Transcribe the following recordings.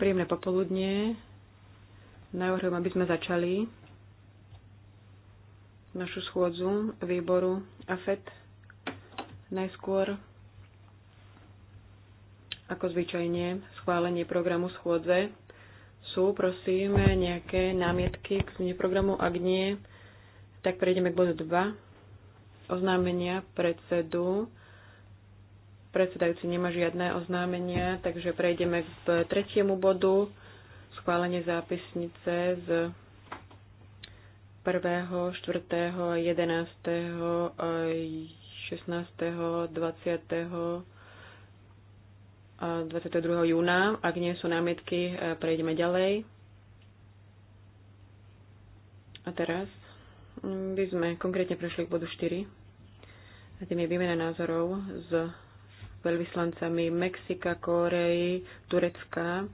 Príjemné popoludne. Navrhujem, aby sme začali našu schôdzu výboru AFET. Najskôr, ako zvyčajne, schválenie programu schôdze. Sú, prosím, nejaké námietky k zmene programu? Ak nie, tak prejdeme k bodu 2. Oznámenia predsedu Predsedajúci nemá žiadne oznámenia, takže prejdeme k tretiemu bodu. Schválenie zápisnice z 1., 4., 11., 16., 20., 22. júna. Ak nie sú námietky, prejdeme ďalej. A teraz by sme konkrétne prešli k bodu 4. A tým je výmena názorov z veľvyslancami Mexika, Koreji, Turecka,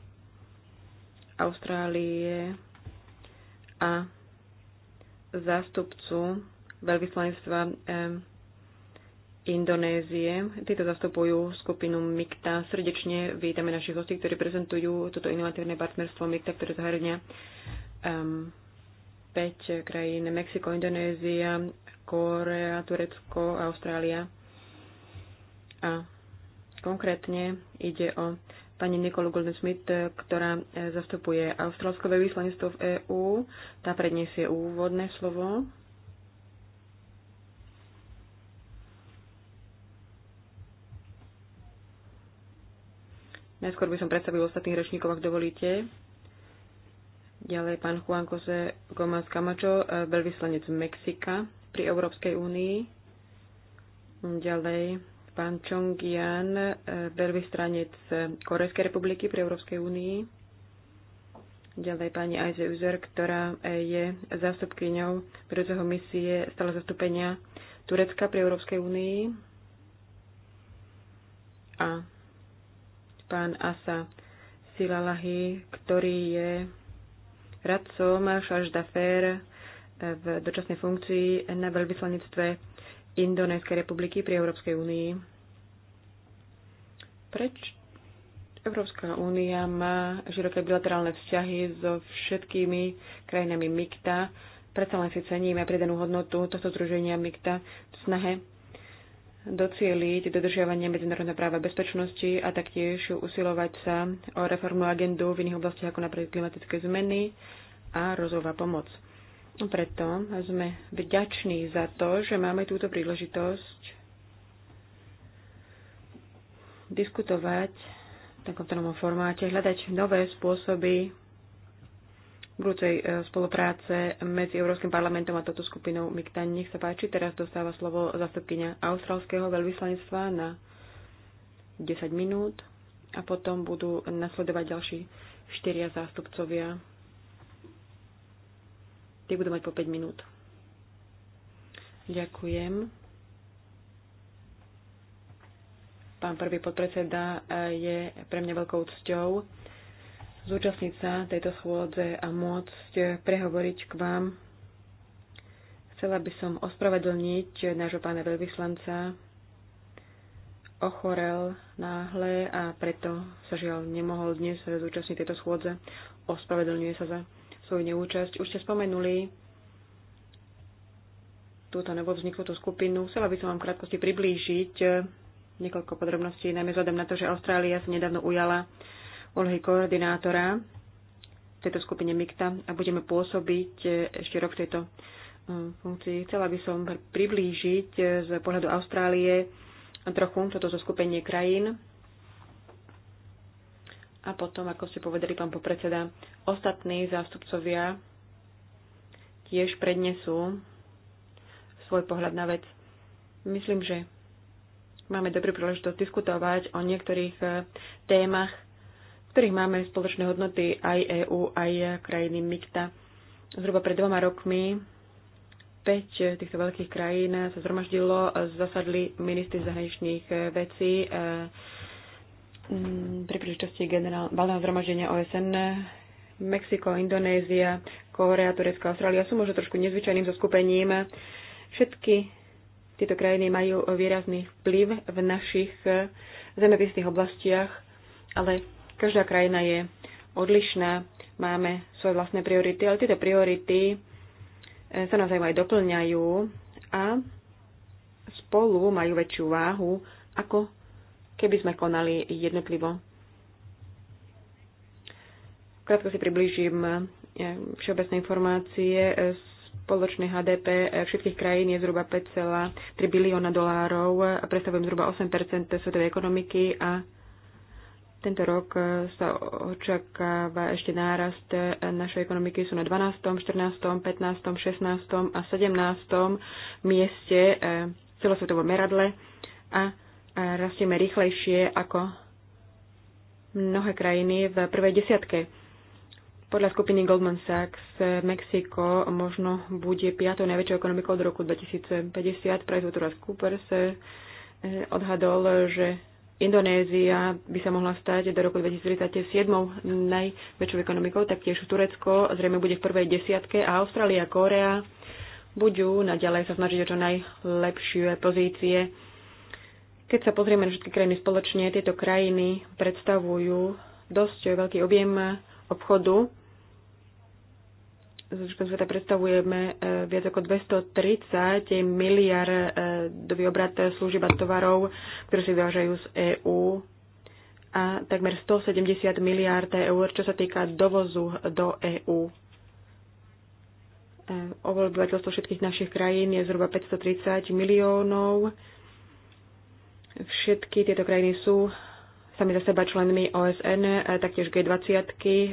Austrálie a zástupcu veľvyslanectva Indonézie. Títo zastupujú skupinu MIKTA. Srdečne vítame našich hostí, ktorí prezentujú toto inovatívne partnerstvo MIKTA, ktoré zahrňa um, 5 krajín Mexiko, Indonézia, Korea, Turecko, Austrália a konkrétne ide o pani Nikolu Golden-Smith, ktorá e, zastupuje austrálsko veľvyslanectvo v EÚ. Tá predniesie úvodné slovo. Najskôr by som predstavil ostatných rečníkov, ak dovolíte. Ďalej pán Juan Jose Gomez Camacho, e, veľvyslanec Mexika pri Európskej únii. Ďalej pán Chong Yan, e, veľvyslanec Korejskej republiky pri Európskej únii. Ďalej pani Ajze Uzer, ktorá e, je zástupkyňou prvého misie stále zastúpenia Turecka pri Európskej únii. A pán Asa Silalahi, ktorý je radcom Charles d'Affaires e, v dočasnej funkcii na veľvyslanectve Indonéskej republiky pri Európskej únii. Preč Európska únia má široké bilaterálne vzťahy so všetkými krajinami MIKTA. Predsa len si ceníme pridanú hodnotu tohto združenia MIKTA v snahe docieliť dodržiavanie medzinárodného práva bezpečnosti a taktiež usilovať sa o reformnú agendu v iných oblastiach ako napríklad klimatické zmeny a rozvojová pomoc. No preto sme vďační za to, že máme túto príležitosť diskutovať v takomto novom formáte, hľadať nové spôsoby budúcej e, spolupráce medzi Európskym parlamentom a touto skupinou Miktaň. Nech sa páči, teraz dostáva slovo zastupkynia austrálskeho veľvyslanectva na 10 minút a potom budú nasledovať ďalší štyria zástupcovia Tie budú mať po 5 minút. Ďakujem. Pán prvý podpredseda, e, je pre mňa veľkou cťou zúčastniť sa tejto schôdze a môcť prehovoriť k vám. Chcela by som ospravedlniť nášho pána veľvyslanca. Ochorel náhle a preto sa žiaľ nemohol dnes zúčastniť tejto schôdze. Ospravedlňuje sa za svoju neúčasť. Už ste spomenuli túto tú skupinu. Chcela by som vám krátkosti priblížiť niekoľko podrobností, najmä vzhľadom na to, že Austrália sa nedávno ujala úlohy koordinátora v tejto skupine MIKTA a budeme pôsobiť ešte rok v tejto e, funkcii. Chcela by som priblížiť z pohľadu Austrálie trochu toto zoskupenie krajín, a potom, ako ste povedali, pán popredseda, ostatní zástupcovia tiež prednesú svoj pohľad na vec. Myslím, že máme dobrú príležitosť diskutovať o niektorých eh, témach, v ktorých máme spoločné hodnoty aj EÚ, aj krajiny MIKTA. Zhruba pred dvoma rokmi 5 eh, týchto veľkých krajín sa zhromaždilo, zasadli ministri zahraničných eh, vecí Mm, pri príležitosti generál, zhromaždenia OSN Mexiko, Indonézia, Kórea, Turecko, Austrália sú možno trošku nezvyčajným zoskupením. Všetky tieto krajiny majú výrazný vplyv v našich eh, zemepisných oblastiach, ale každá krajina je odlišná, máme svoje vlastné priority, ale tieto priority eh, sa naozaj aj doplňajú a spolu majú väčšiu váhu ako keby sme konali jednotlivo. Krátko si priblížim eh, všeobecné informácie. Spoločný HDP eh, všetkých krajín je zhruba 5,3 bilióna dolárov a eh, predstavujem zhruba 8 svetovej ekonomiky a tento rok sa očakáva ešte nárast našej ekonomiky sú na 12., 14., 15., 16. a 17. mieste celosvetovom meradle a rastieme rýchlejšie ako mnohé krajiny v prvej desiatke. Podľa skupiny Goldman Sachs Mexiko možno bude piatou najväčšou ekonomikou od roku 2050. PricewaterhouseCoopers eh, odhadol, že Indonézia by sa mohla stať do roku 2037 najväčšou ekonomikou, taktiež Turecko zrejme bude v prvej desiatke a Austrália, Kórea budú naďalej sa snažiť o čo najlepšie pozície keď sa pozrieme na všetky krajiny spoločne, tieto krajiny predstavujú dosť veľký objem obchodu. Zvyškom sveta predstavujeme e, viac ako 230 miliardový e, obrad služieb a tovarov, ktoré si vyvážajú z EÚ a takmer 170 miliard eur, čo sa týka dovozu do EÚ. E, obyvateľstvo všetkých našich krajín je zhruba 530 miliónov Všetky tieto krajiny sú sami za seba členmi OSN, taktiež G20,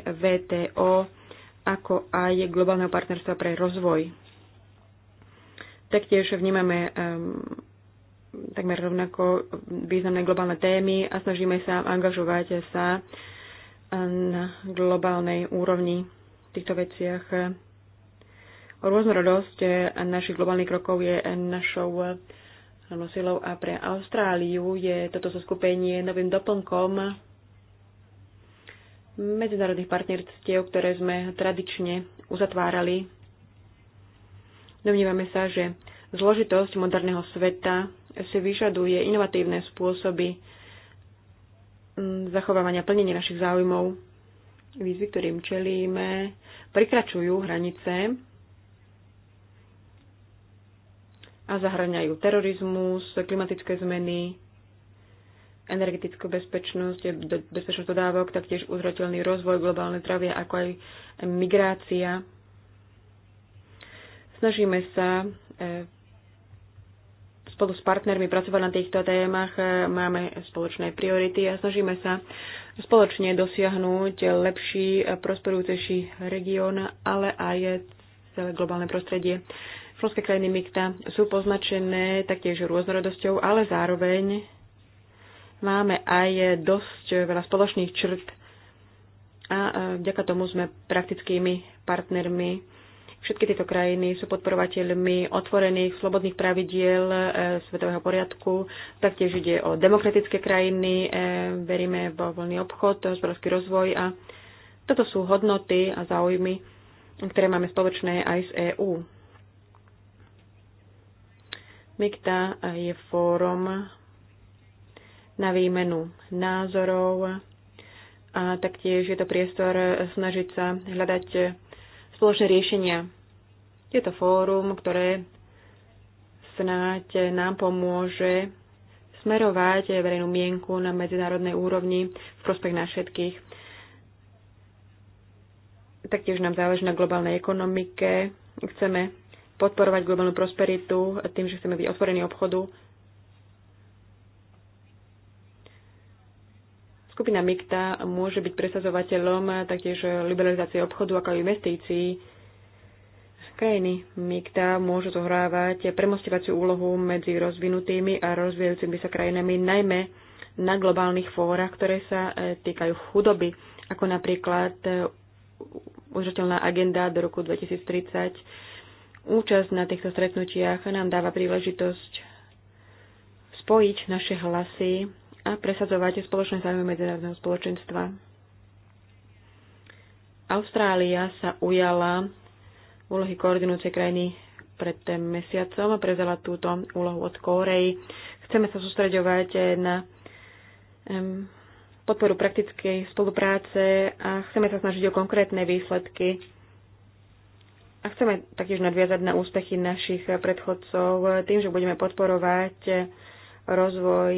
VTO, ako aj globálneho partnerstva pre rozvoj. Taktiež vnímame um, takmer rovnako významné globálne témy a snažíme sa angažovať sa ehm, na globálnej úrovni v týchto veciach. Rôznorodosť našich globálnych krokov je našou pracovnou silou a pre Austráliu je toto zoskupenie novým doplnkom medzinárodných partnerstiev, ktoré sme tradične uzatvárali. Domnívame sa, že zložitosť moderného sveta si vyžaduje inovatívne spôsoby zachovávania plnenia našich záujmov. Výzvy, ktorým čelíme, prekračujú hranice a zahrňajú terorizmus, klimatické zmeny, energetickú bezpečnosť, bezpečnosť dodávok, taktiež uzrateľný rozvoj globálnej zdravie, ako aj migrácia. Snažíme sa e, spolu s partnermi pracovať na týchto témach, e, máme spoločné priority a snažíme sa spoločne dosiahnuť lepší, prosperujúcejší región, ale aj celé globálne prostredie. Polské krajiny MIKTA sú poznačené taktiež rôznorodosťou, ale zároveň máme aj dosť veľa spoločných črt a e, vďaka tomu sme praktickými partnermi. Všetky tieto krajiny sú podporovateľmi otvorených, slobodných pravidiel e, svetového poriadku. Taktiež ide o demokratické krajiny, e, veríme vo voľný obchod, hospodársky rozvoj a toto sú hodnoty a záujmy, ktoré máme spoločné aj z EÚ. MIKTA je fórum na výmenu názorov a taktiež je to priestor snažiť sa hľadať spoločné riešenia. Je to fórum, ktoré snáď nám pomôže smerovať verejnú mienku na medzinárodnej úrovni v prospech nás všetkých. Taktiež nám záleží na globálnej ekonomike. Chceme podporovať globálnu prosperitu tým, že chceme byť otvorení obchodu. Skupina MIKTA môže byť presazovateľom taktiež liberalizácie obchodu ako aj investícií. Krajiny MIKTA môžu zohrávať premostivaciu úlohu medzi rozvinutými a rozvíjajúcimi sa krajinami, najmä na globálnych fórach, ktoré sa e, týkajú chudoby, ako napríklad e, udržateľná agenda do roku 2030 Účasť na týchto stretnutiach nám dáva príležitosť spojiť naše hlasy a presadzovať spoločné záujmy medzinárodného spoločenstva. Austrália sa ujala úlohy koordinujúcej krajiny pred tým mesiacom a prezala túto úlohu od Kórey. Chceme sa sústreďovať na podporu praktickej spolupráce a chceme sa snažiť o konkrétne výsledky a chceme taktiež nadviazať na úspechy našich predchodcov tým, že budeme podporovať rozvoj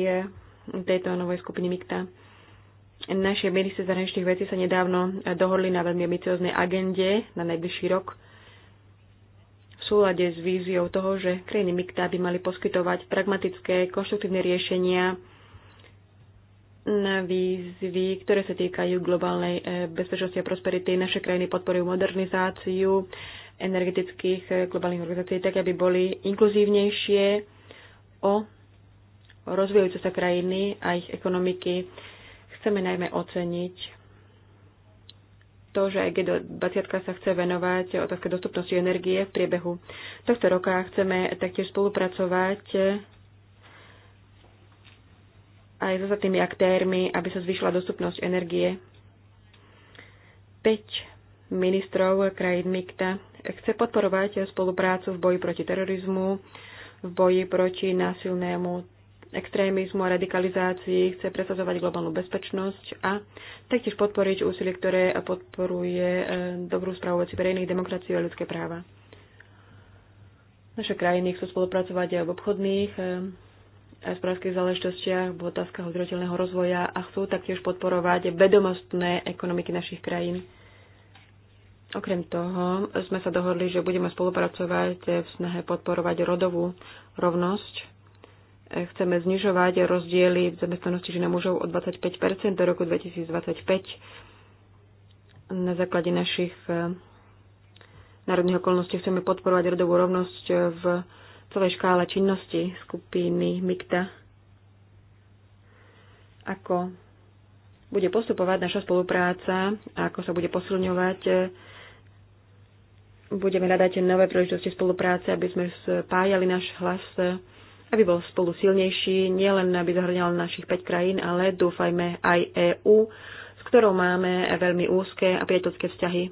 tejto novej skupiny MIKTA. Naše ministri zahraničných vecí sa nedávno dohodli na veľmi ambicioznej agende na najbližší rok v súlade s víziou toho, že krajiny MIKTA by mali poskytovať pragmatické, konštruktívne riešenia na výzvy, ktoré sa týkajú globálnej eh, bezpečnosti a prosperity. Naše krajiny podporujú modernizáciu energetických eh, globálnych organizácií, tak aby boli inkluzívnejšie o rozvíjajúce sa krajiny a ich ekonomiky. Chceme najmä oceniť to, že aj G20 sa chce venovať otázke dostupnosti energie v priebehu tohto roka. Chceme taktiež spolupracovať aj s so ostatnými aktérmi, aby sa zvyšila dostupnosť energie. 5 ministrov krajín MIKTA chce podporovať spoluprácu v boji proti terorizmu, v boji proti násilnému extrémizmu a radikalizácii, chce presazovať globálnu bezpečnosť a taktiež podporiť úsilie, ktoré podporuje e, dobrú správu veci verejných demokracií a ľudské práva. Naše krajiny chcú spolupracovať aj v obchodných e, a správskych záležitostiach, v otázkach udržateľného rozvoja a chcú taktiež podporovať vedomostné ekonomiky našich krajín. Okrem toho sme sa dohodli, že budeme spolupracovať v snahe podporovať rodovú rovnosť. Chceme znižovať rozdiely v zamestnanosti žena mužov o 25 do roku 2025 na základe našich eh, národných okolností chceme podporovať rodovú rovnosť v celej škále činnosti skupiny MIKTA. Ako bude postupovať naša spolupráca a ako sa bude posilňovať, eh, budeme hľadať nové príležitosti spolupráce, aby sme spájali náš hlas, aby bol spolu silnejší, nielen aby zahrňal našich 5 krajín, ale dúfajme aj EÚ, s ktorou máme veľmi úzke a priateľské vzťahy.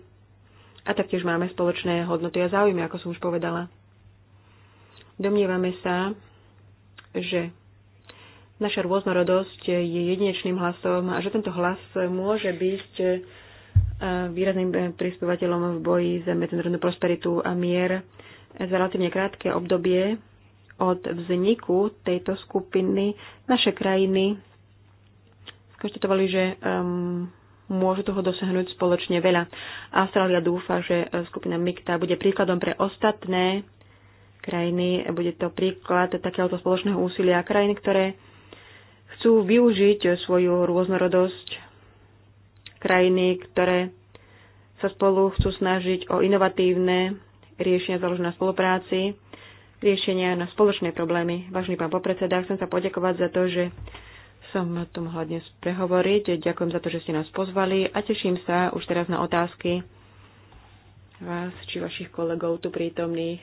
A taktiež máme spoločné hodnoty a záujmy, ako som už povedala. Domnievame sa, že naša rôznorodosť je jedinečným hlasom a že tento hlas môže byť E, výrazným e, prispievateľom v boji za medzinárodnú prosperitu a mier za relatívne krátke obdobie od vzniku tejto skupiny naše krajiny skonštatovali, že um, môžu toho dosiahnuť spoločne veľa. Austrália dúfa, že e, skupina MIKTA bude príkladom pre ostatné krajiny. Bude to príklad takéhoto spoločného úsilia krajín, ktoré chcú využiť svoju rôznorodosť krajiny, ktoré sa spolu chcú snažiť o inovatívne riešenia založené na spolupráci, riešenia na spoločné problémy. Vážený pán popredseda, chcem sa poďakovať za to, že som tu mohla dnes prehovoriť. Ďakujem za to, že ste nás pozvali a teším sa už teraz na otázky vás či vašich kolegov tu prítomných.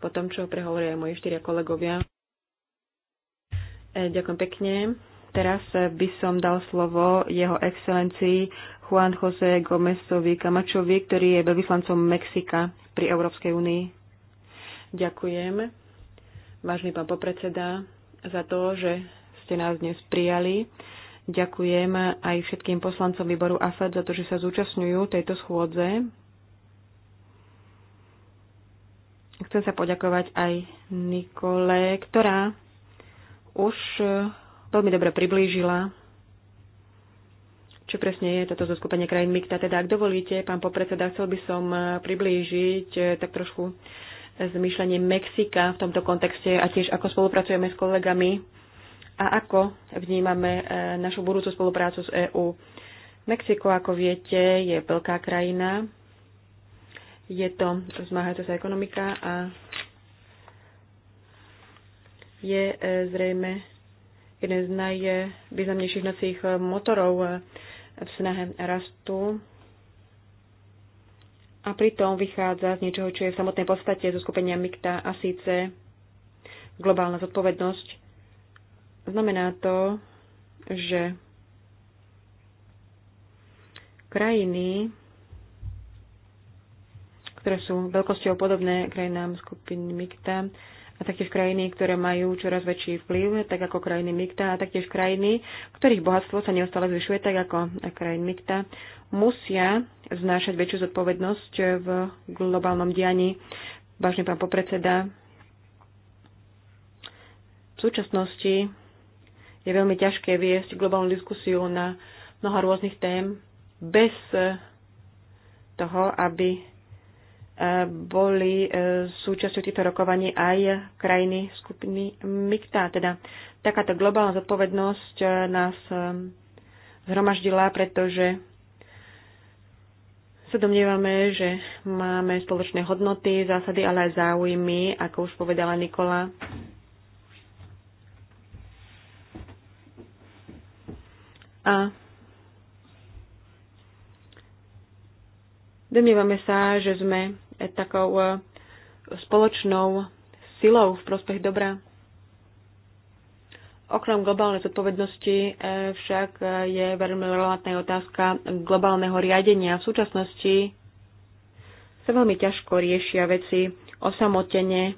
Po tom, čo prehovoria moji štyria kolegovia. E, ďakujem pekne. Teraz by som dal slovo jeho excelencii Juan José Gómezovi Kamačovi, ktorý je veľvyslancom Mexika pri Európskej únii. Ďakujem, vážny pán popredseda, za to, že ste nás dnes prijali. Ďakujem aj všetkým poslancom výboru AFED za to, že sa zúčastňujú tejto schôdze. Chcem sa poďakovať aj Nikole, ktorá už veľmi dobre priblížila, čo presne je toto zoskupenie krajín MIKTA. Teda, ak dovolíte, pán popredseda, chcel by som eh, priblížiť eh, tak trošku eh, zmýšľanie Mexika v tomto kontexte a tiež ako spolupracujeme s kolegami a ako vnímame našu budúcu spoluprácu s EÚ. Mexiko, ako viete, je veľká krajina. Je to zmáhajúca sa ekonomika a je zrejme jeden z najvýznamnejších hnacích eh, motorov eh, v snahe rastu a pritom vychádza z niečoho, čo je v samotnej podstate zo skupenia MIKTA a síce globálna zodpovednosť. Znamená to, že krajiny, ktoré sú veľkosťou podobné krajinám skupiny MIKTA, a taktiež krajiny, ktoré majú čoraz väčší vplyv, tak ako krajiny MIKTA a taktiež krajiny, ktorých bohatstvo sa neustále zvyšuje, tak ako krajiny MIKTA, musia znášať väčšiu zodpovednosť v globálnom dianí. Vážne pán popredseda, v súčasnosti je veľmi ťažké viesť globálnu diskusiu na mnoha rôznych tém bez toho, aby boli e, súčasťou týchto rokovaní aj krajiny skupiny MIKTA. Teda takáto globálna zodpovednosť e, nás e, zhromaždila, pretože sa domnievame, že máme spoločné hodnoty, zásady, ale aj záujmy, ako už povedala Nikola. A domnievame sa, že sme takou e, spoločnou silou v prospech dobra. Okrem globálnej zodpovednosti e, však e, je veľmi relevantná otázka globálneho riadenia. V súčasnosti sa veľmi ťažko riešia veci osamotene,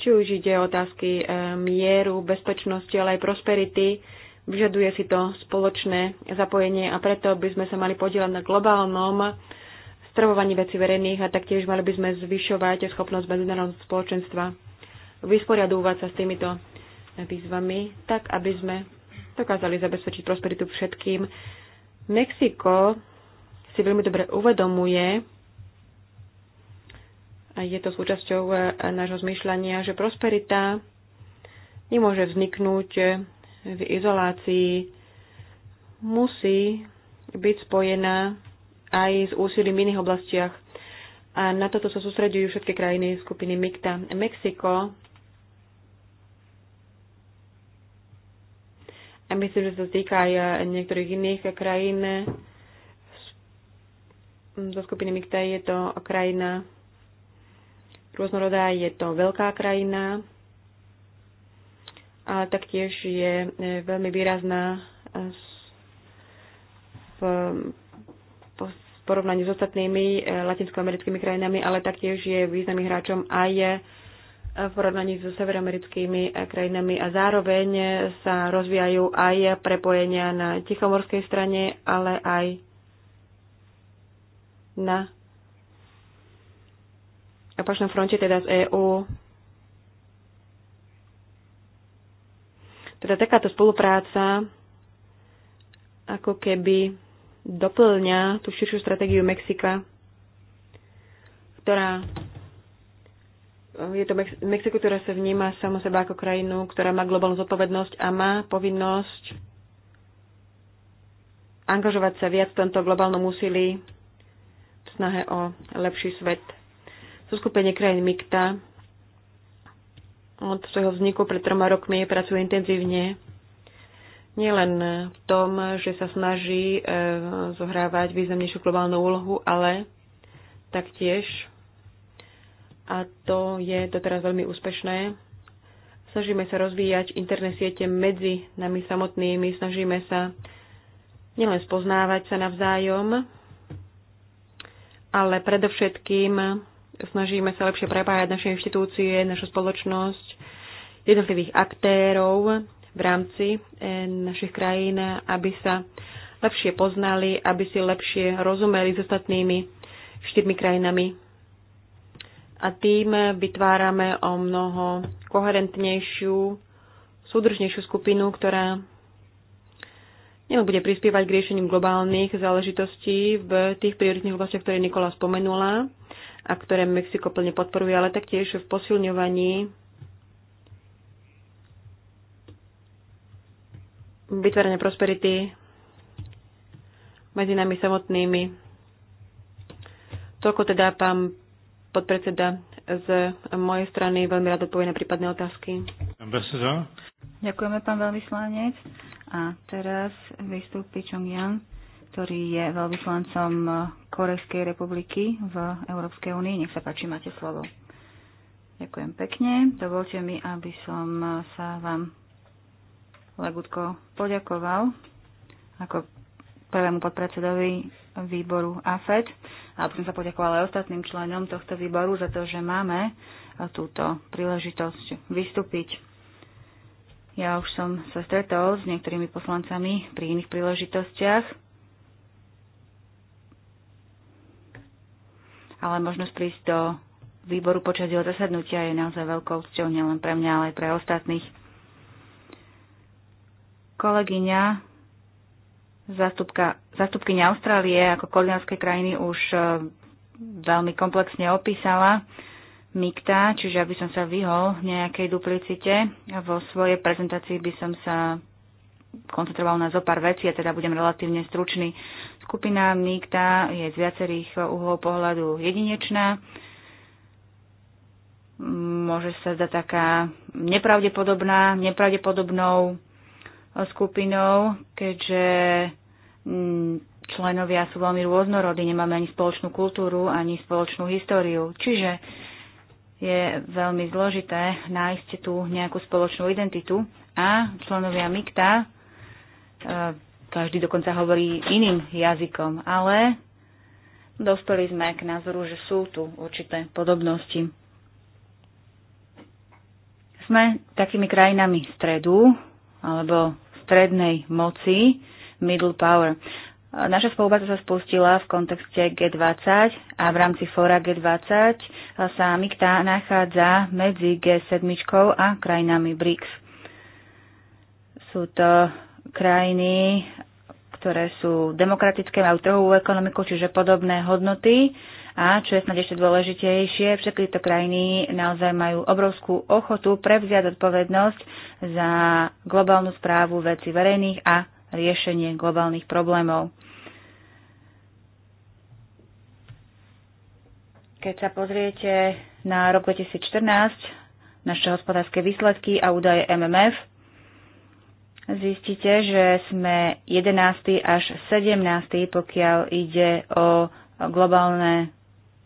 či už ide o otázky mieru, bezpečnosti, ale aj prosperity. Vyžaduje si to spoločné zapojenie a preto by sme sa mali podielať na globálnom spravovaní veci verejných a taktiež mali by sme zvyšovať schopnosť medzinárodného spoločenstva vysporiadúvať sa s týmito výzvami, tak aby sme dokázali zabezpečiť prosperitu všetkým. Mexiko si veľmi dobre uvedomuje, a je to súčasťou e, nášho zmyšľania, že prosperita nemôže vzniknúť v izolácii, musí byť spojená aj s úsilím v iných oblastiach. A na toto sa sústredujú všetky krajiny skupiny MIKTA. Mexiko a myslím, že sa týka aj niektorých iných krajín zo skupiny MIKTA je to krajina rôznorodá, je to veľká krajina a taktiež je e, veľmi výrazná e, v porovnaní s ostatnými eh, latinskoamerickými krajinami, ale taktiež je významným hráčom aj eh, v porovnaní so severoamerickými eh, krajinami a zároveň sa rozvíjajú aj prepojenia na tichomorskej strane, ale aj na opačnom fronte, teda z EÚ. Teda takáto spolupráca ako keby doplňa tú širšiu stratégiu Mexika, ktorá je to Mex- Mexiko, ktorá sa vníma samo seba ako krajinu, ktorá má globálnu zodpovednosť a má povinnosť angažovať sa viac v tomto globálnom úsilí v snahe o lepší svet. sú skupenie krajín MIKTA od svojho vzniku pred troma rokmi pracuje intenzívne nielen v tom, že sa snaží e, zohrávať významnejšiu globálnu úlohu, ale taktiež, a to je doteraz veľmi úspešné, snažíme sa rozvíjať interné siete medzi nami samotnými, snažíme sa nielen spoznávať sa navzájom, ale predovšetkým snažíme sa lepšie prepájať naše inštitúcie, našu spoločnosť, jednotlivých aktérov, v rámci eh, našich krajín, aby sa lepšie poznali, aby si lepšie rozumeli s ostatnými štyrmi krajinami. A tým vytvárame o mnoho koherentnejšiu, súdržnejšiu skupinu, ktorá nebude bude prispievať k riešeniu globálnych záležitostí v tých prioritných oblastiach, ktoré Nikola spomenula a ktoré Mexiko plne podporuje, ale taktiež v posilňovaní vytvárania prosperity medzi nami samotnými. Toľko teda pán podpredseda z mojej strany veľmi rád odpovie na prípadné otázky. Ďakujeme, pán veľvyslanec. A teraz vystúpi Chong Yang, ktorý je veľvyslancom Korejskej republiky v Európskej únii. Nech sa páči, máte slovo. Ďakujem pekne. Dovolte mi, aby som sa vám Legutko poďakoval ako prvému podpredsedovi výboru AFED a som sa poďakoval aj ostatným členom tohto výboru za to, že máme túto príležitosť vystúpiť. Ja už som sa stretol s niektorými poslancami pri iných príležitostiach, ale možnosť prísť do výboru počas jeho zasadnutia je naozaj veľkou cťou nielen pre mňa, ale aj pre ostatných. Kolegyňa, zastupkyňa Austrálie ako koordinátskej krajiny už e, veľmi komplexne opísala mikta, čiže aby som sa vyhol nejakej duplicite. Vo svojej prezentácii by som sa koncentroval na zo pár vecí a teda budem relatívne stručný. Skupina mikta je z viacerých uhlov pohľadu jedinečná. Môže sa zdať taká nepravdepodobná, nepravdepodobnou, skupinou, keďže mm, členovia sú veľmi rôznorodí, nemáme ani spoločnú kultúru, ani spoločnú históriu. Čiže je veľmi zložité nájsť tu nejakú spoločnú identitu a členovia MIKTA, e, každý dokonca hovorí iným jazykom, ale dospeli sme k názoru, že sú tu určité podobnosti. Sme takými krajinami stredu alebo strednej moci, middle power. Naša spolupráca sa spustila v kontexte G20 a v rámci fóra G20 sa MIKTA nachádza medzi G7 a krajinami BRICS. Sú to krajiny, ktoré sú demokratické, majú trhovú ekonomiku, čiže podobné hodnoty a čo je snad ešte dôležitejšie, všetky tieto krajiny naozaj majú obrovskú ochotu prevziať odpovednosť za globálnu správu veci verejných a riešenie globálnych problémov. Keď sa pozriete na rok 2014, naše hospodárske výsledky a údaje MMF, zistíte, že sme 11. až 17. pokiaľ ide o globálne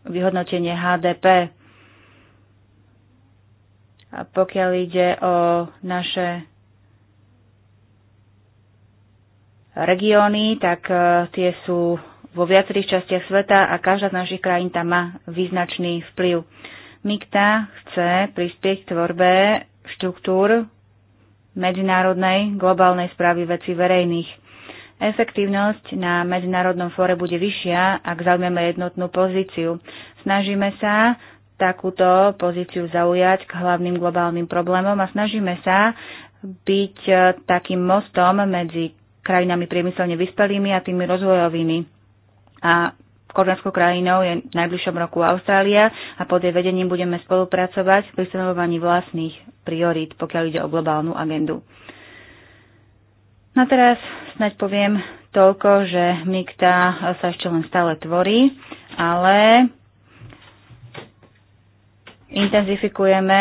vyhodnotenie HDP. A pokiaľ ide o naše regióny, tak e, tie sú vo viacerých častiach sveta a každá z našich krajín tam má význačný vplyv. MIKTA chce prispieť k tvorbe štruktúr medzinárodnej globálnej správy veci verejných. Efektívnosť na medzinárodnom fóre bude vyššia, ak zaujmeme jednotnú pozíciu. Snažíme sa takúto pozíciu zaujať k hlavným globálnym problémom a snažíme sa byť e, takým mostom medzi krajinami priemyselne vyspelými a tými rozvojovými. A Koreanskou krajinou je v najbližšom roku Austrália a pod jej vedením budeme spolupracovať pri stanovovaní vlastných priorít, pokiaľ ide o globálnu agendu. No teraz snaď poviem toľko, že Mikta sa ešte len stále tvorí, ale intenzifikujeme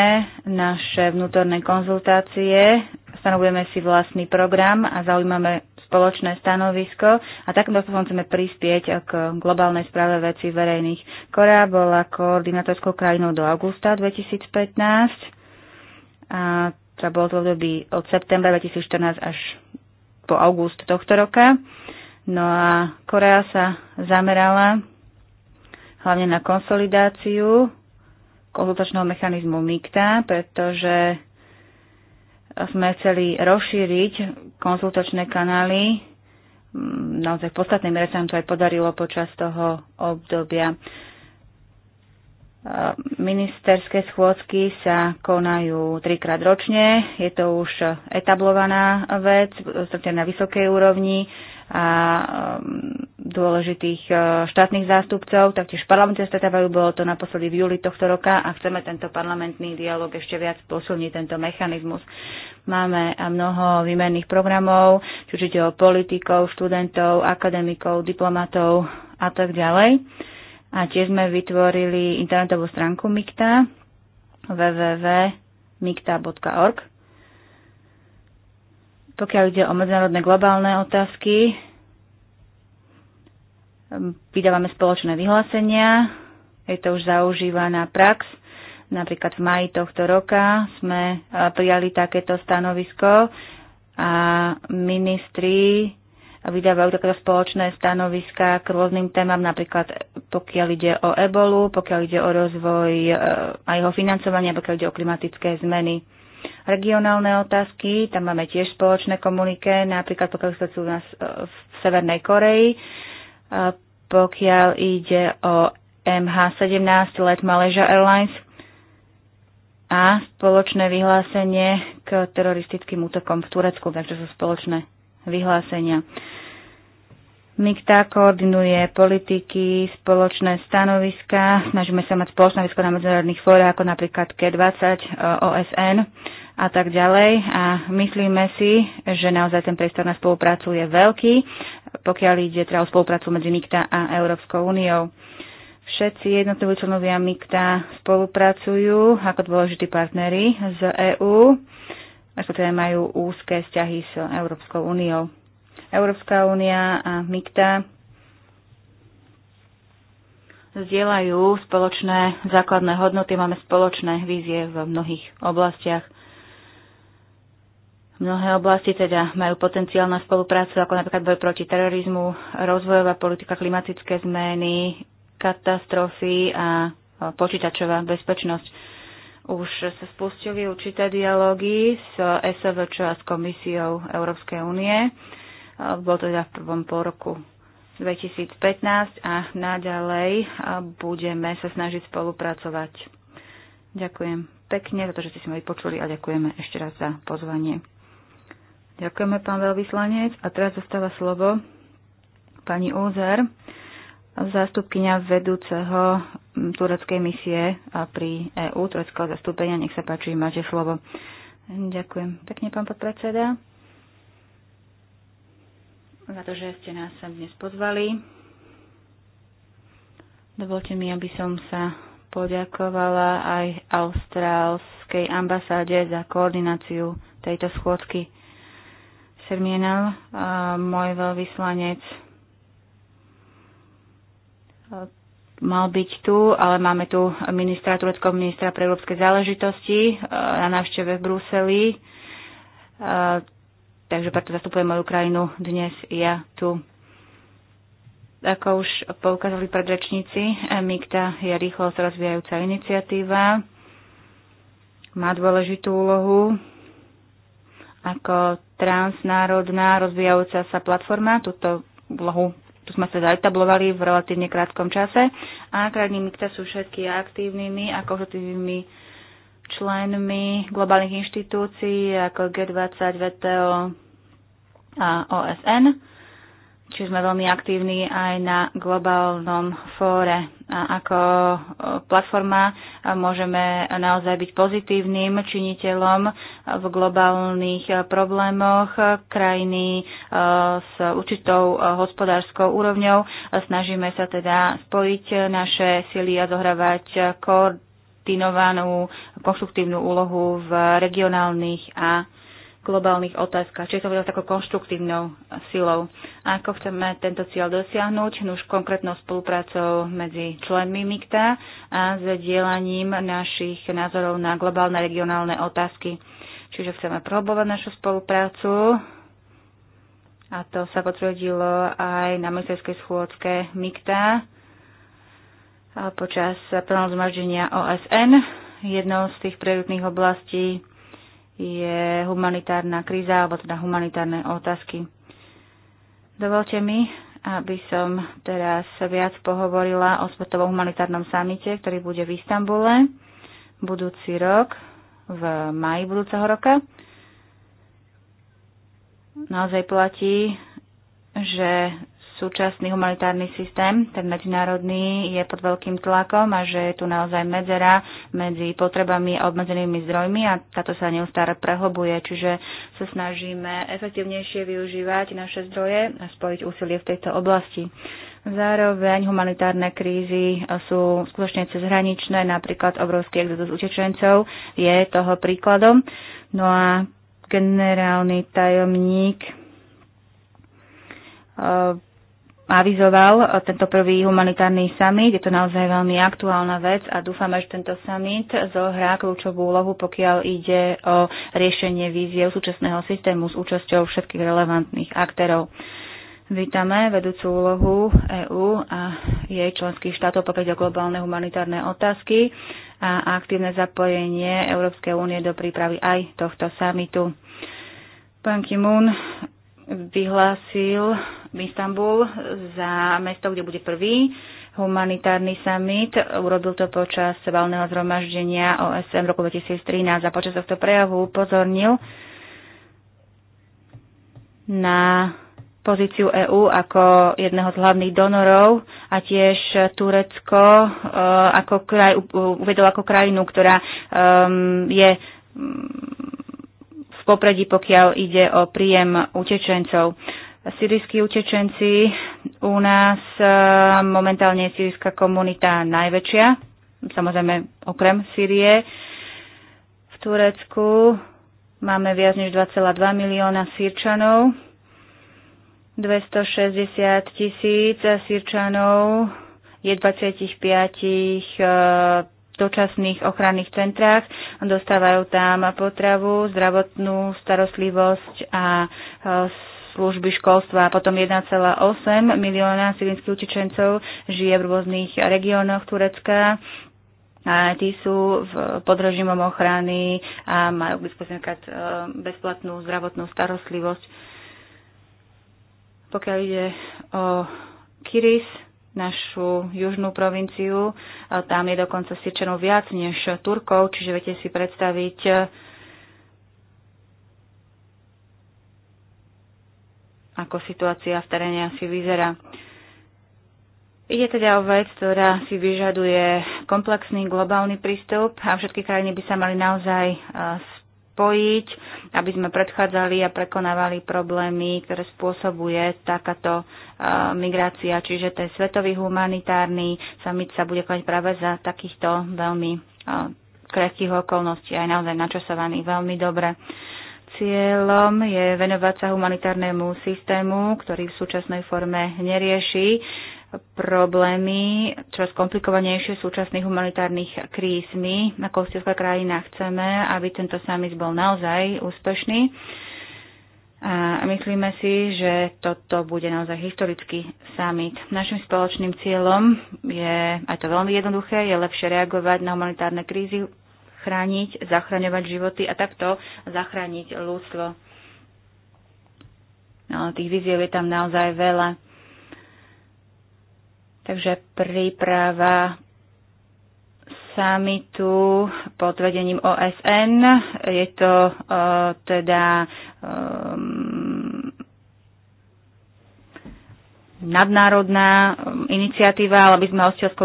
naše vnútorné konzultácie, stanovujeme si vlastný program a zaujímame spoločné stanovisko a takýmto spôsobom chceme prispieť k globálnej správe veci verejných. Korea bola koordinátorskou krajinou do augusta 2015 a to bolo to období od septembra 2014 až po august tohto roka. No a Korea sa zamerala hlavne na konsolidáciu konzultačného mechanizmu MIKTA, pretože sme chceli rozšíriť konzultačné kanály. Mm, naozaj v podstatnej mere sa nám to aj podarilo počas toho obdobia. Ministerské schôdzky sa konajú trikrát ročne. Je to už etablovaná vec, na vysokej úrovni a um, dôležitých uh, štátnych zástupcov, taktiež parlamenty stretávajú, bolo to naposledy v júli tohto roka a chceme tento parlamentný dialog ešte viac posilniť, tento mechanizmus. Máme mnoho výmenných programov, čiže o politikov, študentov, akademikov, diplomatov a tak ďalej. A tiež sme vytvorili internetovú stránku MIKTA www.mikta.org. Pokiaľ ide o medzinárodné globálne otázky, vydávame spoločné vyhlásenia. Je to už zaužívaná prax. Napríklad v maji tohto roka sme eh, prijali takéto stanovisko a ministri vydávajú takéto spoločné stanoviská k rôznym témam, napríklad pokiaľ ide o ebolu, pokiaľ ide o rozvoj e, a jeho financovanie, pokiaľ ide o klimatické zmeny. Regionálne otázky, tam máme tiež spoločné komuniké, napríklad pokiaľ sa sú nás e, v Severnej Koreji, e, pokiaľ ide o MH17 let Malaysia Airlines a spoločné vyhlásenie k teroristickým útokom v Turecku, takže sú spoločné vyhlásenia. MIKTA koordinuje politiky, spoločné stanoviska, snažíme sa mať spoločné stanovisko na medzinárodných fórach, ako napríklad K20, eh, OSN a tak ďalej. A myslíme si, že naozaj ten priestor na spoluprácu je veľký, pokiaľ ide teda o spoluprácu medzi MIKTA a Európskou úniou. Všetci jednotliví členovia MIKTA spolupracujú ako dôležití partnery z EÚ, teda majú úzke vzťahy s Európskou úniou. Európska únia a MIGTA zdieľajú spoločné základné hodnoty, máme spoločné vízie v mnohých oblastiach. Mnohé oblasti teda majú potenciál na spoluprácu, ako napríklad boj proti terorizmu, rozvojová politika, klimatické zmeny, katastrofy a počítačová bezpečnosť. Už sa spustili určité dialógy s SVČ a s Komisiou Európskej únie. Bol to teda v prvom poroku 2015 a naďalej budeme sa snažiť spolupracovať. Ďakujem pekne za to, že ste si ma vypočuli a ďakujeme ešte raz za pozvanie. Ďakujeme, pán veľvyslanec. A teraz zostáva slovo pani Úzer, zástupkynia vedúceho tureckej misie pri EU, tureckého zastúpenia. Nech sa páči, máte slovo. Ďakujem pekne, pán podpredseda za to, že ste nás sem dnes pozvali. Dovolte mi, aby som sa poďakovala aj austrálskej ambasáde za koordináciu tejto schôdky. Sermienal, môj veľvyslanec, mal byť tu, ale máme tu ministra, tureckého ministra pre európske záležitosti na návšteve v Bruseli takže preto zastupujem moju krajinu dnes ja tu. Ako už poukázali predrečníci, MIGTA je rýchlo sa rozvíjajúca iniciatíva, má dôležitú úlohu ako transnárodná rozvíjajúca sa platforma. Túto úlohu tu sme sa zaetablovali v relatívne krátkom čase a krajiny MIGTA sú všetky aktívnymi a kohotivými členmi globálnych inštitúcií ako G20, VTO a OSN. Čiže sme veľmi aktívni aj na globálnom fóre. A ako e, platforma e, môžeme naozaj byť pozitívnym činiteľom v globálnych e, problémoch krajiny s určitou hospodárskou úrovňou. Snažíme sa teda spojiť naše sily a zohrávať koord koordinovanú, konštruktívnu úlohu v regionálnych a globálnych otázkach, čiže to bude takou konštruktívnou silou. A ako chceme tento cieľ dosiahnuť? No už konkrétnou spoluprácou medzi členmi MIKTA a s dielaním našich názorov na globálne a regionálne otázky. Čiže chceme prohlbovať našu spoluprácu a to sa potvrdilo aj na ministerskej schôdzke MIKTA počas plného zmaždenia OSN. Jednou z tých prioritných oblastí je humanitárna kríza, alebo teda humanitárne otázky. Dovolte mi, aby som teraz viac pohovorila o Svetovom humanitárnom samite, ktorý bude v Istambule budúci rok, v maji budúceho roka. Naozaj platí, že súčasný humanitárny systém, ten medzinárodný, je pod veľkým tlakom a že je tu naozaj medzera medzi potrebami a obmedzenými zdrojmi a táto sa neustále prehlbuje, čiže sa snažíme efektívnejšie využívať naše zdroje a spojiť úsilie v tejto oblasti. Zároveň humanitárne krízy sú skutočne cezhraničné, napríklad obrovský exodus utečencov je toho príkladom. No a generálny tajomník eh, avizoval e, tento prvý humanitárny summit. Je to naozaj veľmi aktuálna vec a dúfame, že tento summit zohrá kľúčovú úlohu, pokiaľ ide o riešenie víziev súčasného systému s účasťou všetkých relevantných aktérov. Vítame vedúcu úlohu EÚ a jej členských štátov pokiaľ o globálne humanitárne otázky a aktívne zapojenie Európskej únie do prípravy aj tohto samitu. Pán Kimún, vyhlásil Istanbul za mesto, kde bude prvý humanitárny summit. Urobil to počas valného zhromaždenia OSM v roku 2013 a počas tohto prejavu upozornil na pozíciu EÚ ako jedného z hlavných donorov a tiež Turecko eh, ako kraj, uvedol ako krajinu, ktorá ehm, je mm, popredí, pokiaľ ide o príjem utečencov. Syrijskí utečenci u nás e, momentálne je syrijská komunita najväčšia, samozrejme okrem Sýrie. V Turecku máme viac než 2,2 milióna sírčanov, 260 tisíc sírčanov, je 25 dočasných ochranných centrách. Dostávajú tam potravu, zdravotnú starostlivosť a e, služby školstva. Potom 1,8 milióna syrinských utečencov žije v rôznych regiónoch Turecka. A tí sú v, pod režimom ochrany a majú k dispozícii e, bezplatnú zdravotnú starostlivosť. Pokiaľ ide o Kiris, našu južnú provinciu. Tam je dokonca Sirčanov viac než Turkov, čiže viete si predstaviť, ako situácia v teréne asi vyzerá. Ide teda o vec, ktorá si vyžaduje komplexný globálny prístup a všetky krajiny by sa mali naozaj spojiť, aby sme predchádzali a prekonávali problémy, ktoré spôsobuje takáto e, migrácia. Čiže ten svetový humanitárny summit sa bude konať práve za takýchto veľmi e, krehkých okolností, aj naozaj načasovaný veľmi dobre. Cieľom je venovať sa humanitárnemu systému, ktorý v súčasnej forme nerieši problémy čoraz komplikovanejšie súčasných humanitárnych kríz. My ako hostovská krajina chceme, aby tento summit bol naozaj úspešný. A myslíme si, že toto bude naozaj historický summit. Našim spoločným cieľom je, aj to veľmi jednoduché, je lepšie reagovať na humanitárne krízy, chrániť, zachraňovať životy a takto zachrániť ľudstvo. No, tých víziev je tam naozaj veľa. Takže príprava samitu pod vedením OSN. Je to uh, teda um, nadnárodná e, iniciatíva, ale by sme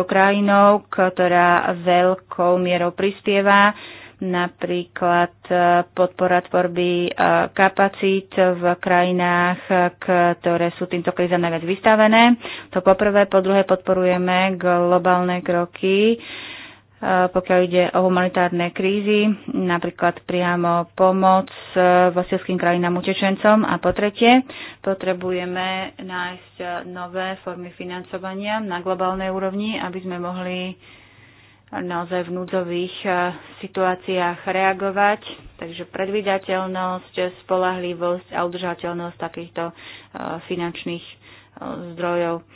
krajinou, ktorá veľkou mierou prispieva uh, napríklad e, podpora tvorby e, kapacít v krajinách, e, ktoré sú týmto krízam najviac vystavené. To poprvé, po druhé podporujeme globálne kroky, pokiaľ ide o humanitárne krízy, napríklad priamo pomoc vasilským krajinám utečencom. A po tretie, potrebujeme nájsť nové formy financovania na globálnej úrovni, aby sme mohli naozaj v núdzových e, situáciách reagovať. Takže predvydateľnosť, spolahlivosť a udržateľnosť takýchto e, finančných e, zdrojov.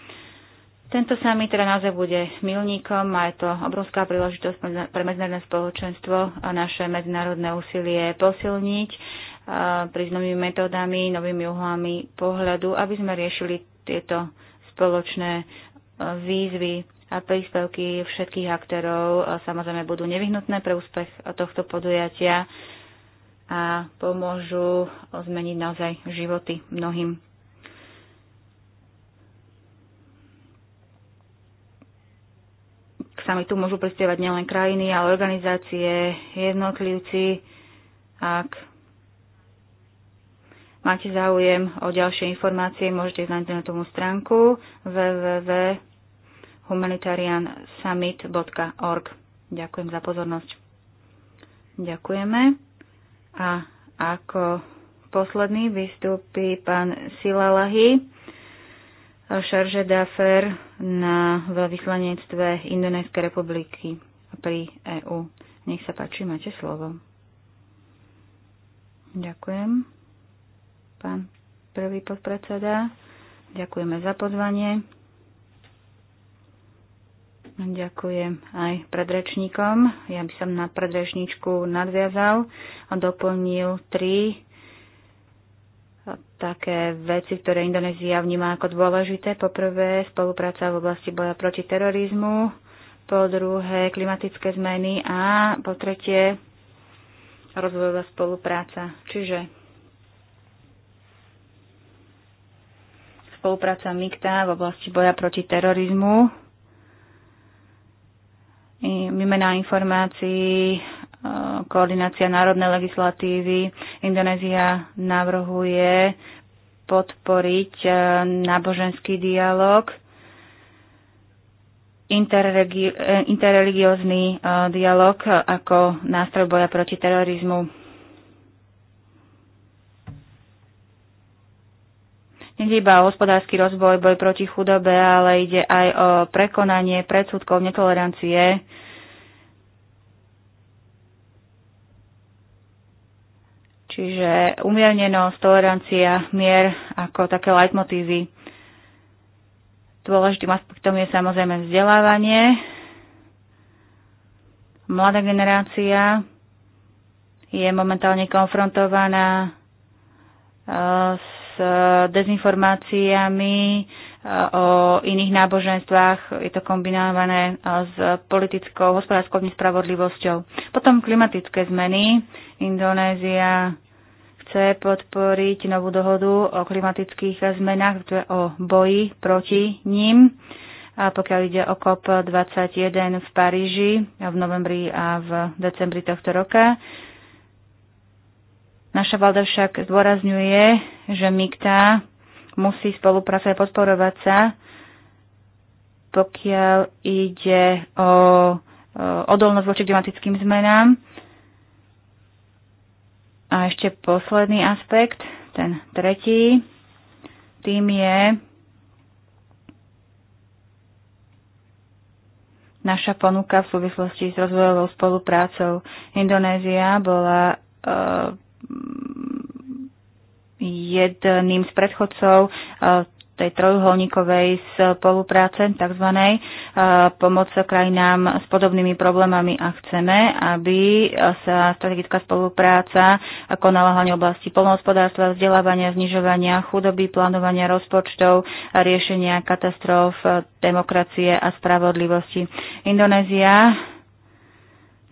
Tento summit teda naozaj bude milníkom a je to obrovská príležitosť pre medzinárodné spoločenstvo a naše medzinárodné úsilie posilniť pri novými metódami, novými uhlami pohľadu, aby sme riešili tieto spoločné výzvy a príspevky všetkých aktérov samozrejme budú nevyhnutné pre úspech tohto podujatia a pomôžu zmeniť naozaj životy mnohým. K sami tu môžu prispievať nielen krajiny, ale organizácie, jednotlivci. Ak máte záujem o ďalšie informácie, môžete ísť na internetovú stránku www humanitariansummit.org. Ďakujem za pozornosť. Ďakujeme. A ako posledný vystúpi pán Silalahi, šarže d'affaires na veľvyslanectve Indonéskej republiky pri EU. Nech sa páči, máte slovo. Ďakujem, pán prvý podpredseda. Ďakujeme za pozvanie. Ďakujem aj predrečníkom. Ja by som na predrečníčku nadviazal a doplnil tri také veci, ktoré Indonézia vníma ako dôležité. Poprvé, spolupráca v oblasti boja proti terorizmu, po druhé, klimatické zmeny a po tretie, rozvojová spolupráca. Čiže spolupráca MIKTA v oblasti boja proti terorizmu, výmena informácií, e, koordinácia národnej legislatívy. Indonézia navrhuje podporiť e, náboženský dialog, e, interreligiózny dialog ako nástroj boja proti terorizmu. Nede iba o hospodársky rozvoj, boj proti chudobe, ale ide aj o prekonanie predsudkov netolerancie, Čiže umiernenosť, tolerancia, mier ako také leitmotívy. Dôležitým aspektom je samozrejme vzdelávanie. Mladá generácia je momentálne konfrontovaná e, s E, dezinformáciami e, o iných náboženstvách. Je to kombinované e, s politickou, hospodárskou nespravodlivosťou. Potom klimatické zmeny. Indonézia chce podporiť novú dohodu o klimatických zmenách, to je o boji proti ním. A pokiaľ ide o COP21 v Paríži v novembri a v decembri tohto roka, Naša vláda však zdôrazňuje, že MIKTA musí spolupracovať a podporovať sa, pokiaľ ide o odolnosť voči klimatickým zmenám. A ešte posledný aspekt, ten tretí, tým je naša ponuka v súvislosti s rozvojovou spoluprácou. Indonézia bola e, jedným z predchodcov e, tej trojuholníkovej spolupráce, tzv. E, pomoc krajinám s podobnými problémami a chceme, aby sa strategická spolupráca konala hlavne v oblasti polnohospodárstva, vzdelávania, znižovania chudoby, plánovania rozpočtov, riešenia katastrof, demokracie a spravodlivosti. Indonézia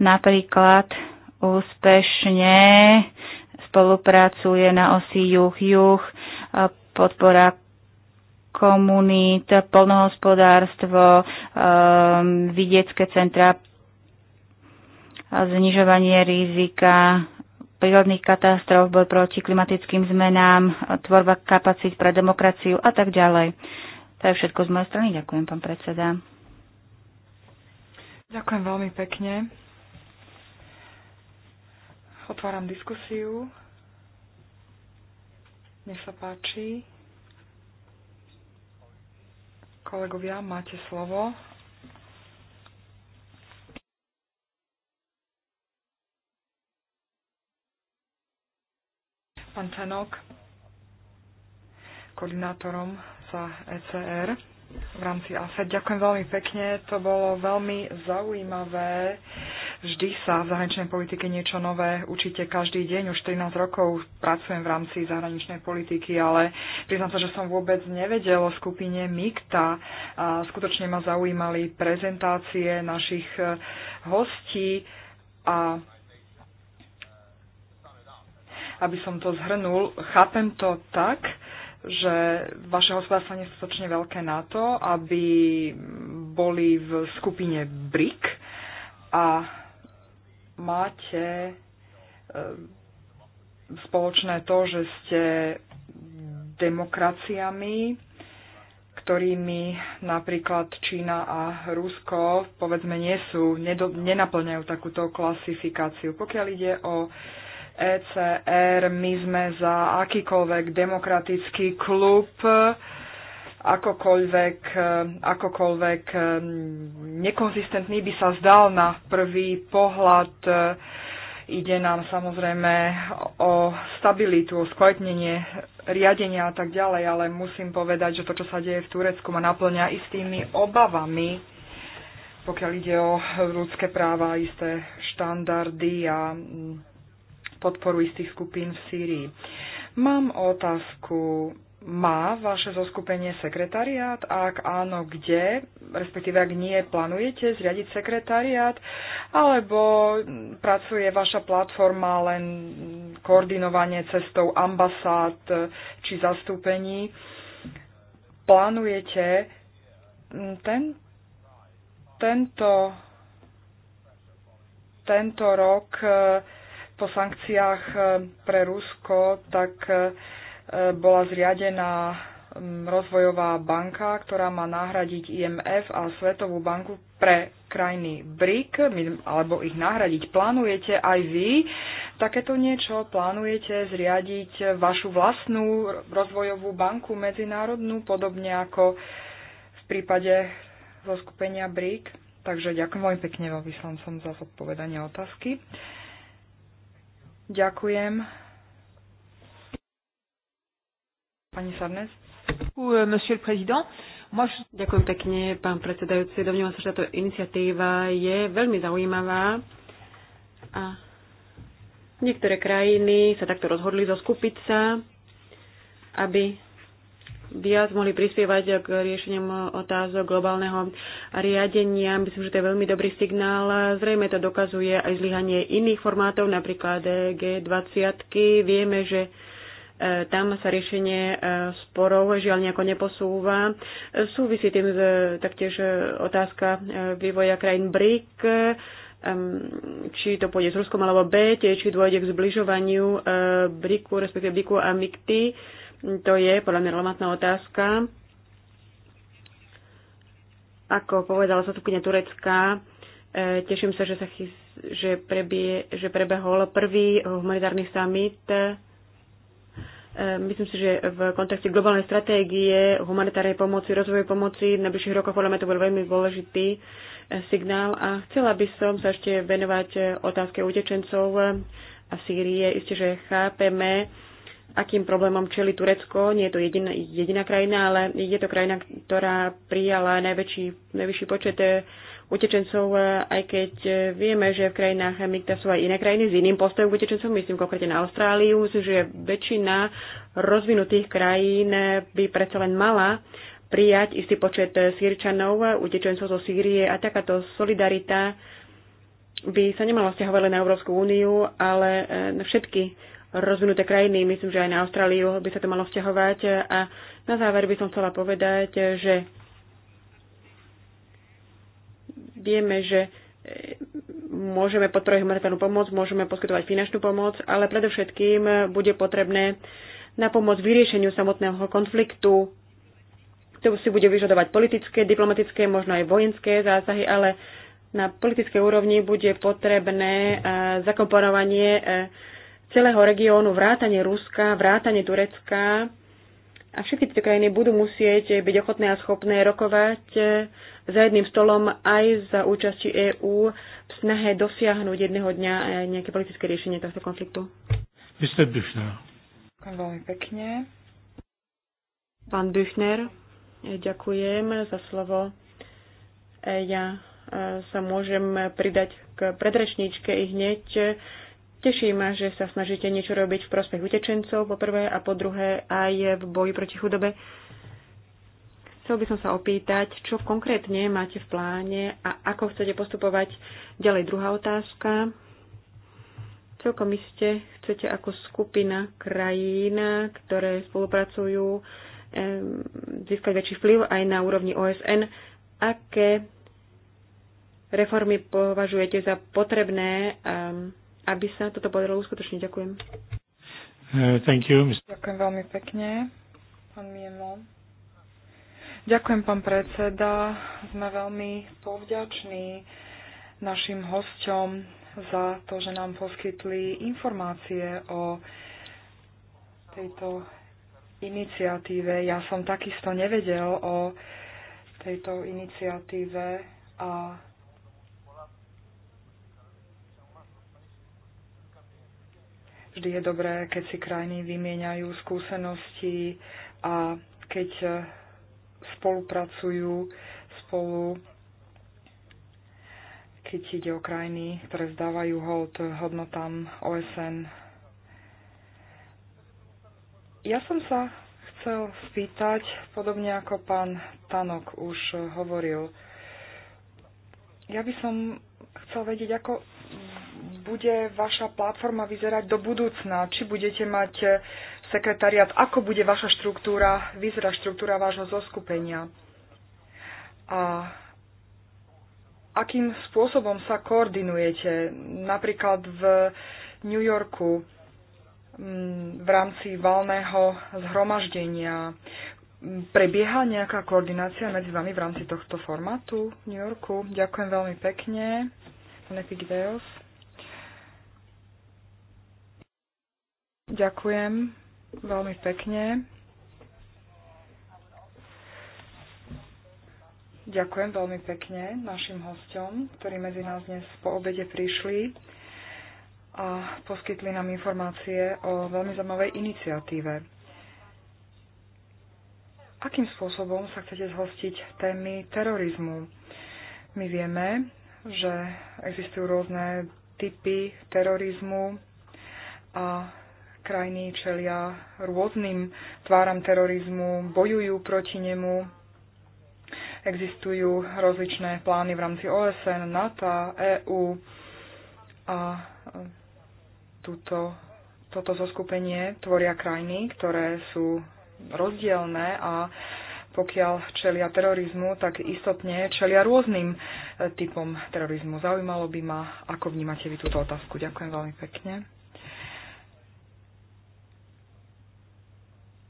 napríklad úspešne spolupracuje na osi juh-juh, podpora komunít, polnohospodárstvo, um, vidiecké centra, znižovanie rizika prírodných katastrof, boj proti klimatickým zmenám, tvorba kapacít pre demokraciu a tak ďalej. To je všetko z mojej strany. Ďakujem, pán predseda. Ďakujem veľmi pekne. Otváram diskusiu. Nech sa páči. Kolegovia, máte slovo. Pán Cenok, koordinátorom za ECR v rámci AFED. Ďakujem veľmi pekne, to bolo veľmi zaujímavé. Vždy sa v zahraničnej politike niečo nové učíte každý deň. Už 13 rokov pracujem v rámci zahraničnej politiky, ale priznám sa, že som vôbec nevedel o skupine MIKTA. A skutočne ma zaujímali prezentácie našich e, hostí a aby som to zhrnul, chápem to tak, že vaše hospodárstva nie sú točne veľké na to, aby boli v skupine BRIC a máte e, spoločné to, že ste demokraciami, ktorými napríklad Čína a Rusko, povedzme, nie sú, nedo, nenaplňajú takúto klasifikáciu. Pokiaľ ide o ECR, my sme za akýkoľvek demokratický klub, akokoľvek, e, akokoľvek e, nekonzistentný by sa zdal na prvý pohľad. E, ide nám samozrejme o stabilitu, o skvalitnenie riadenia a tak ďalej, ale musím povedať, že to, čo sa deje v Turecku, ma naplňa istými obavami, pokiaľ ide o ľudské práva, isté štandardy a mm, podporu istých skupín v Sýrii. Mám otázku. Má vaše zoskupenie sekretariát? Ak áno, kde? Respektíve, ak nie, plánujete zriadiť sekretariát? Alebo pracuje vaša platforma len koordinovanie cestou ambasád či zastúpení? Plánujete ten, tento, tento rok po sankciách eh, pre Rusko, tak eh, bola zriadená mm, rozvojová banka, ktorá má nahradiť IMF a Svetovú banku pre krajiny BRIC, alebo ich nahradiť. Plánujete aj vy takéto niečo? Plánujete zriadiť vašu vlastnú rozvojovú banku medzinárodnú, podobne ako v prípade zoskupenia BRIC? Takže ďakujem veľmi pekne som za zodpovedanie otázky. Ďakujem. Pani Sarnes. Euh, Monsieur le Président. Ďakujem pekne, pán predsedajúci. Domnívam sa, že táto iniciatíva je veľmi zaujímavá. A niektoré krajiny sa takto rozhodli zoskupiť sa, aby viac mohli prispievať k riešeniam otázok globálneho riadenia. Myslím, že to je veľmi dobrý signál. Zrejme to dokazuje aj zlyhanie iných formátov, napríklad G20. Vieme, že e, tam sa riešenie e, sporov žiaľ nejako neposúva. Súvisí tým z, e, taktiež otázka vývoja krajín BRIC, či to pôjde s Ruskom alebo B, či dôjde k zbližovaniu BRICu, respektíve BRICu a MICTY to je podľa mňa relevantná otázka. Ako povedala zastupkynia Turecka, e, teším sa, že, sa chys, že, prebie, že prebehol prvý humanitárny summit. E, myslím si, že v kontexte globálnej stratégie, humanitárnej pomoci, rozvojovej pomoci v najbližších rokoch podľa mňa to bol veľmi dôležitý e, signál a chcela by som sa ešte venovať otázke utečencov a Sýrie. Isté, že chápeme akým problémom čeli Turecko. Nie je to jediná, jediná krajina, ale je to krajina, ktorá prijala najväčší, najvyšší počet eh, utečencov, eh, aj keď eh, vieme, že v krajinách Mikta sú aj iné krajiny s iným postojom k utečencom, myslím konkrétne na Austráliu, myslím, že väčšina rozvinutých krajín by predsa len mala prijať istý počet sírčanov, utečencov zo Sýrie a takáto solidarita by sa nemala vzťahovať len na Európsku úniu, ale na všetky rozvinuté krajiny, myslím, že aj na Austráliu by sa to malo vzťahovať. A na záver by som chcela povedať, že vieme, že e, môžeme podporiť humanitárnu pomoc, môžeme poskytovať finančnú pomoc, ale predovšetkým bude potrebné na pomoc vyriešeniu samotného konfliktu. To si bude vyžadovať politické, diplomatické, možno aj vojenské zásahy, ale na politickej úrovni bude potrebné e, zakomponovanie e, celého regiónu, vrátane Ruska, vrátane Turecka. A všetky tieto krajiny budú musieť byť ochotné a schopné rokovať eh, za jedným stolom aj za účasti EÚ v snahe dosiahnuť jedného dňa eh, nejaké politické riešenie tohto konfliktu. Mr. Büchner. veľmi pekne. Pán Büchner, eh, ďakujem za slovo. Ja sa môžem pridať k predrečníčke i hneď Teší ma, že sa snažíte niečo robiť v prospech utečencov, po prvé, a po druhé aj v boji proti chudobe. Chcel by som sa opýtať, čo konkrétne máte v pláne a ako chcete postupovať ďalej. Druhá otázka. Celkom iste chcete ako skupina krajín, ktoré spolupracujú, získať väčší vplyv aj na úrovni OSN. Aké reformy považujete za potrebné? Um, aby sa toto podarilo uskutočniť. Ďakujem. Uh, thank you. Ďakujem veľmi pekne, pán Miemo. Ďakujem, pán predseda. Sme veľmi povďační našim hosťom za to, že nám poskytli informácie o tejto iniciatíve. Ja som takisto nevedel o tejto iniciatíve a Vždy je dobré, keď si krajiny vymieňajú skúsenosti a keď eh, spolupracujú spolu, keď ide o krajiny, ktoré zdávajú hold hodnotám OSN. Ja som sa chcel spýtať, podobne ako pán Tanok už eh, hovoril, ja by som chcel vedieť, ako bude vaša platforma vyzerať do budúcna? Či budete mať e, sekretariat? Ako bude vaša štruktúra, vyzerá štruktúra vášho zoskupenia? A akým spôsobom sa koordinujete? Napríklad v New Yorku mm, v rámci valného zhromaždenia prebieha nejaká koordinácia medzi vami v rámci tohto formátu v New Yorku. Ďakujem veľmi pekne. Pane Pigdeos. Ďakujem veľmi pekne. Ďakujem veľmi pekne našim hostom, ktorí medzi nás dnes po obede prišli a poskytli nám informácie o veľmi zaujímavej iniciatíve. Akým spôsobom sa chcete zhostiť témy terorizmu? My vieme, že existujú rôzne typy terorizmu a krajiny čelia rôznym tváram terorizmu, bojujú proti nemu. Existujú rozličné plány v rámci OSN, NATO, EÚ a e, túto, toto zoskupenie tvoria krajiny, ktoré sú rozdielne a pokiaľ čelia terorizmu, tak istotne čelia rôznym e, typom terorizmu. Zaujímalo by ma, ako vnímate vy túto otázku. Ďakujem veľmi pekne.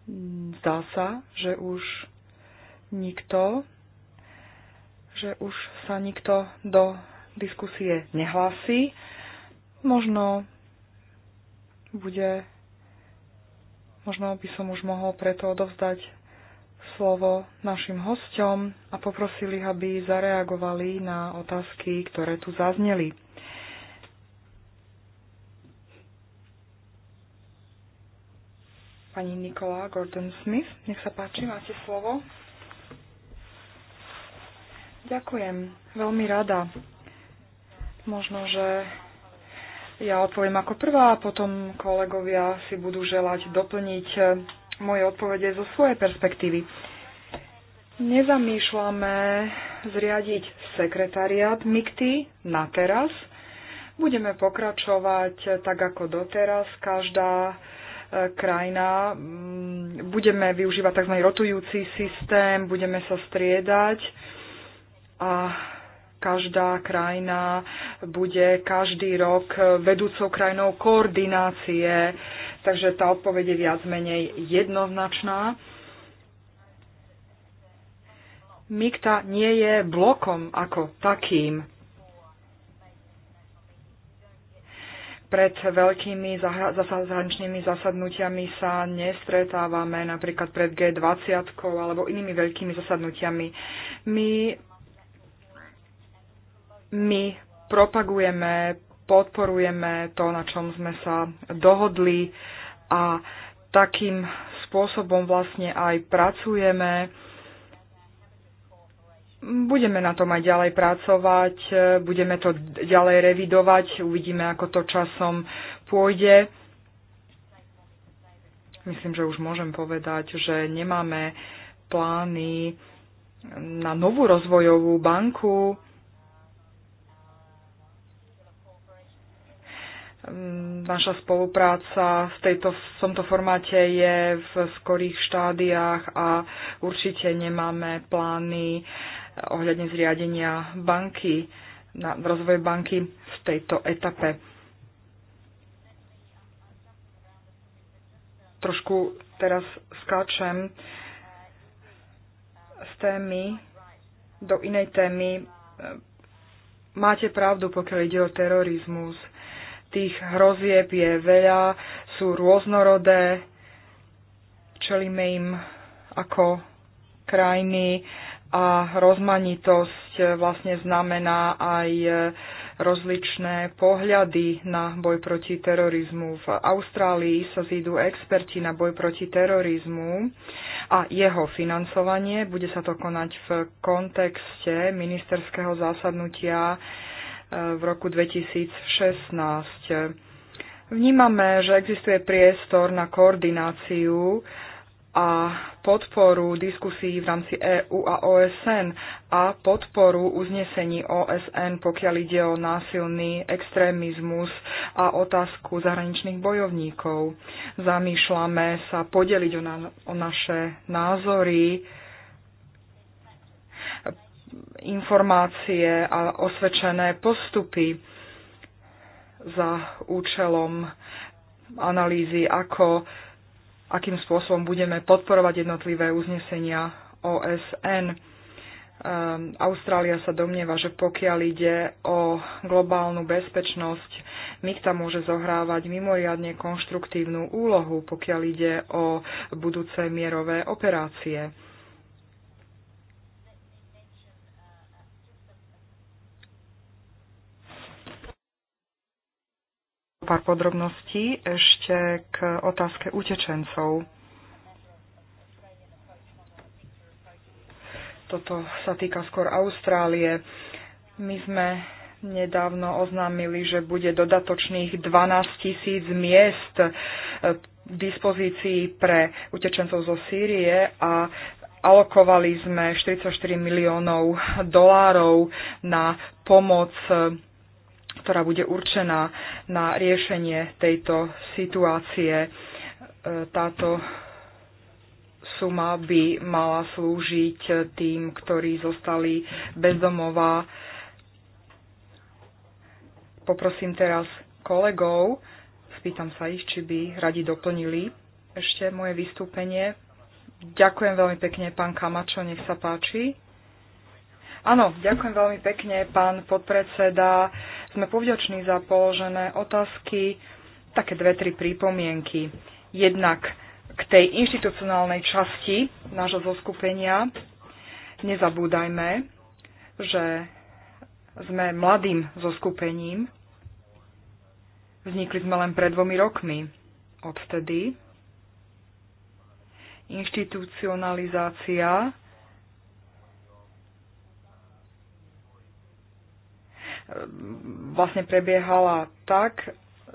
Mm, zdá sa, že už nikto, že už sa nikto do diskusie nehlási. Možno bude, možno by som už mohol preto odovzdať slovo našim hosťom a poprosili, aby zareagovali na otázky, ktoré tu zazneli. pani Nikola Gordon-Smith. Nech sa páči, máte slovo. Ďakujem, veľmi rada. Možno, že ja odpoviem ako prvá a potom kolegovia si budú želať doplniť moje odpovede zo svojej perspektívy. Nezamýšľame zriadiť sekretariát MIKTY na teraz. Budeme pokračovať tak ako doteraz. Každá krajina. Mm, budeme využívať tzv. rotujúci systém, budeme sa striedať a každá krajina bude každý rok vedúcou krajinou koordinácie, takže tá odpoveď je viac menej jednoznačná. MIKTA nie je blokom ako takým. pred veľkými zahraničnými zasadnutiami sa nestretávame, napríklad pred G20 alebo inými veľkými zasadnutiami. My, my propagujeme, podporujeme to, na čom sme sa dohodli a takým spôsobom vlastne aj pracujeme Budeme na tom aj ďalej pracovať, e, budeme to ďalej revidovať, uvidíme, ako to časom pôjde. Myslím, že už môžem povedať, že nemáme plány na novú rozvojovú banku. Mm, naša spolupráca v, tejto, v tomto formáte je v skorých štádiách a určite nemáme plány uh, ohľadne zriadenia banky, na, rozvoje banky v tejto etape. Trošku teraz skáčem z témy do inej témy. Máte pravdu, pokiaľ ide o terorizmus. Tých hrozieb je veľa, sú rôznorodé, čelíme im ako krajiny a rozmanitosť vlastne znamená aj rozličné pohľady na boj proti terorizmu. V Austrálii sa zídu experti na boj proti terorizmu a jeho financovanie. Bude sa to konať v kontexte ministerského zasadnutia e, v roku 2016. Vnímame, že existuje priestor na koordináciu a podporu diskusí v rámci EÚ a OSN a podporu uznesení OSN, pokiaľ ide o násilný extrémizmus a otázku zahraničných bojovníkov. Zamýšľame sa podeliť o, na, o naše názory, informácie a osvedčené postupy za účelom analýzy, ako akým spôsobom budeme podporovať jednotlivé uznesenia OSN. Um, ehm, Austrália sa domnieva, že pokiaľ ide o globálnu bezpečnosť, MIGTA môže zohrávať mimoriadne konštruktívnu úlohu, pokiaľ ide o budúce mierové operácie. pár podrobností ešte k otázke utečencov. Toto sa týka skôr Austrálie. My sme nedávno oznámili, že bude dodatočných 12 tisíc miest e, v dispozícii pre utečencov zo Sýrie a alokovali sme 44 miliónov dolárov na pomoc e, ktorá bude určená na riešenie tejto situácie. E, táto suma by mala slúžiť tým, ktorí zostali bezdomová. Poprosím teraz kolegov, spýtam sa ich, či by radi doplnili ešte moje vystúpenie. Ďakujem veľmi pekne, pán Kamačo, nech sa páči. Áno, ďakujem veľmi pekne, pán podpredseda sme povďační za položené otázky, také dve, tri prípomienky. Jednak k tej inštitucionálnej časti nášho zoskupenia nezabúdajme, že sme mladým zoskupením. Vznikli sme len pred dvomi rokmi. Odvtedy inštitucionalizácia vlastne prebiehala tak,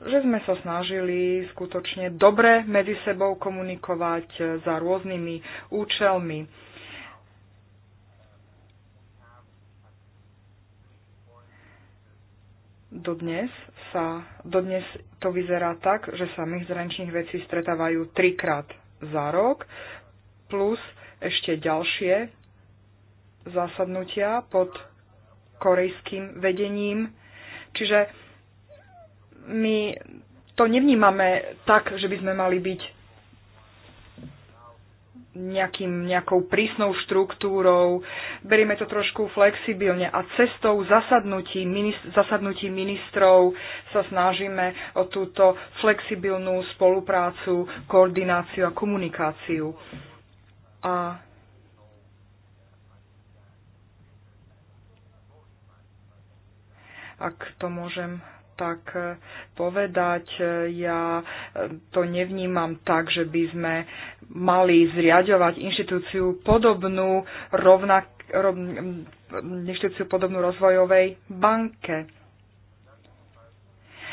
že sme sa snažili skutočne dobre medzi sebou komunikovať za rôznymi účelmi. Dodnes, sa, dodnes to vyzerá tak, že sa my zrančných vecí stretávajú trikrát za rok, plus ešte ďalšie zasadnutia pod korejským vedením. Čiže my to nevnímame tak, že by sme mali byť nejakým, nejakou prísnou štruktúrou. Berieme to trošku flexibilne a cestou zasadnutí, minist- zasadnutí ministrov sa snažíme o túto flexibilnú spoluprácu, koordináciu a komunikáciu. A ak to môžem tak e, povedať. E, ja e, to nevnímam tak, že by sme mali zriadovať inštitúciu podobnú rovnak, rov, inštitúciu podobnú rozvojovej banke.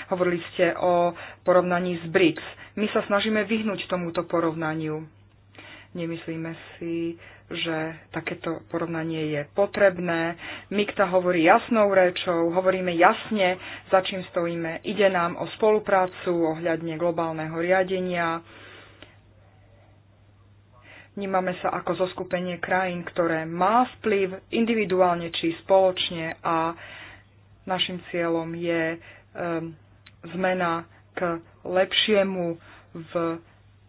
Hovorili ste o porovnaní s BRICS. My sa snažíme vyhnúť tomuto porovnaniu. Nemyslíme si, že takéto porovnanie je potrebné. Mikta hovorí jasnou rečou, hovoríme jasne, za čím stojíme. Ide nám o spoluprácu ohľadne globálneho riadenia. Vnímame sa ako zoskupenie krajín, ktoré má vplyv individuálne či spoločne a našim cieľom je um, zmena k lepšiemu v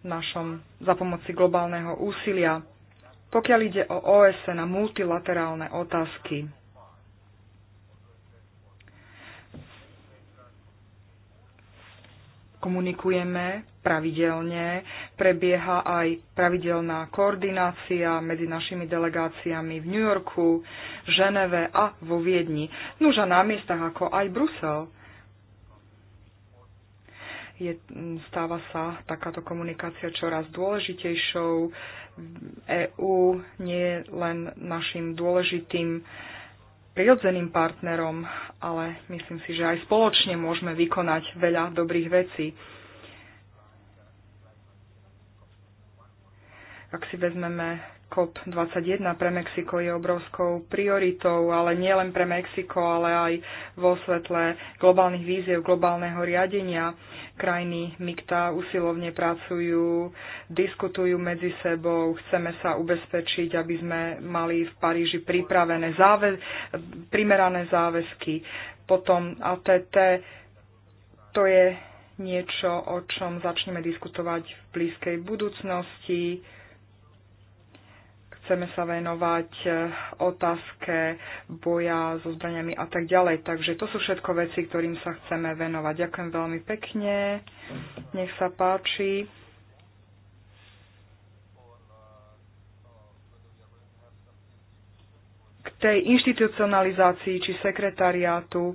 našom za pomoci globálneho úsilia. Pokiaľ ide o OSN e a multilaterálne otázky, komunikujeme pravidelne, prebieha aj pravidelná koordinácia medzi našimi delegáciami v New Yorku, Ženeve a vo Viedni. Nuža na miestach ako aj Brusel je, stáva sa takáto komunikácia čoraz dôležitejšou. EÚ nie je len našim dôležitým prirodzeným partnerom, ale myslím si, že aj spoločne môžeme vykonať veľa dobrých vecí. Ak si vezmeme COP21 pre Mexiko je obrovskou prioritou, ale nie len pre Mexiko, ale aj vo svetle globálnych víziev, globálneho riadenia. Krajiny MIKTA usilovne pracujú, diskutujú medzi sebou, chceme sa ubezpečiť, aby sme mali v Paríži pripravené záväz- primerané záväzky. Potom ATT, to je niečo, o čom začneme diskutovať v blízkej budúcnosti chceme sa venovať e, otázke boja so zbraniami a tak ďalej. Takže to sú všetko veci, ktorým sa chceme venovať. Ďakujem veľmi pekne. Nech sa páči. K tej inštitucionalizácii či sekretariátu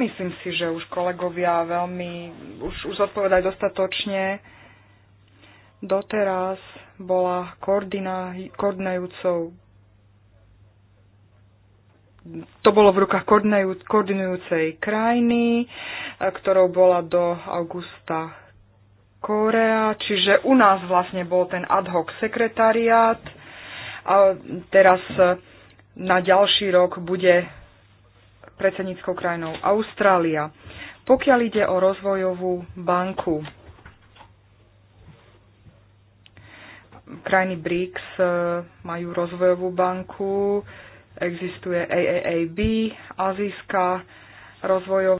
myslím si, že už kolegovia veľmi už, už odpovedajú dostatočne doteraz bola koordinajúcou to bolo v rukách koordinujúcej krajiny, e, ktorou bola do augusta Korea, čiže u nás vlastne bol ten ad hoc sekretariát a teraz e, na ďalší rok bude predsedníckou krajinou Austrália. Pokiaľ ide o rozvojovú banku, krajiny BRICS e, majú rozvojovú banku, existuje AAAB, azijská rozvojová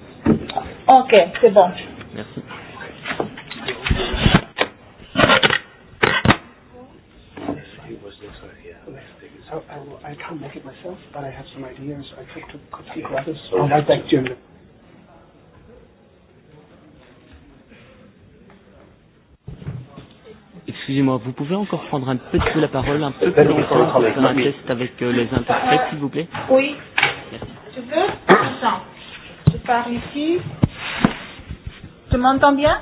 Ok, c'est bon. Merci. Oh, Excusez-moi, vous pouvez encore prendre un petit peu la parole, un peu plus longtemps pour faire un test avec euh, les interprètes, s'il vous plaît Oui. Merci. Tu veux Attends, je pars ici m'entend bien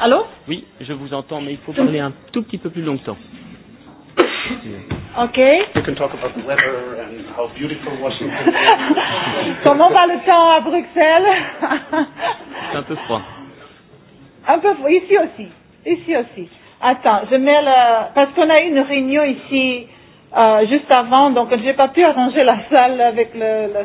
Allô Oui, je vous entends, mais il faut parler un tout petit peu plus longtemps. Ok. Comment va le temps à Bruxelles C'est un peu froid. Un peu froid, ici aussi. Ici aussi. Attends, je mets le... Parce qu'on a eu une réunion ici euh, juste avant, donc je n'ai pas pu arranger la salle avec le, le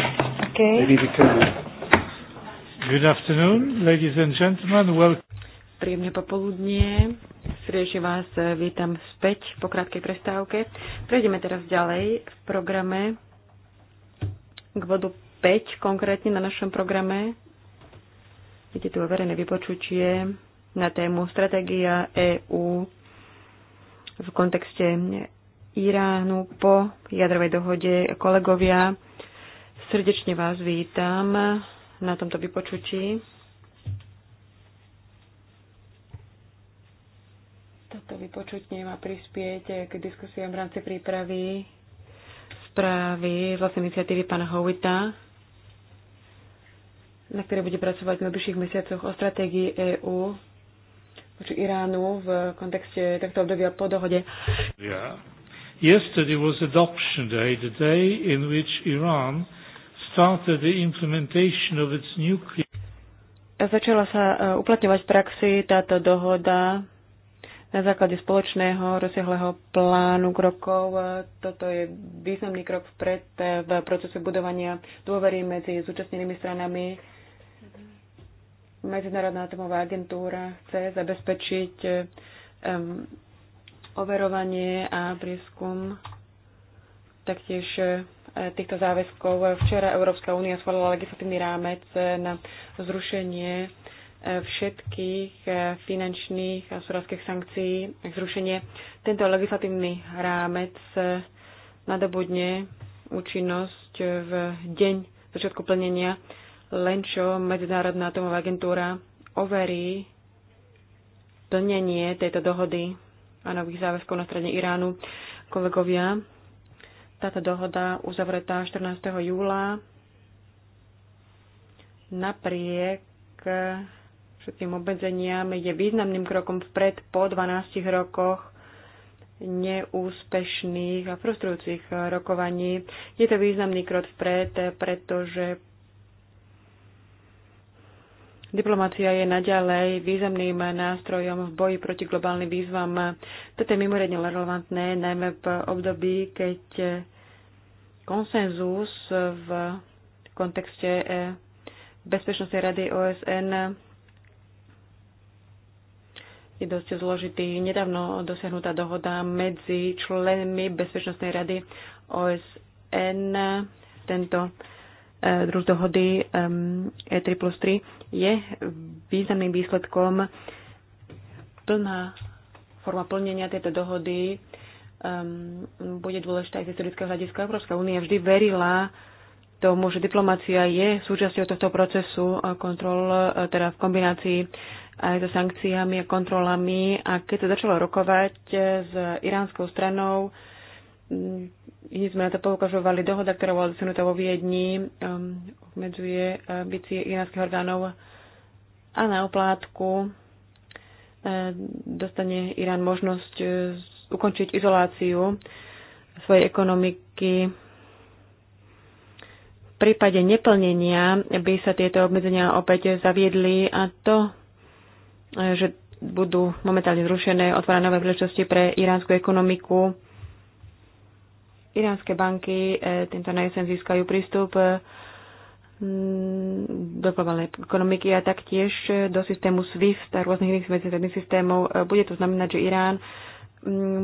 Okay. Uh, Good afternoon, ladies and gentlemen. Welcome. Príjemne popoludnie. Srdečne vás eh, vítam späť po krátkej prestávke. Prejdeme teraz ďalej v programe k bodu 5 konkrétne na našom programe. Vidíte tu overené vypočutie na tému stratégia EÚ v kontexte Iránu po jadrovej dohode kolegovia Srdečne vás vítam na tomto vypočutí. Toto vypočutie má prispieť k diskusiám v rámci prípravy správy vlastnej iniciatívy pána Howita, na ktorej bude pracovať v najbližších mesiacoch o stratégii EÚ voči Iránu v kontexte takto obdobia po dohode. Yeah. Yesterday was adoption day, the day in which Iran Začala sa e, uplatňovať v praxi táto dohoda na základe spoločného rozsiahleho plánu krokov. E, Toto je významný krok vpred e, v procese budovania dôvery medzi zúčastnenými stranami. Medzinárodná atomová agentúra chce zabezpečiť um, overovanie a prieskum taktiež E, týchto záväzkov. Včera Európska únia schválila legislatívny rámec na zrušenie e, všetkých e, finančných a súradských sankcií. Zrušenie tento legislatívny rámec nadobudne účinnosť v deň začiatku plnenia, len čo Medzinárodná atomová agentúra overí plnenie tejto dohody a nových záväzkov na strane Iránu. Kolegovia, táto dohoda uzavretá 14. júla napriek všetkým obmedzeniam je významným krokom vpred po 12 rokoch neúspešných a frustrujúcich rokovaní. Je to významný krok vpred, pretože Diplomácia je naďalej významným nástrojom v boji proti globálnym výzvam. Toto je mimoriadne relevantné, najmä v období, keď konsenzus v kontexte e, Bezpečnostnej rady OSN je dosť zložitý. Nedávno dosiahnutá dohoda medzi členmi Bezpečnostnej rady OSN, tento e, druh dohody E3 e plus 3, je významným výsledkom plná forma plnenia tejto dohody um, bude dôležitá aj z historického hľadiska. Európska únia vždy verila tomu, že diplomácia je súčasťou tohto procesu kontrol, e, teda v kombinácii aj so sankciami a kontrolami. A keď sa začalo rokovať e, s iránskou stranou, Hm, sme na to poukažovali. Dohoda, ktorá bola dosunutá vo Viedni, um, obmedzuje eh, bycie iránskych orgánov a na oplátku eh, dostane Irán možnosť eh, ukončiť izoláciu svojej ekonomiky. V prípade neplnenia by sa tieto obmedzenia opäť zaviedli a to, že budú momentálne zrušené, otvorené nové príležitosti pre iránsku ekonomiku Iránske banky e, týmto najsem získajú prístup e, do globálnej ekonomiky a taktiež e, do systému SWIFT a rôznych iných medzinárodných systémov. Bude to znamenať, že Irán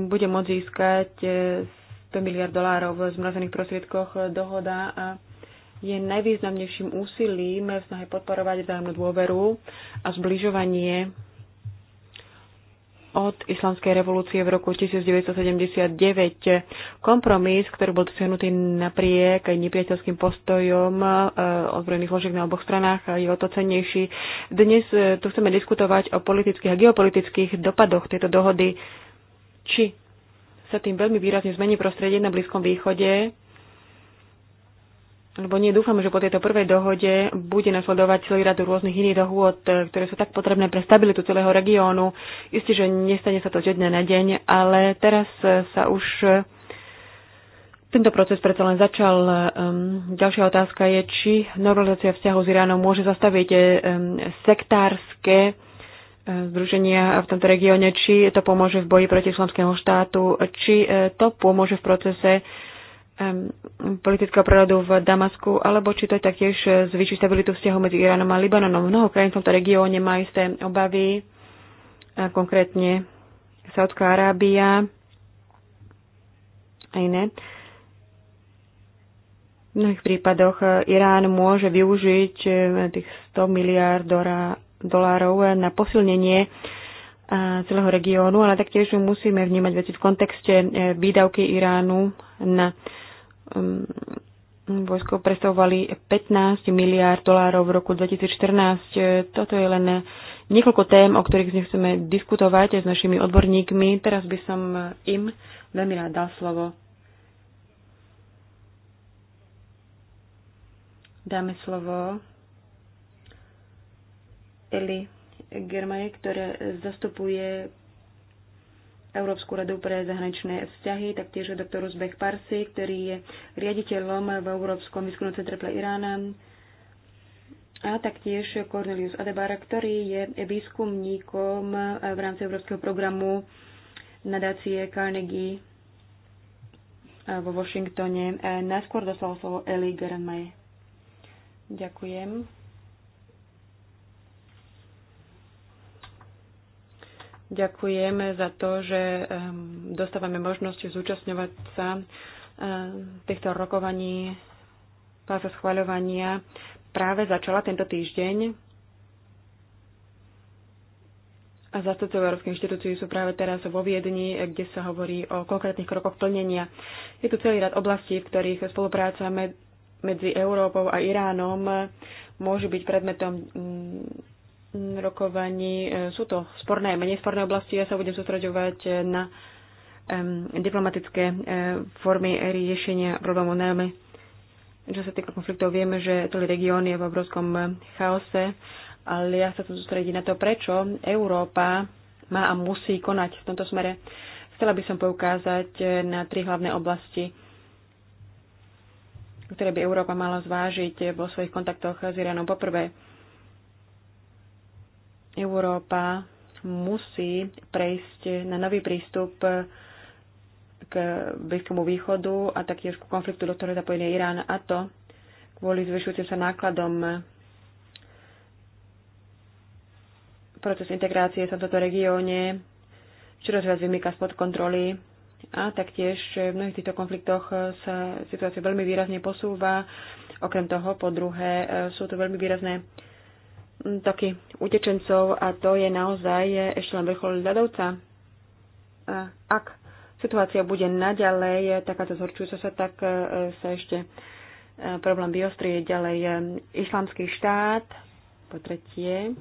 bude môcť získať 100 miliard dolárov v zmrazených prostriedkoch dohoda a je najvýznamnejším úsilím v snahe podporovať vzájomnú dôveru a zbližovanie od islamskej revolúcie v roku 1979. Kompromis, ktorý bol dosiahnutý napriek aj nepriateľským postojom e, ozbrojených ložiek na oboch stranách, je o to cennejší. Dnes e, tu chceme diskutovať o politických a geopolitických dopadoch tejto dohody, či sa tým veľmi výrazne zmení prostredie na Blízkom východe, lebo nie dúfam, že po tejto prvej dohode bude nasledovať celý rad rôznych iných dohôd, e, ktoré sú tak potrebné pre stabilitu celého regiónu. Isté, že nestane sa to že dne na deň, ale teraz e, sa už e, tento proces predsa len začal. Ďalšia otázka je, či normalizácia vzťahu s Iránom môže zastaviť sektárske združenia v tomto regióne, či to pomôže v boji proti islamskému štátu, či to pomôže v procese politického prerodu v Damasku, alebo či to taktiež zvýši stabilitu vzťahu medzi Iránom a Libanonom. Mnoho krajín v tomto regióne má isté obavy, konkrétne Saudská Arábia a iné. V mnohých prípadoch Irán môže využiť e, tých 100 miliárd dolárov na posilnenie e, celého regiónu, ale taktiež musíme vnímať veci v kontexte e, výdavky Iránu na Um, vojsko predstavovali 15 miliárd dolárov v roku 2014. E, toto je len niekoľko tém, o ktorých z chceme diskutovať aj s našimi odborníkmi. Teraz by som im veľmi rád dal slovo. Dáme slovo Eli Germaje, ktoré zastupuje Európsku radu pre zahraničné vzťahy, taktiež doktor Uzbek Parsi, ktorý je riaditeľom v Európskom výskumnom centre pre Irána a taktiež Cornelius Adebara, ktorý je výskumníkom v rámci Európskeho programu nadácie Carnegie vo Washingtone. Najskôr dostal slovo Eli Gerenmaje. Ďakujem. Ďakujeme za to, že ehm, dostávame možnosť zúčastňovať sa ehm, týchto rokovaní fáza schváľovania práve začala tento týždeň a zastupcov Európskej inštitúcii sú práve teraz vo Viedni, kde sa hovorí o konkrétnych krokoch plnenia. Je tu celý rad oblastí, v ktorých spolupráca medzi Európou a Iránom môže byť predmetom mm, rokovaní. E, sú to sporné menej sporné oblasti. Ja sa budem sústraďovať na diplomatické e, formy riešenia problémov najmä čo sa týka konfliktov, vieme, že celý región je v obrovskom e, chaose, ale ja sa tu sústrediť na to, prečo Európa má a musí konať v tomto smere. Chcela by som poukázať na tri hlavné oblasti, ktoré by Európa mala zvážiť vo svojich kontaktoch s Iránom. Poprvé, Európa musí prejsť na nový prístup k blízkému východu a taktiež ku konfliktu, do ktorého zapojený Irán a to kvôli zvyšujúcim sa nákladom proces integrácie sa v tomto regióne čoraz viac vymýka spod kontroly a taktiež v mnohých týchto konfliktoch sa situácia veľmi výrazne posúva. Okrem toho, po druhé, sú tu veľmi výrazné toky utečencov a to je naozaj ešte len vrchol ľadovca. Ak situácia bude naďalej takáto zhorčujúca sa, tak e, sa ešte e, problém vyostrie ďalej. E, islamský štát, po tretie,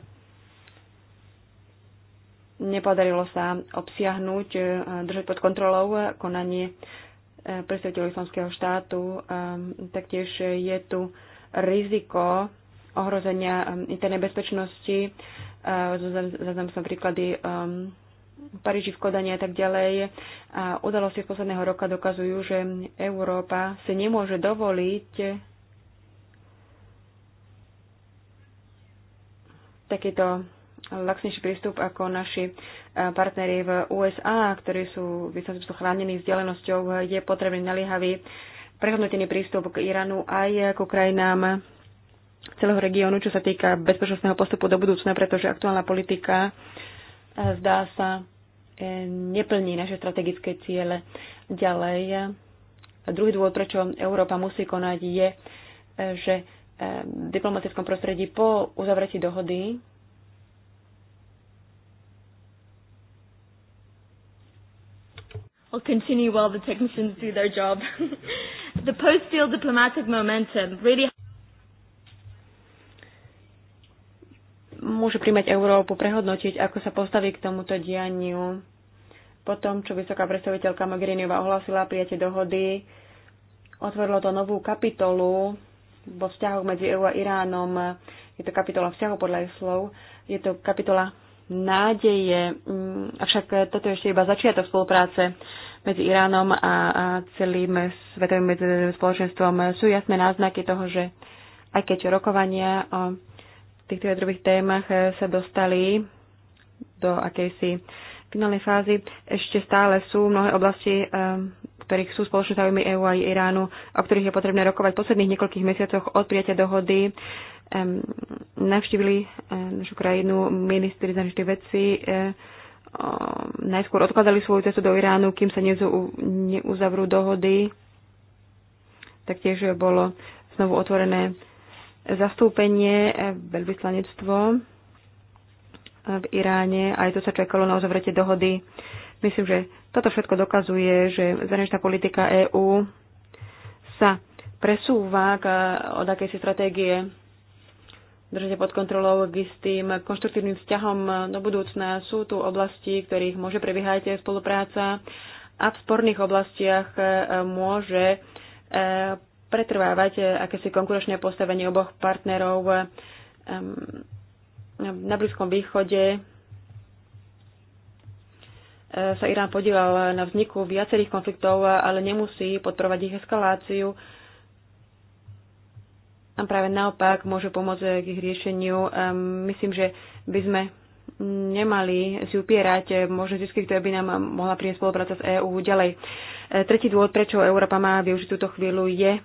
nepodarilo sa obsiahnuť, držať pod kontrolou konanie predstaviteľov islamského štátu. Taktiež je tu riziko ohrozenia um, internej bezpečnosti. Uh, Zaznam som príklady um, v Paríži, v Kodani a tak ďalej. A udalosti z posledného roka dokazujú, že Európa si nemôže dovoliť takýto laxnejší prístup ako naši uh, partneri v USA, ktorí sú vysokým chránení vzdialenosťou, je potrebný naliehavý prehodnotený prístup k Iránu aj k krajinám celého regiónu, čo sa týka bezpečnostného postupu do budúcna, pretože aktuálna politika e, zdá sa e, neplní naše strategické ciele. Ďalej, e, druhý dôvod, prečo Európa musí konať, je, že v diplomatickom prostredí po uzavretí dohody I'll continue while the technicians do their job. the post-deal diplomatic momentum really môže príjmať Európu, prehodnotiť, ako sa postaví k tomuto dianiu. Potom, tom, čo vysoká predstaviteľka Mogheriniova ohlásila prijatie dohody, otvorilo to novú kapitolu vo vzťahoch medzi EU a Iránom. Je to kapitola vzťahov podľa jej slov. Je to kapitola nádeje, mm, avšak toto je ešte iba začiatok spolupráce medzi Iránom a, a celým svetovým medzinárodným spoločenstvom. Sú jasné náznaky toho, že aj keď rokovania o týchto jadrových témach eh, sa dostali do akejsi finálnej fázy. Ešte stále sú mnohé oblasti, eh, v ktorých sú spoločné záujmy EÚ a Iránu, o ktorých je potrebné rokovať v posledných niekoľkých mesiacoch od prijatia dohody. Navštívili eh, našu krajinu ministri zahraničných vecí, najskôr odkladali svoju cestu do Iránu, kým sa neuzavrú dohody. Taktiež bolo znovu otvorené zastúpenie eh, veľvyslanectvo eh, v Iráne, aj to sa čakalo na uzavretie dohody. Myslím, že toto všetko dokazuje, že zahraničná politika EÚ sa presúva k, eh, od akejsi stratégie držte pod kontrolou k istým konštruktívnym vzťahom do budúcna. Sú tu oblasti, ktorých môže prebiehať spolupráca a v sporných oblastiach môže pretrvávať e, akési konkurenčné postavenie oboch partnerov e, na Blízkom východe e, sa Irán podielal na vzniku viacerých konfliktov, ale nemusí podporovať ich eskaláciu. A práve naopak môže pomôcť k ich riešeniu. Myslím, že by sme nemali si upierať možné zisky, ktoré by nám mohla priniesť spolupráca s EÚ ďalej. Tretí dôvod, prečo Európa má využiť túto chvíľu, je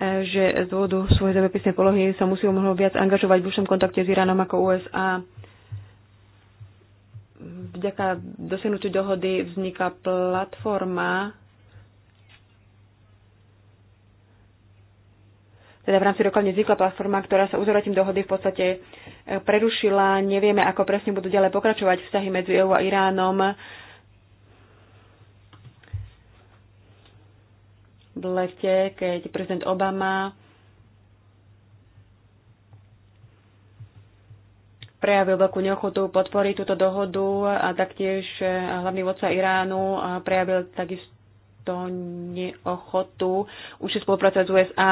že z dôvodu svojej zemepisnej polohy sa musí mohlo viac angažovať v užšom kontakte s Iránom ako USA. Vďaka dosiahnutiu dohody vzniká platforma, teda v rámci rokovne vznikla platforma, ktorá sa uzoratím dohody v podstate e, prerušila. Nevieme, ako presne budú ďalej pokračovať vzťahy medzi EU a Iránom. v lete, keď prezident Obama prejavil veľkú neochotu podporiť túto dohodu a taktiež eh, hlavný vodca Iránu eh, prejavil takisto neochotu už spolupracovať s USA.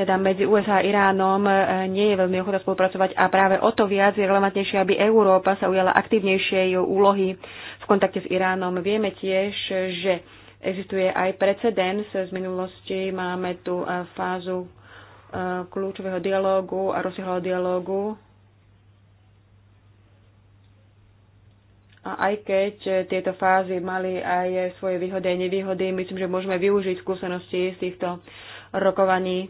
Teda medzi USA a Iránom eh, nie je veľmi ochota spolupracovať a práve o to viac je relevantnejšie, aby Európa sa ujala aktívnejšej úlohy v kontakte s Iránom. Vieme tiež, že Existuje aj precedens z minulosti. Máme tu e, fázu e, kľúčového dialógu a rozsiahleho dialógu. A aj keď tieto fázy mali aj svoje výhody a nevýhody, myslím, že môžeme využiť skúsenosti z týchto rokovaní.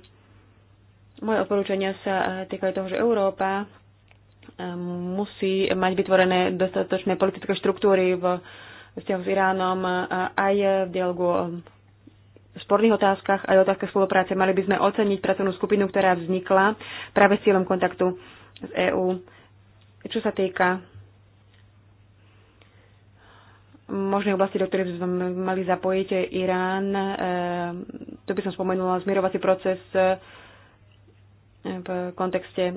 Moje odporúčania sa e, týkajú toho, že Európa musí mať vytvorené dostatočné politické štruktúry v vzťahu s Iránom, aj v dialogu o sporných otázkach, aj o otázkach spolupráce. Mali by sme oceniť pracovnú skupinu, ktorá vznikla práve s cieľom kontaktu z EÚ. Čo sa týka možnej oblasti, do ktorých by sme mali zapojiť Irán, e, to by som spomenula, zmierovací proces e, v kontekste. E,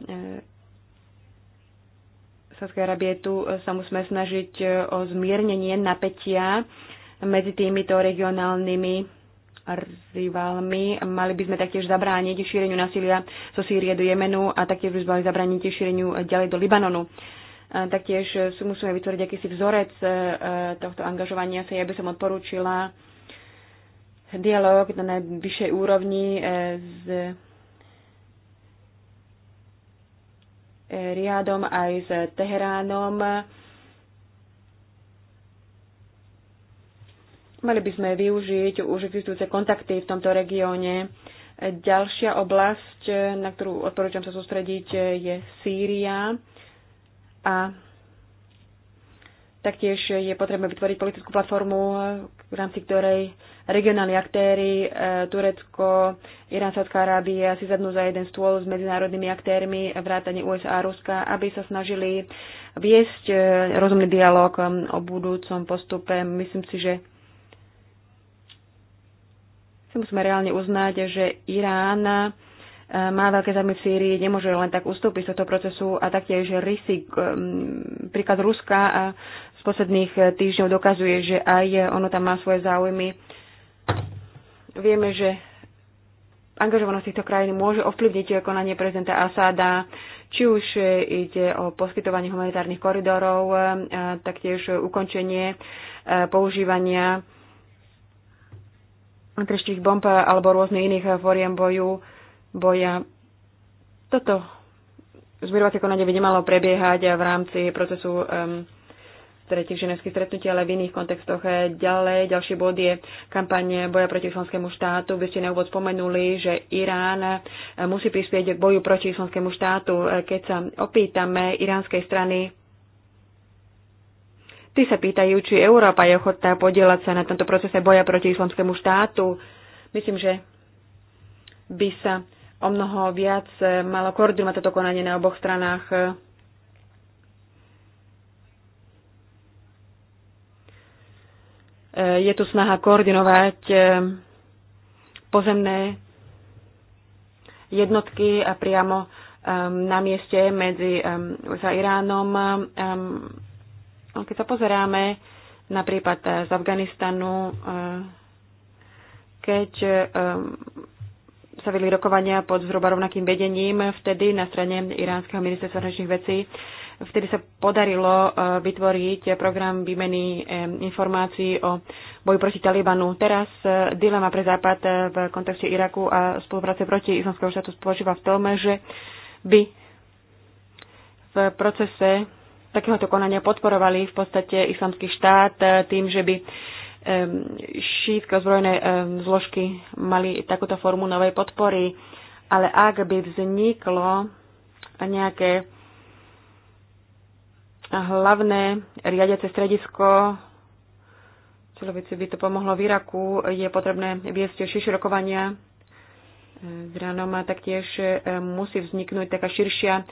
Sádskej Arábie. Tu e, sa musíme snažiť e, o zmiernenie napätia medzi týmito regionálnymi rivalmi. Mali by sme taktiež zabrániť šíreniu násilia zo Sýrie do Jemenu a taktiež by sme mali zabrániť šíreniu e, ďalej do Libanonu. Taktiež si musíme vytvoriť akýsi vzorec tohto angažovania sa. Ja by som odporúčila dialog na najvyššej úrovni s Riadom, aj s Teheránom. Mali by sme využiť už existujúce kontakty v tomto regióne. Ďalšia oblasť, na ktorú odporúčam sa sústrediť, je Sýria. A taktiež je potrebné vytvoriť politickú platformu, v rámci ktorej regionálni aktéry, e, Turecko, Irán, Sádzka Arábia si zadnú za jeden stôl s medzinárodnými aktérmi vrátane USA a Ruska, aby sa snažili viesť e, rozumný dialog e, o budúcom postupe. Myslím si, že si musíme reálne uznať, že Irán má veľké zájmy v Sýrii, nemôže len tak ustúpiť z tohto procesu a taktiež rysy, príklad Ruska a posledných eh, týždňov dokazuje, že aj eh, ono tam má svoje záujmy. Vieme, že angažovanosť týchto krajín môže ovplyvniť eh, konanie prezidenta Asáda, či už ide o poskytovanie humanitárnych koridorov, taktiež ukončenie používania treštých bomb alebo rôznych iných fóriem boju, boja. Toto zmierovacie konanie by nemalo prebiehať v rámci procesu um, tretich ženevských stretnutí, ale v iných kontextoch. Eh, ďalej, ďalší bod je kampaň boja proti islamskému štátu. Vy ste na úvod spomenuli, že Irán eh, musí prispieť k boju proti islamskému štátu. Eh, keď sa opýtame iránskej strany, tí sa pýtajú, či Európa je ochotná podielať sa na tomto procese boja proti islamskému štátu. Myslím, že by sa o mnoho viac malo koordinovať toto konanie na oboch stranách Je tu snaha koordinovať e, pozemné jednotky a priamo e, na mieste medzi e, za Iránom. Keď sa pozeráme napríklad z Afganistanu, keď sa vedli rokovania pod zhruba rovnakým vedením vtedy na strane iránskeho ministerstva zahraničných vecí. Vtedy sa podarilo e, vytvoriť program výmeny e, informácií o boju proti Talibanu. Teraz e, dilema pre Západ v kontexte Iraku a spolupráce proti islamského štátu spočíva v tom, že by v procese takéhoto konania podporovali v podstate islamský štát tým, že by šítko zbrojné zložky mali takúto formu novej podpory. Ale ak by vzniklo nejaké Hlavné riadiace stredisko Čelovici by to pomohlo v Iraku. Je potrebné viesť širšie rokovania s Iránom a taktiež e, musí vzniknúť taká širšia e,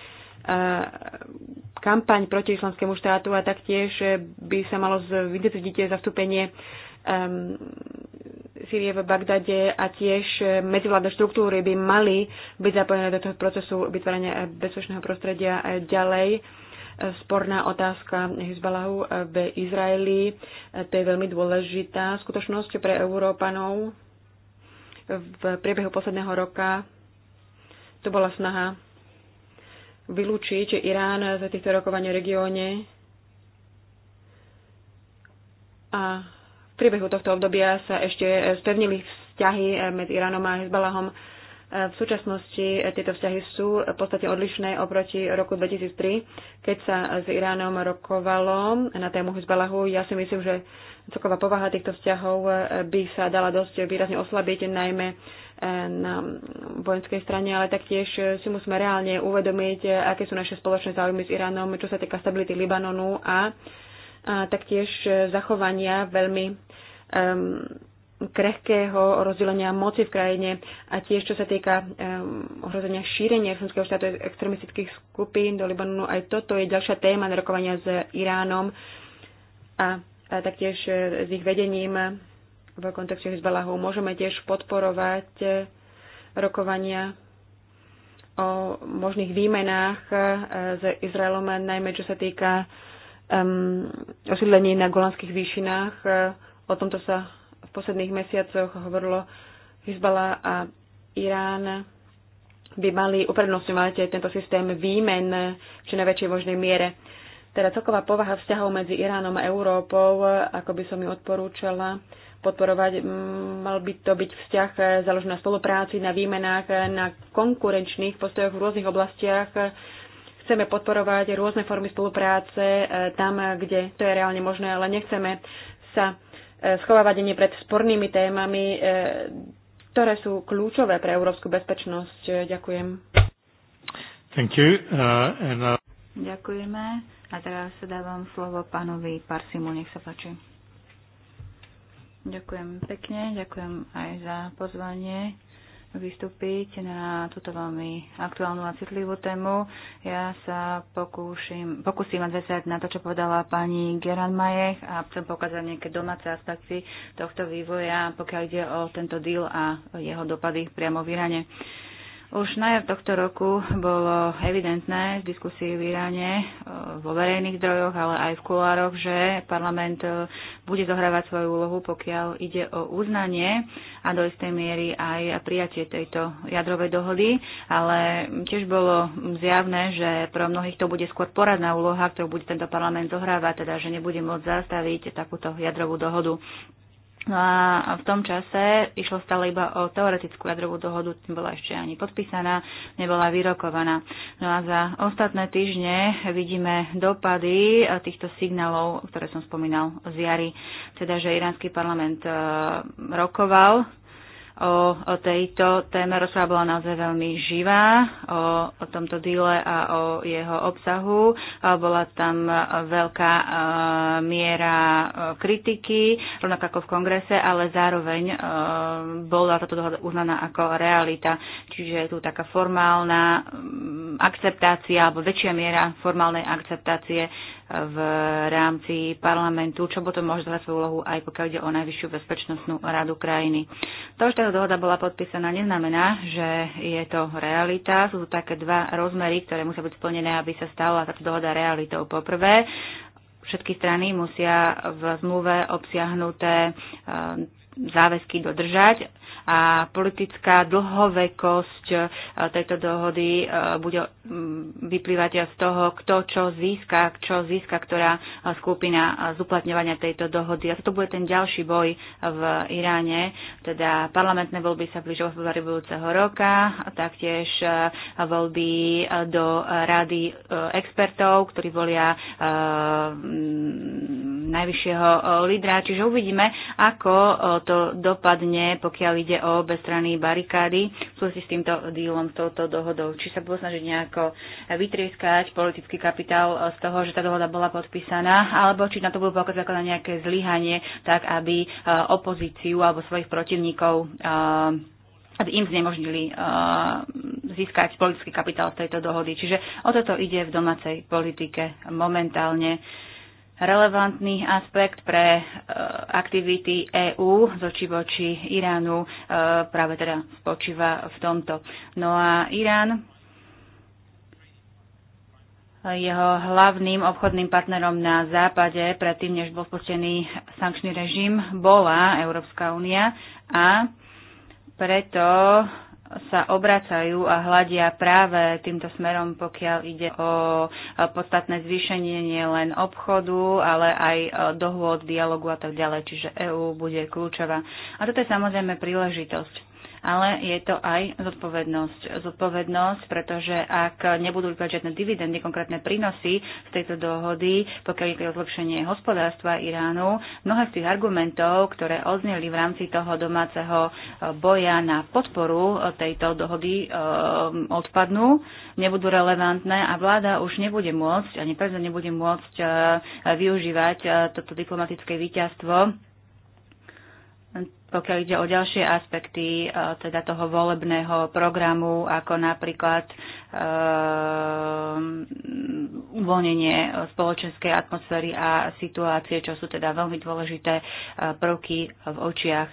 kampaň proti islamskému štátu a taktiež e, by sa malo vydecidiť zastúpenie um, Sýrie v Bagdade a tiež medzivládne štruktúry by mali byť zapojené do toho procesu vytvárania bezpečného prostredia ďalej sporná otázka Hezbalahu v Izraeli. To je veľmi dôležitá skutočnosť pre Európanov. V priebehu posledného roka to bola snaha vylúčiť Irán za týchto rokovaní v regióne. A v priebehu tohto obdobia sa ešte spevnili vzťahy medzi Iránom a Hezbalahom v súčasnosti e, tieto vzťahy sú v podstate odlišné oproti roku 2003, keď sa s Iránom rokovalo na tému Hezbalahu. Ja si myslím, že celková povaha týchto vzťahov e, by sa dala dosť výrazne oslabiť, najmä e, na vojenskej strane, ale taktiež si musíme reálne uvedomiť, aké sú naše spoločné záujmy s Iránom, čo sa týka stability Libanonu a, a taktiež zachovania veľmi um, krehkého rozdelenia moci v krajine a tiež čo sa týka um, ohrozenia šírenia islamského štátu extremistických skupín do Libanonu. Aj toto je ďalšia téma na rokovania s Iránom a, a taktiež e, s ich vedením v kontexte Hezbalahu. Môžeme tiež podporovať e, rokovania o možných výmenách e, s Izraelom, najmä čo sa týka um, osídlení na Golanských výšinách. O tomto sa v posledných mesiacoch hovorilo Hezbala a Irán by mali uprednostňovať tento systém výmen v čo najväčšej možnej miere. Teda celková povaha vzťahov medzi Iránom a Európou, ako by som ju odporúčala podporovať, mal by to byť vzťah založený na spolupráci, na výmenách, na konkurenčných postojoch v rôznych oblastiach. Chceme podporovať rôzne formy spolupráce e, tam, kde to je reálne možné, ale nechceme sa schovávať ani pred spornými témami, e, ktoré sú kľúčové pre európsku bezpečnosť. E, ďakujem. Thank you. Uh, and, uh... Ďakujeme. A teraz sa dávam slovo pánovi Parsimu, nech sa páči. Ďakujem pekne, ďakujem aj za pozvanie vystúpiť na túto veľmi aktuálnu a citlivú tému. Ja sa pokúšim, pokúsim odvesať na to, čo povedala pani Geran Majech a chcem pokázať nejaké domáce aspekty tohto vývoja, pokiaľ ide o tento deal a jeho dopady priamo v Irane. Uh, už na jar tohto roku bolo evidentné v diskusii v Iráne e, vo verejných zdrojoch, ale aj v kulároch, že parlament e, bude zohrávať svoju úlohu, pokiaľ ide o uznanie a do istej miery aj prijatie tejto jadrovej dohody, ale tiež bolo zjavné, že pre mnohých to bude skôr poradná úloha, ktorú bude tento parlament zohrávať, teda že nebude môcť zastaviť takúto jadrovú dohodu. No a v tom čase išlo stále iba o teoretickú jadrovú dohodu, nebola ešte ani podpísaná, nebola vyrokovaná. No a za ostatné týždne vidíme dopady e, týchto signálov, ktoré som spomínal z jary, teda že iránsky parlament e, rokoval O, tejto téme rozpráva bola naozaj veľmi živá, o, o tomto díle a o jeho obsahu. Bola tam veľká e, miera e, kritiky, rovnako ako v kongrese, ale zároveň e, bola táto dohoda uznaná ako realita. Čiže je tu taká formálna akceptácia alebo väčšia miera formálnej akceptácie v rámci parlamentu, čo potom môže zvať svoju úlohu aj pokiaľ ide o Najvyššiu bezpečnostnú radu krajiny. To, že táto dohoda bola podpísaná, neznamená, že je to realita. Sú to také dva rozmery, ktoré musia byť splnené, aby sa stala táto dohoda realitou. Poprvé, všetky strany musia v zmluve obsiahnuté eh, záväzky dodržať a politická dlhovekosť e, tejto dohody e, bude mm, vyplývať z toho, kto čo získa, čo získa ktorá e, skupina z uplatňovania tejto dohody. A to bude ten ďalší boj v Iráne, teda parlamentné voľby sa blížia v februári budúceho roka, a taktiež voľby do rady expertov, ktorí volia najvyššieho lídra. Čiže uvidíme, ako to dopadne, pokiaľ ide o obe strany barikády v s týmto dílom, s touto dohodou. Či sa bude snažiť nejako vytrieskať politický kapitál z toho, že tá dohoda bola podpísaná, alebo či na to budú pokazať ako na nejaké zlyhanie, tak aby e, opozíciu alebo svojich protivníkov e, aby im znemožnili uh, získať politický kapitál z tejto dohody. Čiže o toto ide v domácej politike momentálne. Uh, relevantný aspekt pre e, aktivity EÚ z oči voči Iránu e, práve teda spočíva v tomto. No a Irán jeho hlavným obchodným partnerom na západe, predtým než bol spustený sankčný režim, bola Európska únia a preto sa obracajú a hľadia práve týmto smerom, pokiaľ ide o podstatné zvýšenie nielen obchodu, ale aj e, dohôd, dialogu a tak ďalej. Čiže EÚ bude kľúčová. A toto je samozrejme príležitosť ale je to aj zodpovednosť. Zodpovednosť, pretože ak nebudú vypadať žiadne dividendy, konkrétne prínosy z tejto dohody, pokiaľ je to zlepšenie hospodárstva Iránu, mnohé z tých argumentov, ktoré odzneli v rámci toho domáceho e, boja na podporu e, tejto dohody e, odpadnú, nebudú relevantné a vláda už nebude môcť, ani prezident nebude môcť využívať toto diplomatické víťazstvo pokiaľ ide o ďalšie aspekty e, teda toho volebného programu, ako napríklad e, uvoľnenie spoločenskej atmosféry a situácie, čo sú teda veľmi dôležité e, prvky v očiach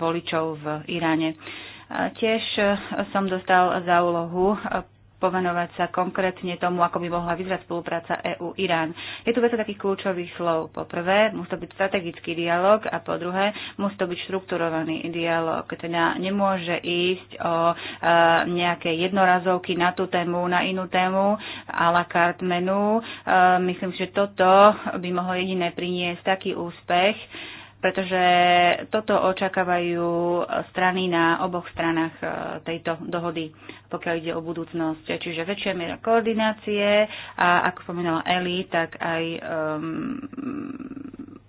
voličov v Iráne. Tiež som dostal za úlohu povenovať sa konkrétne tomu, ako by mohla vyzerať spolupráca EU-Irán. Je tu veľa takých kľúčových slov. Po prvé, musí to byť strategický dialog a po druhé, musí to byť štrukturovaný dialog. Teda nemôže ísť o e, nejaké jednorazovky na tú tému, na inú tému, a la carte menu. E, myslím, že toto by mohlo jediné priniesť taký úspech, pretože toto očakávajú strany na oboch stranách e, tejto dohody pokiaľ ide o budúcnosť. Čiže väčšia miera koordinácie a ako spomínala Eli, tak aj um,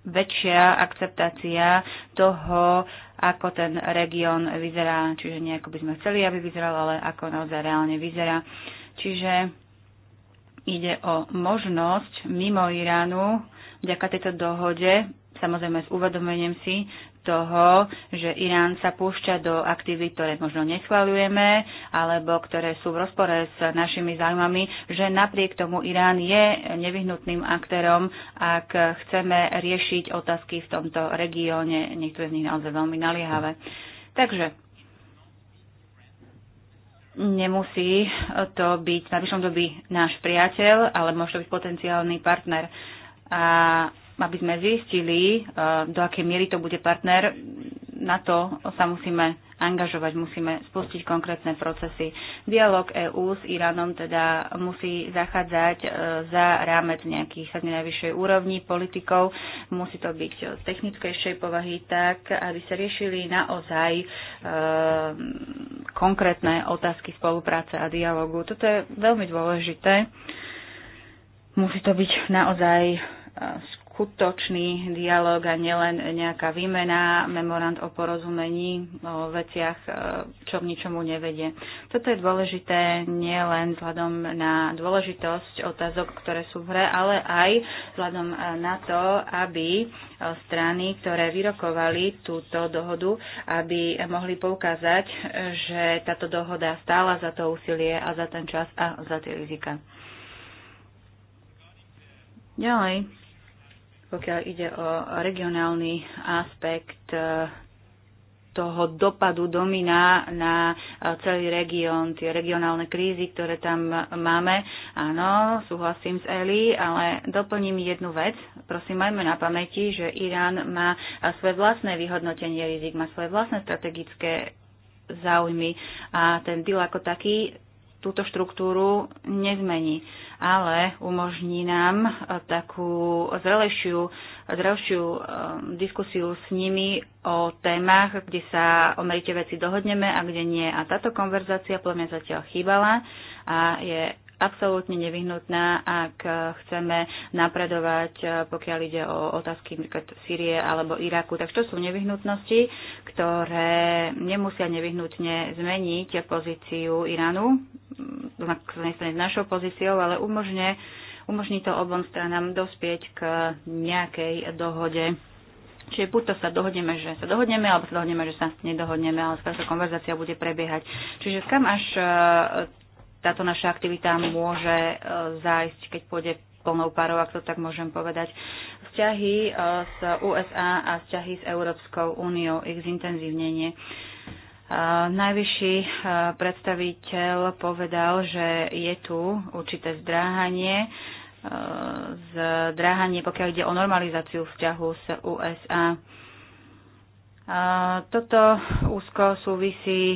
väčšia akceptácia toho, ako ten región vyzerá, čiže nie ako by sme chceli, aby vyzeral, ale ako naozaj reálne vyzerá. Čiže ide o možnosť mimo Iránu vďaka tejto dohode samozrejme s uvedomením si, toho, že Irán sa púšťa do aktivít, ktoré možno nechvalujeme, alebo ktoré sú v rozpore s našimi zájmami, že napriek tomu Irán je nevyhnutným aktérom, ak chceme riešiť otázky v tomto regióne, niektoré z nich naozaj veľmi naliehavé. Takže nemusí to byť na vyššom dobi náš priateľ, ale môže to byť potenciálny partner. A aby sme zistili, eh, do akej miery to bude partner, na to sa musíme angažovať, musíme spustiť konkrétne procesy. Dialóg EÚ s Iránom teda musí zachádzať eh, za rámec nejakých sa najvyššej úrovni politikov. Musí to byť z technickejšej povahy tak, aby sa riešili naozaj e, konkrétne otázky spolupráce a dialogu. Toto je veľmi dôležité. Musí to byť naozaj skutočný dialog a nielen nejaká výmena, memorand o porozumení, o veciach, e, čo k ničomu nevedie. Toto je dôležité nielen vzhľadom na dôležitosť otázok, ktoré sú v hre, ale aj vzhľadom e, na to, aby e, strany, ktoré vyrokovali túto dohodu, aby mohli poukázať, že táto dohoda stála za to úsilie a za ten čas a za tie rizika. Ďalej, pokiaľ ide o regionálny aspekt e, toho dopadu domina na e, celý región, tie regionálne krízy, ktoré tam máme. Áno, súhlasím s Eli, ale doplním jednu vec. Prosím, majme na pamäti, že Irán má e, svoje vlastné vyhodnotenie rizik, má svoje vlastné strategické záujmy a ten deal ako taký túto štruktúru nezmení ale umožní nám eh, takú zrelejšiu, zrelšiu eh, diskusiu s nimi o témach, kde sa o merite veci dohodneme a kde nie. A táto konverzácia pre mňa zatiaľ chýbala a je absolútne nevyhnutná, ak chceme napredovať, eh, pokiaľ ide o otázky napríklad Sýrie alebo Iraku. Takže to sú nevyhnutnosti, ktoré nemusia nevyhnutne zmeniť pozíciu Iránu, mm, z našou pozíciou, ale umožne, umožní to obom stranám dospieť k nejakej dohode. Čiže buď to sa dohodneme, že sa dohodneme, alebo sa dohodneme, že sa nedohodneme, ale skôr konverzácia bude prebiehať. Čiže kam až eh, táto naša aktivita môže e, zájsť, keď pôjde plnou parou, ak to tak môžem povedať. Vzťahy e, s USA a vzťahy s Európskou úniou, ich zintenzívnenie. E, najvyšší predstaviteľ povedal, že je tu určité zdráhanie, zdráhanie, pokiaľ ide o normalizáciu vzťahu s USA toto úzko súvisí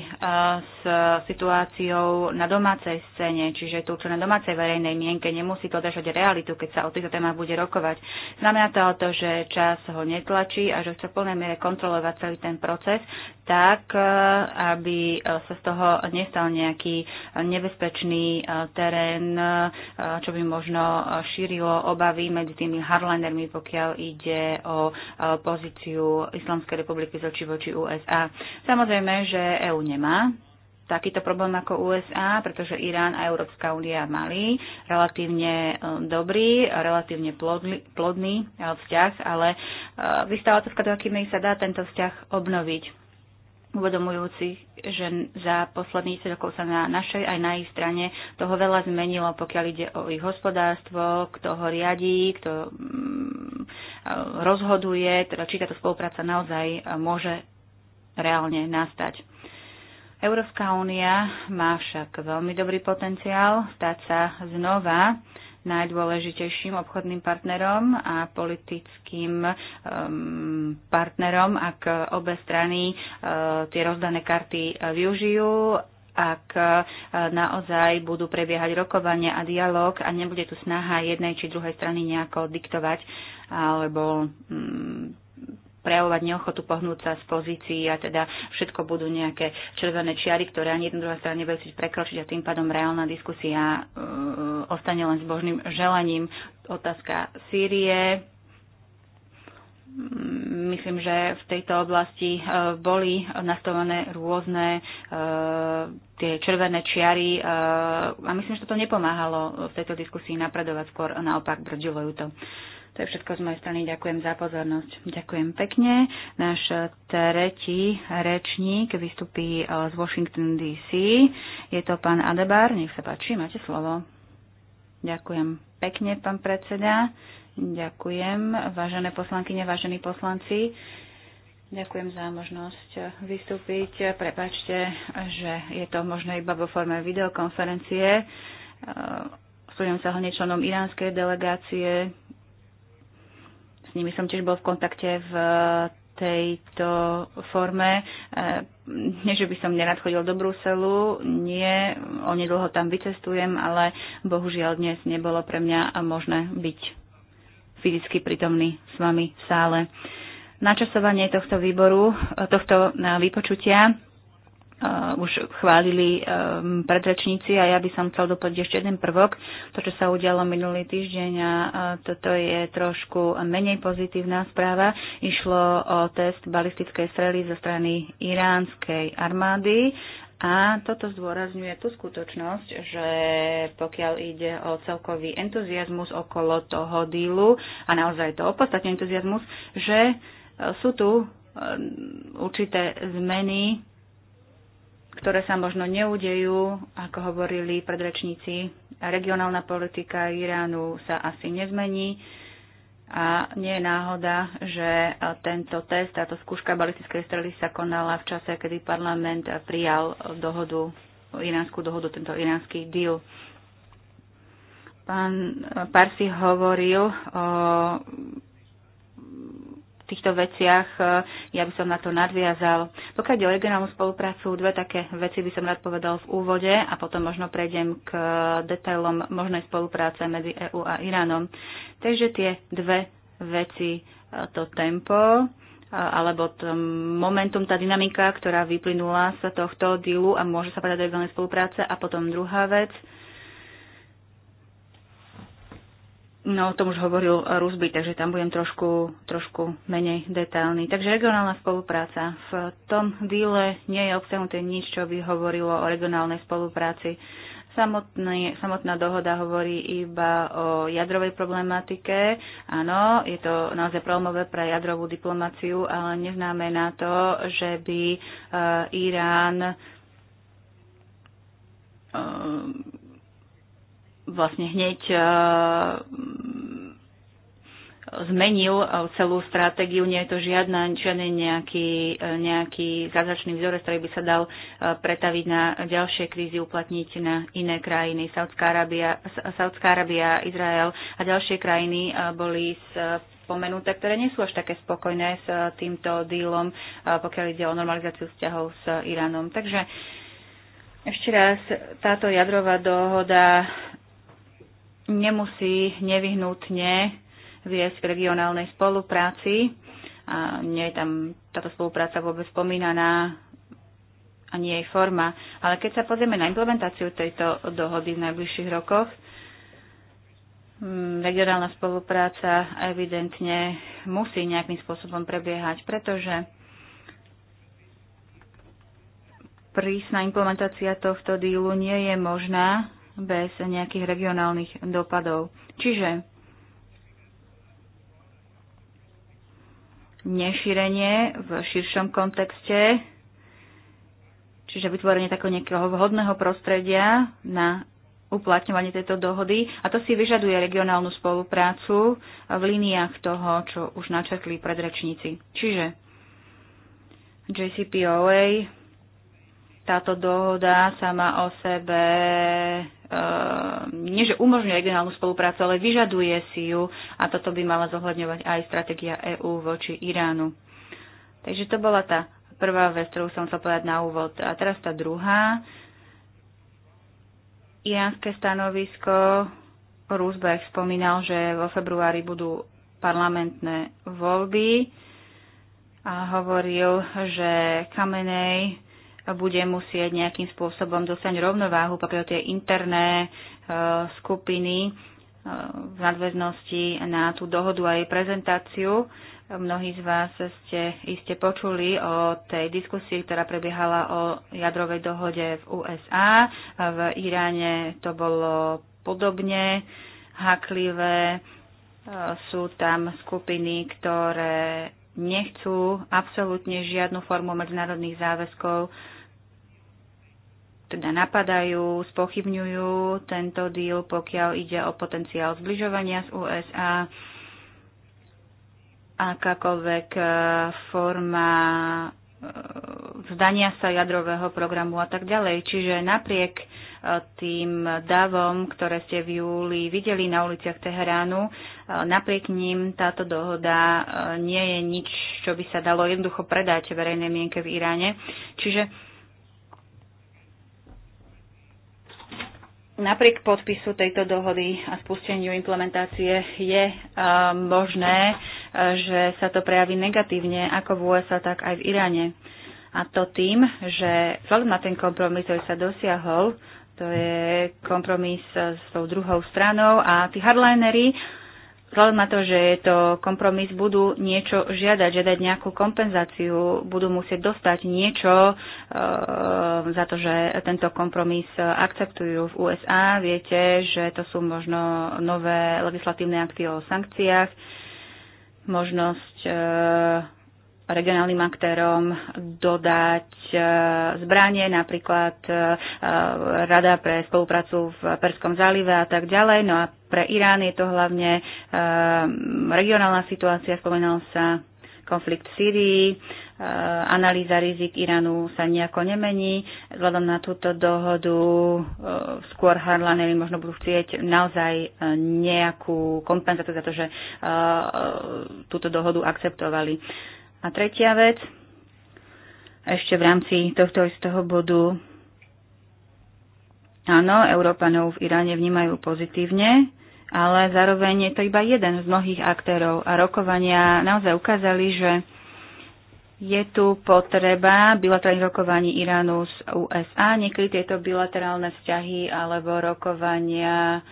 s situáciou na domácej scéne, čiže tu, čo na domácej verejnej mienke nemusí to držať realitu, keď sa o týchto témach bude rokovať. Znamená to o to, že čas ho netlačí a že chce v plnej miere kontrolovať celý ten proces tak, aby sa z toho nestal nejaký nebezpečný terén, čo by možno šírilo obavy medzi tými hardlinermi, pokiaľ ide o pozíciu Islamskej republiky výročí voči USA. Samozrejme, že EÚ nemá takýto problém ako USA, pretože Irán a Európska únia mali relatívne e, dobrý, relatívne plodný, plodný e, vzťah, ale e, vystáva to do akými sa dá tento vzťah obnoviť uvedomujúci, že za posledných 10 rokov sa na našej aj na ich strane toho veľa zmenilo, pokiaľ ide o ich hospodárstvo, kto ho riadí, kto mm, rozhoduje, teda či táto spolupráca naozaj môže reálne nastať. Európska únia má však veľmi dobrý potenciál stať sa znova najdôležitejším obchodným partnerom a politickým um, partnerom, ak obe strany uh, tie rozdané karty uh, využijú ak uh, naozaj budú prebiehať rokovania a dialog a nebude tu snaha jednej či druhej strany nejako diktovať alebo mm, prejavovať neochotu pohnúť sa z pozícií a teda všetko budú nejaké červené čiary, ktoré ani jedna druhá strana nebude chcieť prekročiť a tým pádom reálna diskusia uh, ostane len s božným želaním. Otázka Sýrie, mm, myslím, že v tejto oblasti e, boli nastavené rôzne e, tie červené čiary a myslím, že toto nepomáhalo v tejto diskusii napredovať, skôr naopak brdilo ju to. To je všetko z mojej strany. Ďakujem za pozornosť. Ďakujem pekne. Náš tretí rečník vystupí eh, z Washington DC. Je to pán Adebar. Nech sa páči, máte slovo. Ďakujem pekne, pán predseda. Ďakujem, vážené poslankyne, vážení poslanci. Ďakujem za možnosť vystúpiť. Prepačte, že je to možno iba vo forme videokonferencie. Eh, Súdem sa hlavne členom iránskej delegácie, nimi som tiež bol v kontakte v eh, tejto forme. Eh, nie, že by som nerad chodil do Bruselu, nie, onedlho tam vycestujem, ale bohužiaľ dnes nebolo pre mňa možné byť fyzicky prítomný s vami v sále. Načasovanie tohto výboru, eh, tohto vypočutia uh, už chválili um, predrečníci a ja by som chcel doplniť ešte jeden prvok. To, čo sa udialo minulý týždeň a uh, toto je trošku menej pozitívna správa. Išlo o test balistickej strely zo strany iránskej armády a toto zdôrazňuje tú skutočnosť, že pokiaľ ide o celkový entuziasmus okolo toho dílu a naozaj to opodstatne entuziasmus, že sú tu určité zmeny ktoré sa možno neudejú, ako hovorili predrečníci. Regionálna politika Iránu sa asi nezmení a nie je náhoda, že tento test, táto skúška balistickej strely sa konala v čase, kedy parlament prijal dohodu, iránsku dohodu, tento iránsky deal. Pán Parsi hovoril o týchto veciach, e, ja by som na to nadviazal. Pokiaľ ide o regionálnu spoluprácu, dve také veci by som rád povedal v úvode a potom možno prejdem k detailom možnej spolupráce medzi EÚ a Iránom. Takže tie dve veci, e, to tempo, e, alebo to momentum, tá dynamika, ktorá vyplynula z tohto dílu a môže sa povedať do regionálnej spolupráce. A potom druhá vec, No, o tom už hovoril Rusby, takže tam budem trošku, trošku menej detailný. Takže regionálna spolupráca. V tom díle nie je obsahnuté nič, čo by hovorilo o regionálnej spolupráci. Samotný, samotná dohoda hovorí iba o jadrovej problematike. Áno, je to naozaj problémové pre jadrovú diplomáciu, ale neznamená to, že by uh, Irán uh, vlastne hneď e, zmenil celú stratégiu, nie je to žiadna, žiadny nejaký, e, nejaký zázračný vzorec, ktorý by sa dal e, pretaviť na ďalšie krízy, uplatniť na iné krajiny. Saudská Arábia, Izrael a ďalšie krajiny boli spomenuté, ktoré nie sú až také spokojné s týmto dílom, pokiaľ ide o normalizáciu vzťahov s Iránom. Takže ešte raz, táto jadrová dohoda nemusí nevyhnutne viesť k regionálnej spolupráci. A nie je tam táto spolupráca vôbec spomínaná a nie jej forma. Ale keď sa pozrieme na implementáciu tejto dohody v najbližších rokoch, mm, regionálna spolupráca evidentne musí nejakým spôsobom prebiehať, pretože prísna implementácia tohto dílu nie je možná bez nejakých regionálnych dopadov. Čiže nešírenie v širšom kontexte, čiže vytvorenie takého nejakého vhodného prostredia na uplatňovanie tejto dohody a to si vyžaduje regionálnu spoluprácu v líniách toho, čo už načetli predrečníci. Čiže JCPOA, táto dohoda sama o sebe nie že umožňuje regionálnu spoluprácu, ale vyžaduje si ju a toto by mala zohľadňovať aj stratégia EÚ voči Iránu. Takže to bola tá prvá vec, ktorú som chcel povedať na úvod. A teraz tá druhá. Iránske stanovisko. Rúzbech spomínal, že vo februári budú parlamentné voľby a hovoril, že Kamenej bude musieť nejakým spôsobom dostať rovnováhu, pokiaľ tie interné e, skupiny e, v nadväznosti na tú dohodu a jej prezentáciu. Mnohí z vás ste iste počuli o tej diskusii, ktorá prebiehala o jadrovej dohode v USA. V Iráne to bolo podobne haklivé. E, sú tam skupiny, ktoré nechcú absolútne žiadnu formu medzinárodných záväzkov teda napadajú, spochybňujú tento deal, pokiaľ ide o potenciál zbližovania z USA, akákoľvek e, forma e, vzdania sa jadrového programu a tak ďalej. Čiže napriek e, tým davom, ktoré ste v júli videli na uliciach Teheránu, napriek ním táto dohoda nie je nič, čo by sa dalo jednoducho predať verejnej mienke v Iráne. Čiže Napriek podpisu tejto dohody a spusteniu implementácie je eh, možné, eh, že sa to prejaví negatívne ako v USA, tak aj v Iráne. A to tým, že vzhľadom na ten kompromis, ktorý sa dosiahol, to je kompromis eh, s tou druhou stranou a tí hardlinery vzhľadom na to, že je to kompromis, budú niečo žiadať, žiadať nejakú kompenzáciu, budú musieť dostať niečo e, za to, že tento kompromis akceptujú v USA. Viete, že to sú možno nové legislatívne akty o sankciách, možnosť e, regionálnym aktérom dodať e, zbranie, napríklad e, e, Rada pre spoluprácu v Perskom zálive a tak ďalej. No a pre Irán je to hlavne regionálna situácia, spomenal sa konflikt v Syrii, analýza rizik Iránu sa nejako nemení. Vzhľadom na túto dohodu skôr Harlanery možno budú chcieť naozaj nejakú kompenzáciu za to, že túto dohodu akceptovali. A tretia vec, ešte v rámci tohto istého bodu, áno, Európanov v Iráne vnímajú pozitívne, ale zároveň je to iba jeden z mnohých aktérov a rokovania naozaj ukázali, že je tu potreba bilaterálnych rokovaní Iránu z USA. Niekedy tieto bilaterálne vzťahy alebo rokovania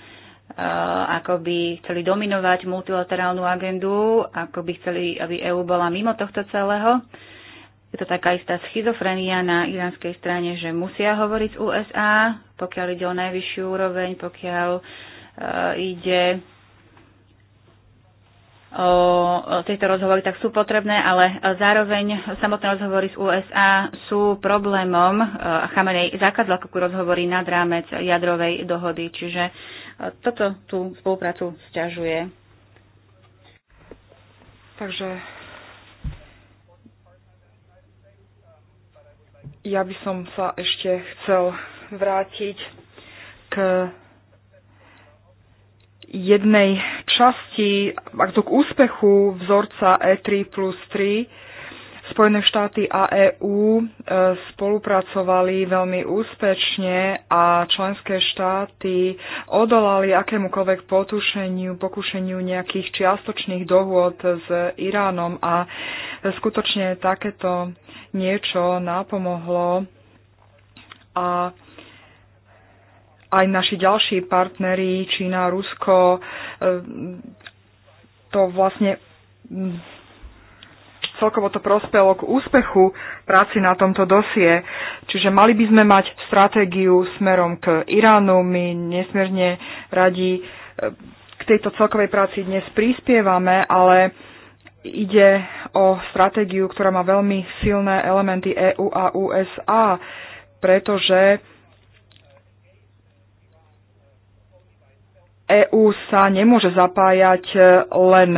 Eh, ako by chceli dominovať multilaterálnu agendu, ako by chceli, aby EÚ bola mimo tohto celého. Je to taká istá schizofrenia na iránskej strane, že musia hovoriť s USA, pokiaľ ide o najvyššiu úroveň, pokiaľ uh, ide o tieto rozhovory, tak sú potrebné, ale zároveň samotné rozhovory z USA sú problémom. Eh, Chamenej zakázal ako rozhovory nad rámec jadrovej dohody, čiže uh, toto tú spoluprácu sťažuje. Takže ja by som sa ešte chcel vrátiť k jednej časti, ak to k úspechu vzorca E3 plus 3, Spojené štáty a EÚ e, spolupracovali veľmi úspešne a členské štáty odolali akémukoľvek potušeniu, pokušeniu nejakých čiastočných dohôd s Iránom a skutočne takéto niečo napomohlo a aj naši ďalší partneri, Čína, Rusko, e, to vlastne celkovo to prospelo k úspechu práci na tomto dosie. Čiže mali by sme mať stratégiu smerom k Iránu. My nesmierne radi e, k tejto celkovej práci dnes prispievame, ale ide o stratégiu, ktorá má veľmi silné elementy EU a USA, pretože EÚ sa nemôže zapájať len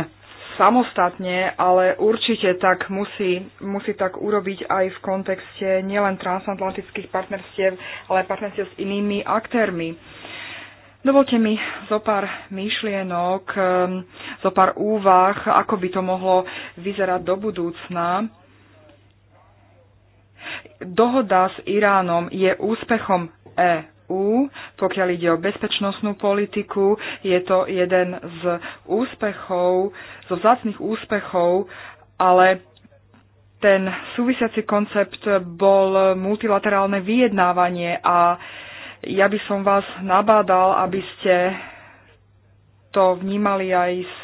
samostatne, ale určite tak musí, musí tak urobiť aj v kontexte nielen transatlantických partnerstiev, ale aj partnerstiev s inými aktérmi. Dovolte mi zo pár myšlienok, ehm, zo pár úvah, ako by to mohlo vyzerať do budúcna. Dohoda s Iránom je úspechom EÚ EÚ, pokiaľ ide o bezpečnostnú politiku. Je to jeden z úspechov, zo vzácných úspechov, ale ten súvisiaci koncept bol multilaterálne vyjednávanie a ja by som vás nabádal, aby ste to vnímali aj z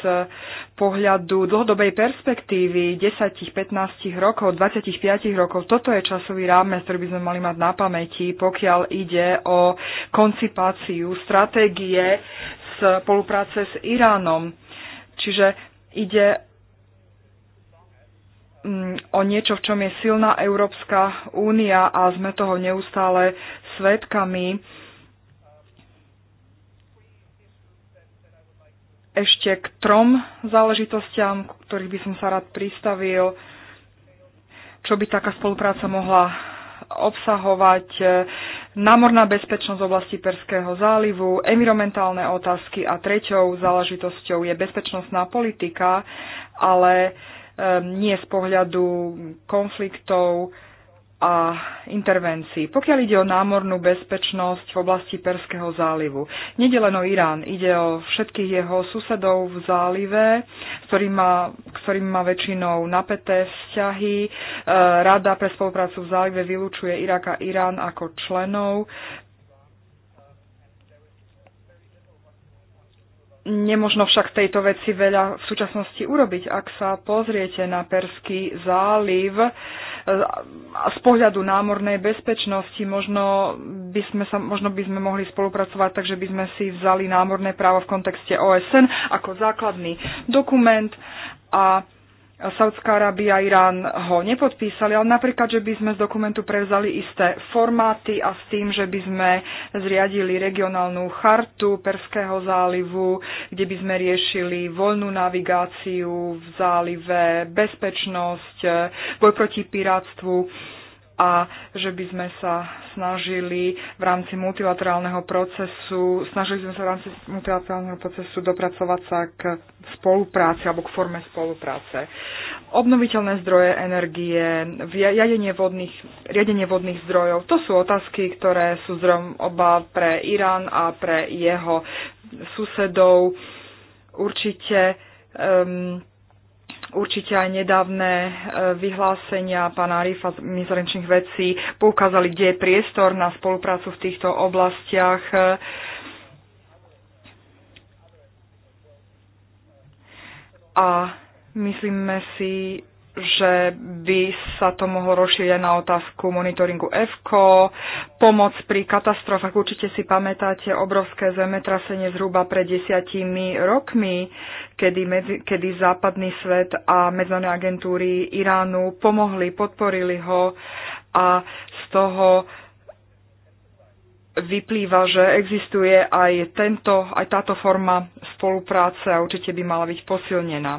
pohľadu dlhodobej perspektívy 10, 15 rokov, 25 rokov. Toto je časový rámec, ktorý by sme mali mať na pamäti, pokiaľ ide o koncipáciu stratégie spolupráce s Iránom. Čiže ide mm, o niečo, v čom je silná Európska únia a sme toho neustále svetkami ešte k trom záležitostiam, ktorých by som sa rád pristavil, čo by taká spolupráca mohla obsahovať námorná bezpečnosť v oblasti Perského zálivu, environmentálne otázky a treťou záležitosťou je bezpečnostná politika, ale ehm, nie z pohľadu konfliktov, a intervencií. Pokiaľ ide o námornú bezpečnosť v oblasti Perského zálivu, nede len o Irán, ide o všetkých jeho susedov v zálive, s ktorým má, ktorým má väčšinou napäté vzťahy. E, Rada pre spoluprácu v zálive vylúčuje Irak a Irán ako členov. Nemožno však tejto veci veľa v súčasnosti urobiť. Ak sa pozriete na Perský záliv, uh, z pohľadu námornej bezpečnosti možno by, sme sa, možno by sme mohli spolupracovať, takže by sme si vzali námorné právo v kontexte OSN ako základný dokument a Saudská Arábia a Irán ho nepodpísali, ale napríklad, že by sme z dokumentu prevzali isté formáty a s tým, že by sme zriadili regionálnu chartu Perského zálivu, kde by sme riešili voľnú navigáciu v zálive, bezpečnosť, boj proti pirátstvu a že by sme sa snažili v rámci multilaterálneho procesu, snažili sme sa v rámci multilaterálneho procesu dopracovať sa k spolupráci alebo k forme spolupráce. Obnoviteľné zdroje energie, riadenie vodných, riadenie vodných zdrojov, to sú otázky, ktoré sú zdrojom oba pre Irán a pre jeho susedov. Určite um, Určite aj nedávne e, vyhlásenia pána Arifa z mizorenčných vecí poukázali, kde je priestor na spoluprácu v týchto oblastiach. E, a myslíme si, že by sa to mohlo rozšíriť aj na otázku monitoringu EFKO, pomoc pri katastrofách. Určite si pamätáte obrovské zemetrasenie zhruba pred desiatimi rokmi, kedy, medzi, kedy západný svet a medzinárodné agentúry Iránu pomohli, podporili ho a z toho vyplýva, že existuje aj, tento, aj táto forma spolupráce a určite by mala byť posilnená.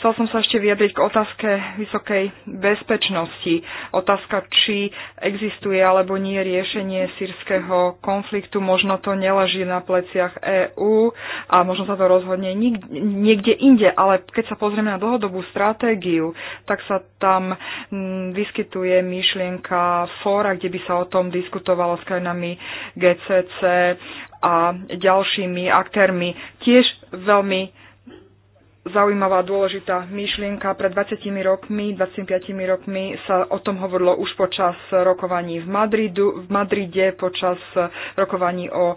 Chcel som sa ešte vyjadriť k otázke vysokej bezpečnosti. Otázka, či existuje alebo nie riešenie sírskeho konfliktu. Možno to neleží na pleciach EÚ a možno sa to rozhodne niekde inde. Ale keď sa pozrieme na dlhodobú stratégiu, tak sa tam mm, vyskytuje myšlienka fóra, kde by sa o tom diskutovalo s krajinami GCC a ďalšími aktérmi. Tiež veľmi zaujímavá dôležitá myšlienka. Pred 20 rokmi, 25 rokmi sa o tom hovorilo už počas rokovaní v, Madridu, v Madride, počas rokovaní o um,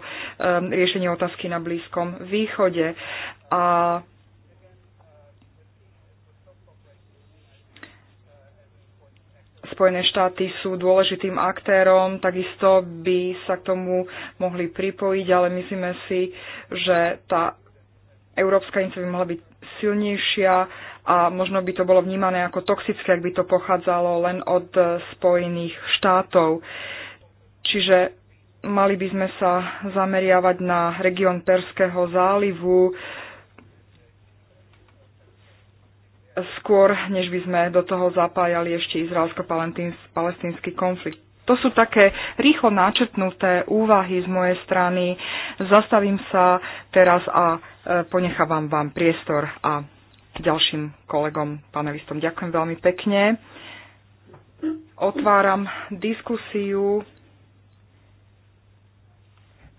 riešení otázky na Blízkom východe. A Spojené štáty sú dôležitým aktérom, takisto by sa k tomu mohli pripojiť, ale myslíme si, že tá európska iniciatíva by mohla byť silnejšia a možno by to bolo vnímané ako toxické, ak by to pochádzalo len od eh, Spojených štátov. Čiže mali by sme sa zameriavať na región Perského zálivu skôr, než by sme do toho zapájali ešte izraelsko-palestínsky konflikt. To sú také rýchlo načrtnuté úvahy z mojej strany. Zastavím sa teraz a ponechávam vám priestor a ďalším kolegom panelistom. Ďakujem veľmi pekne. Otváram diskusiu.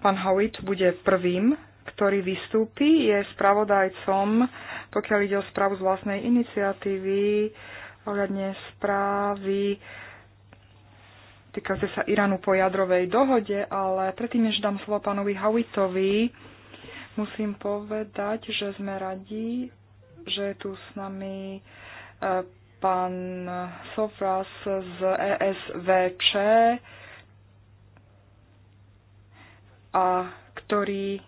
Pán Howitt bude prvým, ktorý vystúpi. Je spravodajcom, pokiaľ ide o správu z vlastnej iniciatívy, ohľadne správy týkajúce sa Iránu po jadrovej dohode, ale predtým, než dám slovo pánovi Hawitovi, Musím povedať, že sme radi, že je tu s nami e, pán Sofras z ESVČ, a ktorý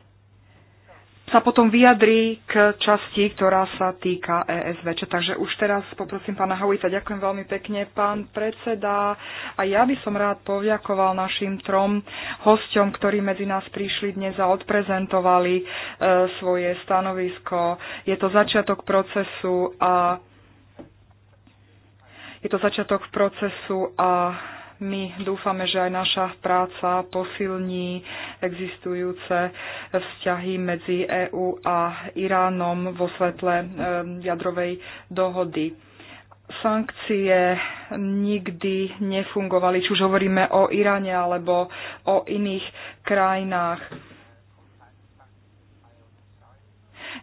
sa potom vyjadrí k časti, ktorá sa týka ESVČ. Takže už teraz poprosím pána Haujca, ďakujem veľmi pekne, pán predseda. A ja by som rád poďakoval našim trom hosťom, ktorí medzi nás prišli dnes a odprezentovali e, svoje stanovisko. Je to začiatok procesu a je to začiatok procesu a my dúfame, že aj naša práca posilní existujúce vzťahy medzi EÚ a Iránom vo svetle jadrovej dohody. Sankcie nikdy nefungovali, či už hovoríme o Iráne alebo o iných krajinách.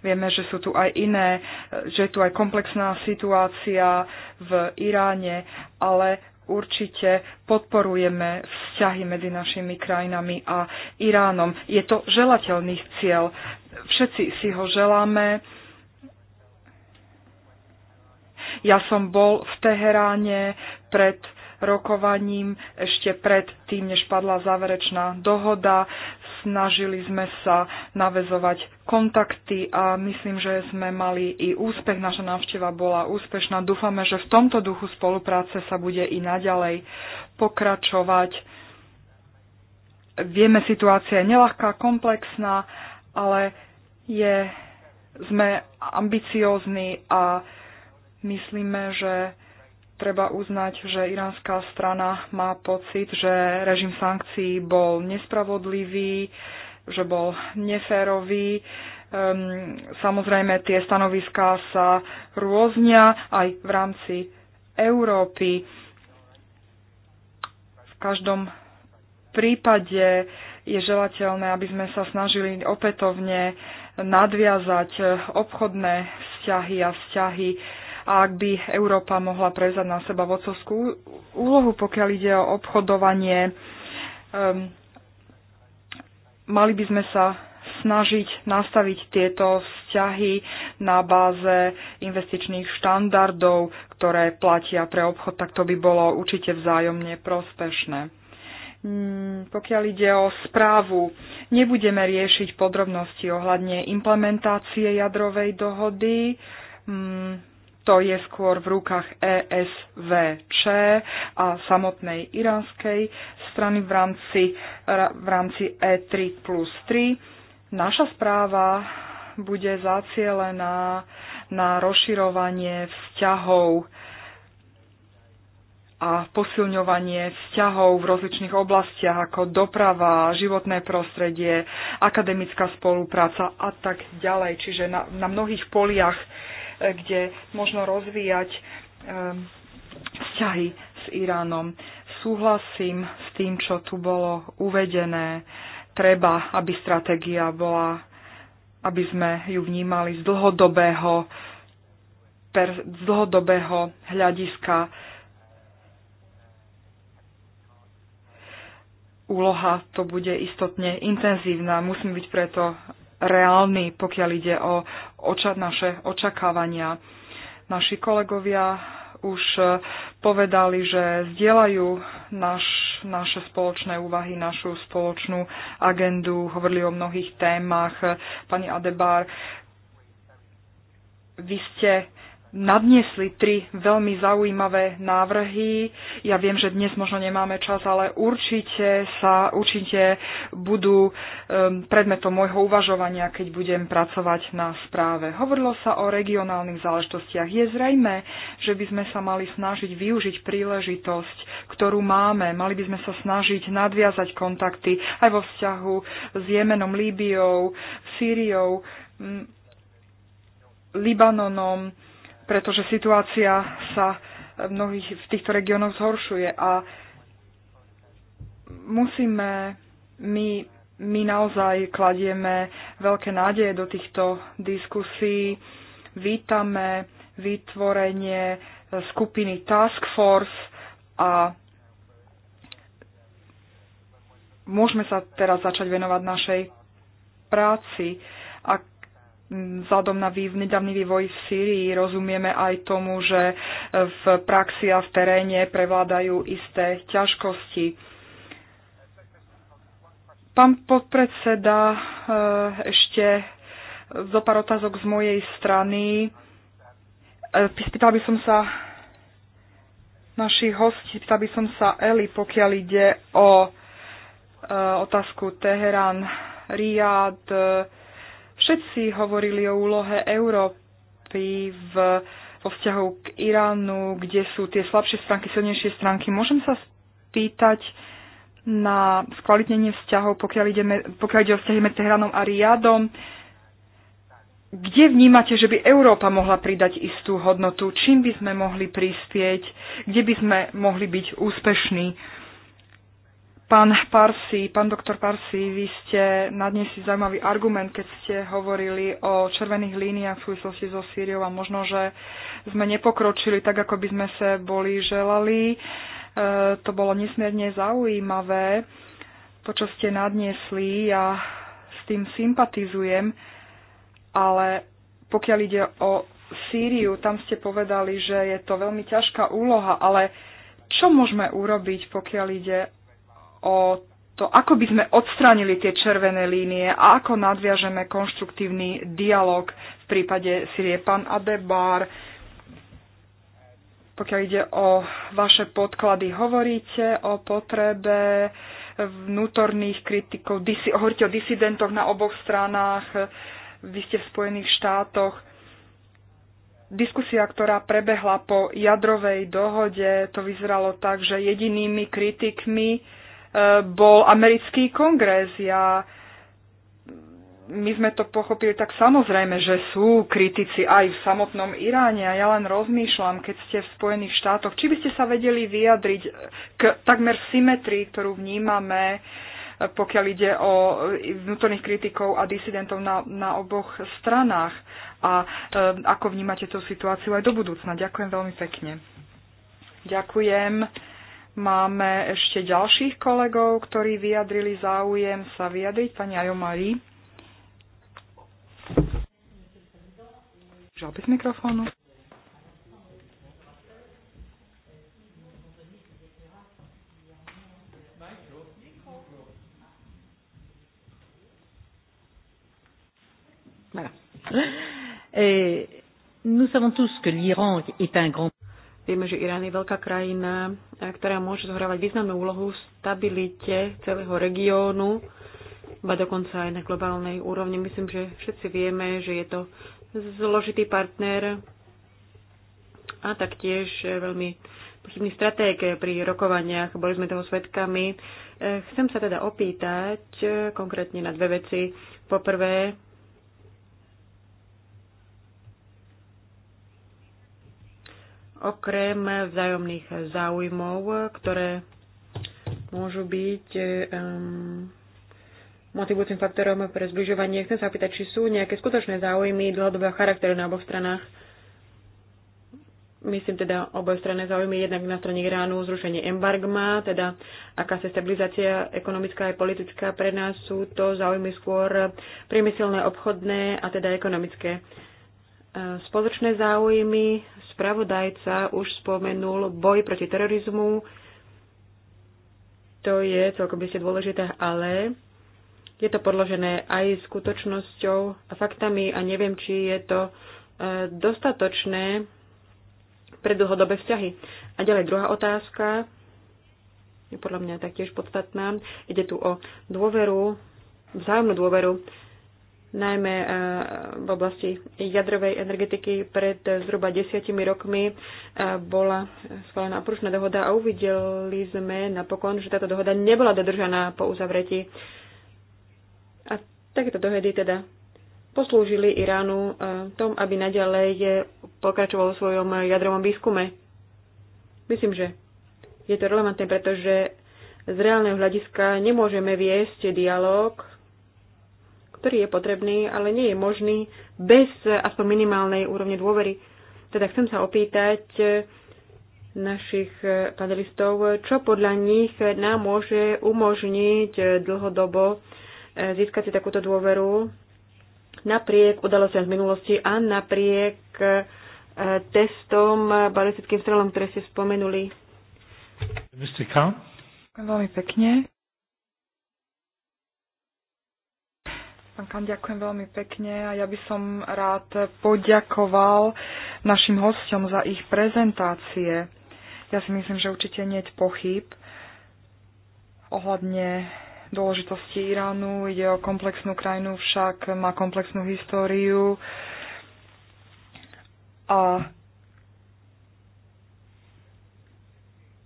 Vieme, že sú tu aj iné, že je tu aj komplexná situácia v Iráne, ale určite podporujeme vzťahy medzi našimi krajinami a Iránom. Je to želateľný cieľ. Všetci si ho želáme. Ja som bol v Teheráne pred rokovaním, ešte pred tým, než padla záverečná dohoda snažili sme sa navezovať kontakty a myslím, že sme mali i úspech. Naša návšteva bola úspešná. Dúfame, že v tomto duchu spolupráce sa bude i naďalej pokračovať. Vieme, situácia je nelahká, komplexná, ale je, sme ambiciózni a myslíme, že treba uznať, že iránska strana má pocit, že režim sankcií bol nespravodlivý, že bol neférový. Um, samozrejme, tie stanoviská sa rôznia aj v rámci Európy. V každom prípade je želateľné, aby sme sa snažili opätovne nadviazať obchodné vzťahy a vzťahy a ak by Európa mohla prezať na seba vocovskú úlohu, pokiaľ ide o obchodovanie, um, mali by sme sa snažiť nastaviť tieto vzťahy na báze investičných štandardov, ktoré platia pre obchod, tak to by bolo určite vzájomne prospešné. Mm, pokiaľ ide o správu, nebudeme riešiť podrobnosti ohľadne implementácie jadrovej dohody. Mm, to je skôr v rukách ESVČ a samotnej iránskej strany v rámci, v rámci E3 plus 3. Naša správa bude zacielená na rozširovanie vzťahov a posilňovanie vzťahov v rozličných oblastiach ako doprava, životné prostredie, akademická spolupráca a tak ďalej. Čiže na, na mnohých poliach kde možno rozvíjať ehm, vzťahy s Iránom. Súhlasím s tým, čo tu bolo uvedené. Treba, aby stratégia bola, aby sme ju vnímali z dlhodobého, per, z dlhodobého hľadiska. Úloha to bude istotne intenzívna. Musíme byť preto reálny, pokiaľ ide o oča- naše očakávania. Naši kolegovia už povedali, že zdieľajú naš, naše spoločné úvahy, našu spoločnú agendu, hovorili o mnohých témach. Pani Adebar, vy ste nadniesli tri veľmi zaujímavé návrhy. Ja viem, že dnes možno nemáme čas, ale určite sa určite budú um, predmetom môjho uvažovania, keď budem pracovať na správe. Hovorilo sa o regionálnych záležitostiach. Je zrejme, že by sme sa mali snažiť využiť príležitosť, ktorú máme. Mali by sme sa snažiť nadviazať kontakty aj vo vzťahu s Jemenom, Líbiou, Sýriou, Libanonom, pretože situácia sa v mnohých v týchto regiónoch zhoršuje a musíme, my, my naozaj kladieme veľké nádeje do týchto diskusí. Vítame vytvorenie skupiny Task Force a môžeme sa teraz začať venovať našej práci. Ak vzhľadom na nedávny vývoj v Syrii rozumieme aj tomu, že v praxi a v teréne prevládajú isté ťažkosti. Pán podpredseda, eh, ešte zo pár otázok z mojej strany. Spýtal eh, by som sa našich hostí, pýtal by som sa Eli, pokiaľ ide o eh, otázku Teherán, Riad, Všetci hovorili o úlohe Európy v, vo vzťahu k Iránu, kde sú tie slabšie stránky, silnejšie stránky. Môžem sa spýtať na skvalitnenie vzťahov, pokiaľ ide, pokiaľ ide o vzťahy medzi Tehranom a Riadom. Kde vnímate, že by Európa mohla pridať istú hodnotu? Čím by sme mohli prispieť? Kde by sme mohli byť úspešní? Pán Parsi, pán doktor Parsi, vy ste nadniesli zaujímavý argument, keď ste hovorili o červených líniách v súvislosti so Sýriou a možno, že sme nepokročili tak, ako by sme sa boli želali. E, to bolo nesmierne zaujímavé, to, čo ste nadniesli. Ja s tým sympatizujem, ale pokiaľ ide o Sýriu, tam ste povedali, že je to veľmi ťažká úloha, ale čo môžeme urobiť, pokiaľ ide o to, ako by sme odstránili tie červené línie a ako nadviažeme konštruktívny dialog v prípade Syrie. Pán Adebar, pokiaľ ide o vaše podklady, hovoríte o potrebe vnútorných kritikov, disi, hovoríte o disidentoch na oboch stranách, vy ste v Spojených štátoch. Diskusia, ktorá prebehla po jadrovej dohode, to vyzeralo tak, že jedinými kritikmi bol americký kongres. Ja, my sme to pochopili tak samozrejme, že sú kritici aj v samotnom Iráne a ja len rozmýšľam, keď ste v Spojených štátoch, či by ste sa vedeli vyjadriť k takmer symetrii, ktorú vnímame pokiaľ ide o vnútorných kritikov a disidentov na, na oboch stranách. A e, ako vnímate tú situáciu aj do budúcna? Ďakujem veľmi pekne. Ďakujem. Máme ešte ďalších kolegov, ktorí vyjadrili záujem sa vyjadriť. Pani Ajomari. Žal bez mikrofónu. Voilà. Et euh, nous savons tous que l'Iran est un grand pays. Vieme, že Irán je veľká krajina, ktorá môže zohrávať významnú úlohu v stabilite celého regiónu, ba dokonca aj na globálnej úrovni. Myslím, že všetci vieme, že je to zložitý partner a taktiež veľmi pochybný stratég pri rokovaniach. Boli sme toho svetkami. Chcem sa teda opýtať konkrétne na dve veci. Poprvé, Okrem vzájomných záujmov, ktoré môžu byť um, motivujúcim faktorom pre zbližovanie, chcem sa opýtať, či sú nejaké skutočné záujmy dlhodobého charakteru na oboch stranách. Myslím teda oboje strané záujmy jednak na strane Iránu zrušenie embargma, teda akási stabilizácia ekonomická aj politická pre nás sú to záujmy skôr priemyselné, obchodné a teda ekonomické spoločné záujmy Spravodajca už spomenul boj proti terorizmu. To je celkom by ste dôležité, ale je to podložené aj skutočnosťou a faktami a neviem, či je to e, dostatočné pre dlhodobé vzťahy. A ďalej druhá otázka, je podľa mňa taktiež podstatná. Ide tu o dôveru, vzájomnú dôveru najmä eh, v oblasti jadrovej energetiky. Pred zhruba desiatimi rokmi eh, bola schválená prúšna dohoda a uvideli sme napokon, že táto dohoda nebola dodržaná po uzavretí. A takéto dohody teda poslúžili Iránu eh, tom, aby naďalej pokračovalo v svojom jadrovom výskume. Myslím, že je to relevantné, pretože z reálneho hľadiska nemôžeme viesť dialog ktorý je potrebný, ale nie je možný bez aspoň minimálnej úrovne dôvery. Teda chcem sa opýtať e, našich e, panelistov, čo podľa nich nám môže umožniť e, dlhodobo získať si takúto dôveru napriek udalostiam z minulosti a napriek testom balistickým strelom, ktoré ste spomenuli. Veľmi pekne. Pán Kan, ďakujem veľmi pekne a ja by som rád poďakoval našim hostom za ich prezentácie. Ja si myslím, že určite nie je pochyb ohľadne dôležitosti Iránu. Ide o komplexnú krajinu, však má komplexnú históriu a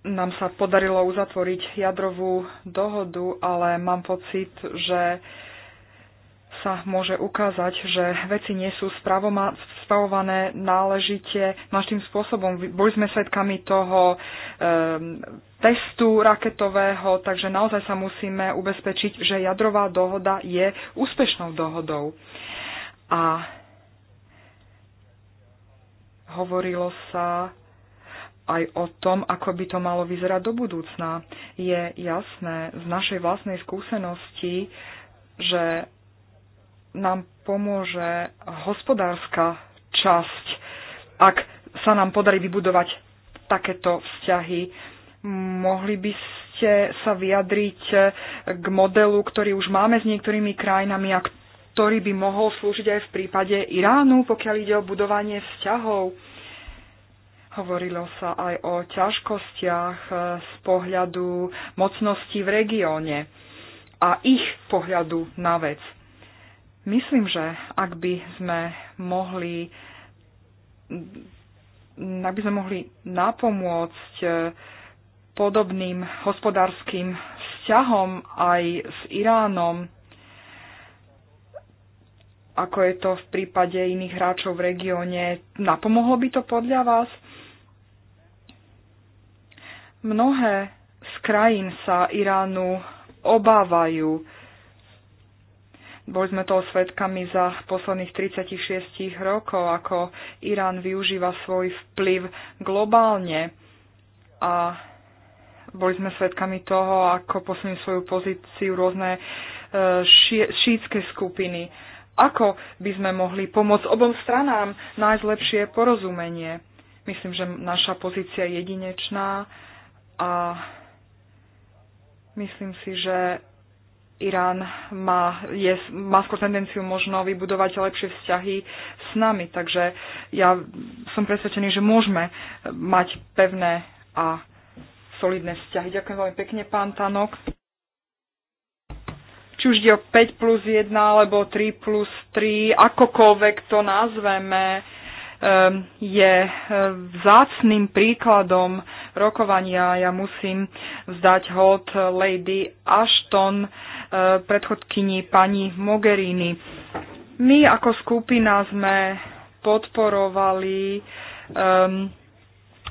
nám sa podarilo uzatvoriť jadrovú dohodu, ale mám pocit, že sa môže ukázať, že veci nie sú spravované náležite tým spôsobom. Boli sme svedkami toho um, testu raketového, takže naozaj sa musíme ubezpečiť, že jadrová dohoda je úspešnou dohodou. A hovorilo sa aj o tom, ako by to malo vyzerať do budúcna. Je jasné z našej vlastnej skúsenosti, že nám pomôže hospodárska časť, ak sa nám podarí vybudovať takéto vzťahy. Mohli by ste sa vyjadriť k modelu, ktorý už máme s niektorými krajinami a ktorý by mohol slúžiť aj v prípade Iránu, pokiaľ ide o budovanie vzťahov. Hovorilo sa aj o ťažkostiach eh, z pohľadu mocnosti v regióne a ich pohľadu na vec. Myslím, že ak by sme mohli ak by sme mohli napomôcť eh, podobným hospodárským vzťahom aj s Iránom, ako je to v prípade iných hráčov v regióne. Napomohlo by to podľa vás? Mnohé z krajín sa Iránu obávajú boli sme toho svetkami za posledných 36 rokov, ako Irán využíva svoj vplyv globálne a boli sme svedkami toho, ako posunú svoju pozíciu rôzne e, šítske skupiny. Ako by sme mohli pomôcť obom stranám nájsť lepšie porozumenie? Myslím, že naša pozícia je jedinečná a myslím si, že Irán má, je, má skôr tendenciu možno vybudovať lepšie vzťahy s nami. Takže ja som presvedčený, že môžeme mať pevné a solidné vzťahy. Ďakujem veľmi pekne, pán Tanok. Či už ide o 5 plus 1 alebo 3 plus 3, akokoľvek to nazveme, ehm, je ehm, vzácným príkladom rokovania. Ja musím vzdať hod Lady Ashton predchodkyni pani Mogherini. My ako skupina sme podporovali, um,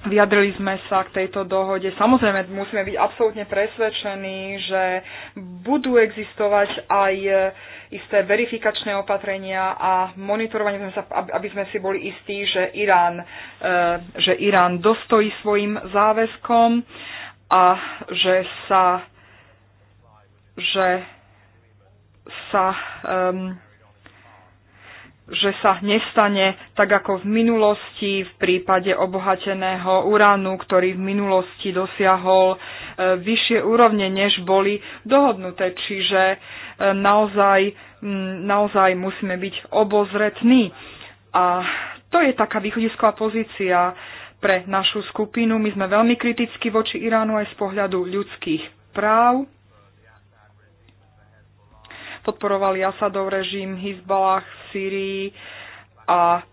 vyjadrili sme sa k tejto dohode. Samozrejme, musíme byť absolútne presvedčení, že budú existovať aj e, isté verifikačné opatrenia a monitorovanie, aby sme si boli istí, že Irán, e, že Irán dostojí svojim záväzkom a že sa že sa, um, že sa nestane tak ako v minulosti v prípade obohateného uránu, ktorý v minulosti dosiahol uh, vyššie úrovne, než boli dohodnuté. Čiže uh, naozaj, um, naozaj musíme byť obozretní. A to je taká východisková pozícia pre našu skupinu. My sme veľmi kriticky voči Iránu aj z pohľadu ľudských práv podporovali Asadov režim, Hizbalách v Sýrii a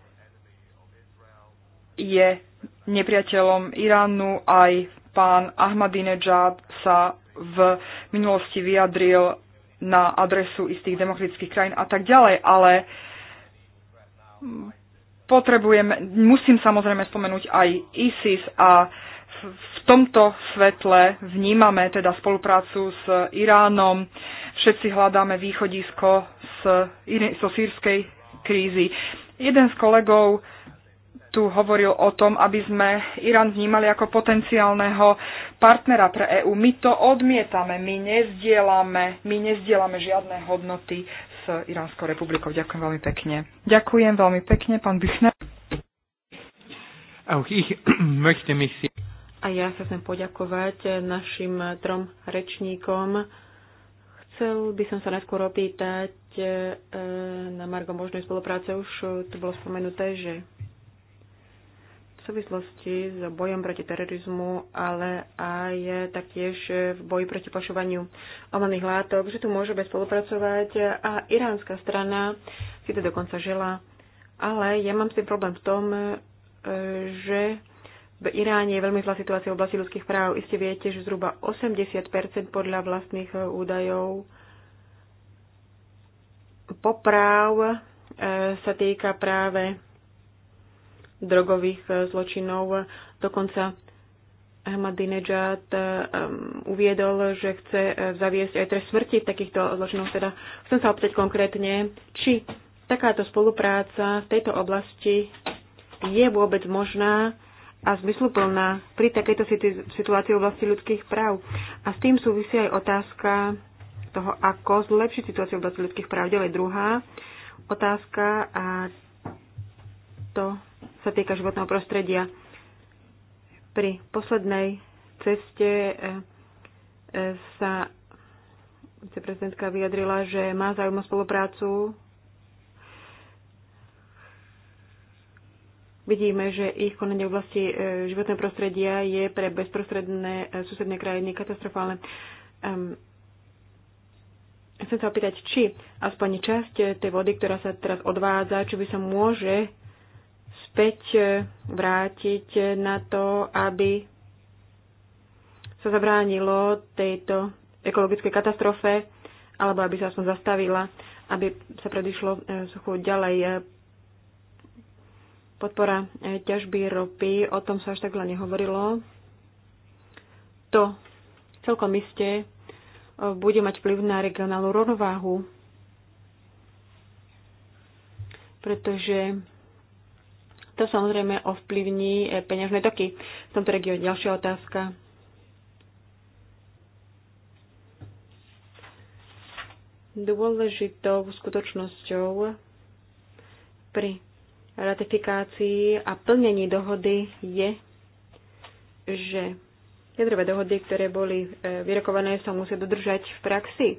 je nepriateľom Iránu. Aj pán Ahmadinejad sa v minulosti vyjadril na adresu istých demokratických krajín a tak ďalej, ale potrebujem, musím samozrejme spomenúť aj ISIS a v tomto svetle vnímame teda spoluprácu s Iránom všetci hľadáme východisko z, zo sírskej krízy. Jeden z kolegov tu hovoril o tom, aby sme Irán vnímali ako potenciálneho partnera pre EÚ. My to odmietame, my nezdielame, my nezdielame žiadne hodnoty s Iránskou republikou. Ďakujem veľmi pekne. Ďakujem veľmi pekne, pán Bichner. A ja sa chcem poďakovať našim trom rečníkom Chcel by som sa najskôr opýtať e, na Margo možnej spolupráce. Už tu bolo spomenuté, že v súvislosti s bojom proti terorizmu, ale aj taktiež v boji proti pašovaniu omaných látok, že tu môžeme spolupracovať a iránska strana si to dokonca žela. Ale ja mám s tým problém v tom, e, že v Iráne je veľmi zlá situácia v oblasti ľudských práv. Iste viete, že zhruba 80 podľa vlastných e, údajov popráv e, sa týka práve drogových e, zločinov. Dokonca Ahmadinejad uviedol, že chce zaviesť aj trest smrti takýchto zločinov. Teda chcem sa opýtať konkrétne, či takáto spolupráca v tejto oblasti je vôbec možná a zmysluplná pri takejto situácii v oblasti ľudských práv. A s tým súvisí aj otázka toho, ako zlepšiť situáciu v oblasti ľudských práv. Ďalej druhá otázka a to sa týka životného prostredia. Pri poslednej ceste e, e, sa viceprezidentka vyjadrila, že má záujem o spoluprácu Vidíme, že ich konanie v oblasti e, životného prostredia je pre bezprostredné e, susedné krajiny katastrofálne. Ehm, chcem sa opýtať, či aspoň časť e, tej vody, ktorá sa teraz odvádza, či by sa môže späť vrátiť na to, aby sa zabránilo tejto ekologickej katastrofe, alebo aby sa aspoň zastavila, aby sa predišlo suchu ďalej podpora e, ťažby ropy, o tom sa až tak veľa nehovorilo. To celkom iste e, bude mať vplyv na regionálnu rovnováhu, pretože to samozrejme ovplyvní e, peňažné toky v tomto regióne. Ďalšia otázka. Dôležitou skutočnosťou pri ratifikácii a plnení dohody je, že jadrové dohody, ktoré boli e, vyrokované, sa musia dodržať v praxi.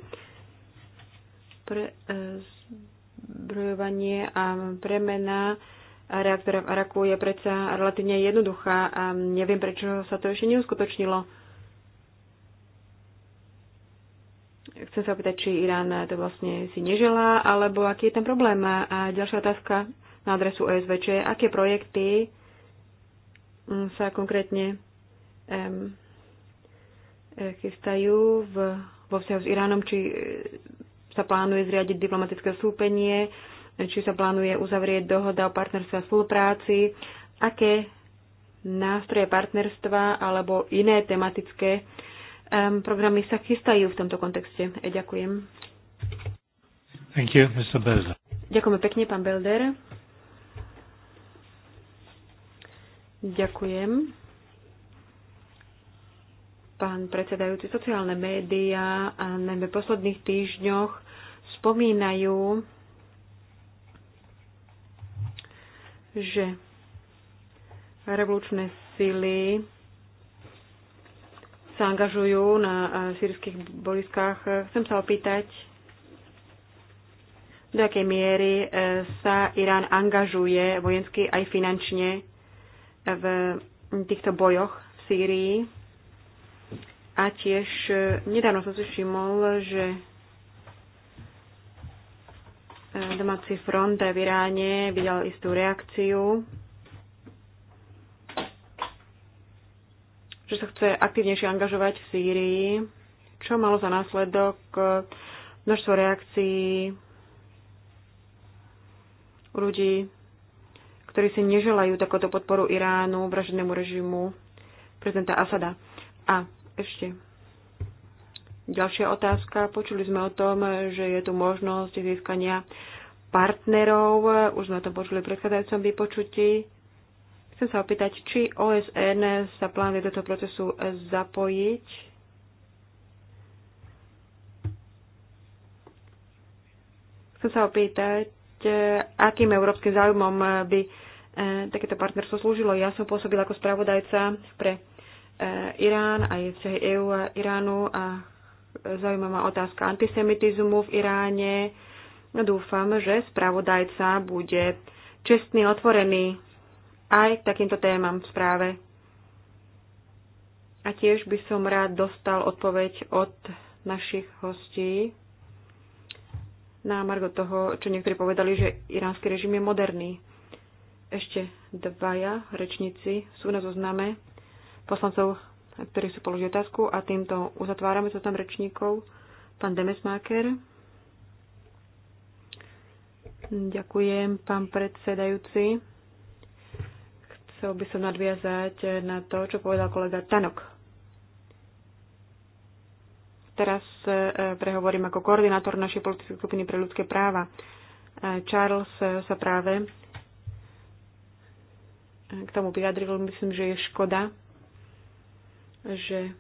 Pre e, zbrojovanie a premena reaktora v Araku je predsa relatívne jednoduchá a neviem, prečo sa to ešte neuskutočnilo. Chcem sa opýtať, či Irán to vlastne si neželá, alebo aký je ten problém. A ďalšia otázka na adresu OSVČ, aké projekty mm, sa konkrétne um, chystajú v, vo vzťahu s Iránom, či eh, sa plánuje zriadiť diplomatické súpenie, či sa plánuje uzavrieť dohoda o partnerstve a spolupráci, aké nástroje partnerstva alebo iné tematické um, programy sa chystajú v tomto kontexte. E, ďakujem. Thank you, Mr. Ďakujeme pekne, pán Belder. Ďakujem. Pán predsedajúci, sociálne médiá a najmä v posledných týždňoch spomínajú, že revolučné sily sa angažujú na sírskych boliskách. Chcem sa opýtať, do akej miery e, sa Irán angažuje vojensky aj finančne v týchto bojoch v Sýrii. A tiež e, nedávno som si všimol, že e, domáci front v Iráne videl istú reakciu, že sa chce aktivnejšie angažovať v Sýrii, čo malo za následok e, množstvo reakcií ľudí ktorí si neželajú takúto podporu Iránu, vraženému režimu prezidenta Asada. A ešte ďalšia otázka. Počuli sme o tom, že je tu možnosť získania partnerov. Už sme to počuli v predchádzajúcom vypočutí. Chcem sa opýtať, či OSN sa plánuje do toho procesu zapojiť? Chcem sa opýtať, akým európskym záujmom by E, takéto partnerstvo slúžilo. Ja som pôsobila ako spravodajca pre e, Irán, aj vzťahy EÚ a Iránu a zaujímavá otázka antisemitizmu v Iráne. No, dúfam, že spravodajca bude čestný, otvorený aj k takýmto témam v správe. A tiež by som rád dostal odpoveď od našich hostí na margo toho, čo niektorí povedali, že iránsky režim je moderný. Ešte dvaja rečníci sú na zozname poslancov, ktorí sú položili otázku a týmto uzatvárame zoznam rečníkov. Pán Demesmáker. Ďakujem, pán predsedajúci. Chcel by som nadviazať na to, čo povedal kolega Tanok. Teraz e, prehovorím ako koordinátor našej politickej skupiny pre ľudské práva. E, Charles e, sa práve k tomu vyjadril. Myslím, že je škoda, že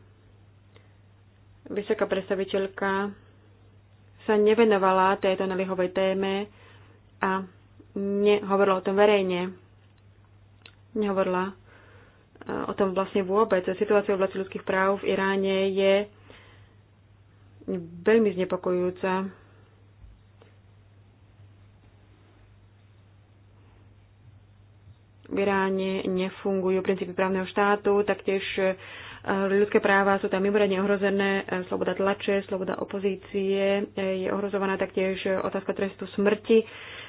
vysoká predstaviteľka sa nevenovala tejto naliehovej téme a nehovorila o tom verejne. Nehovorila e, o tom vlastne vôbec. Situácia v oblasti ľudských práv v Iráne je veľmi znepokojujúca. v Iráne nefungujú princípy právneho štátu, taktiež e, ľudské práva sú tam mimoriadne ohrozené, e, sloboda tlače, sloboda opozície e, je ohrozovaná, taktiež otázka trestu smrti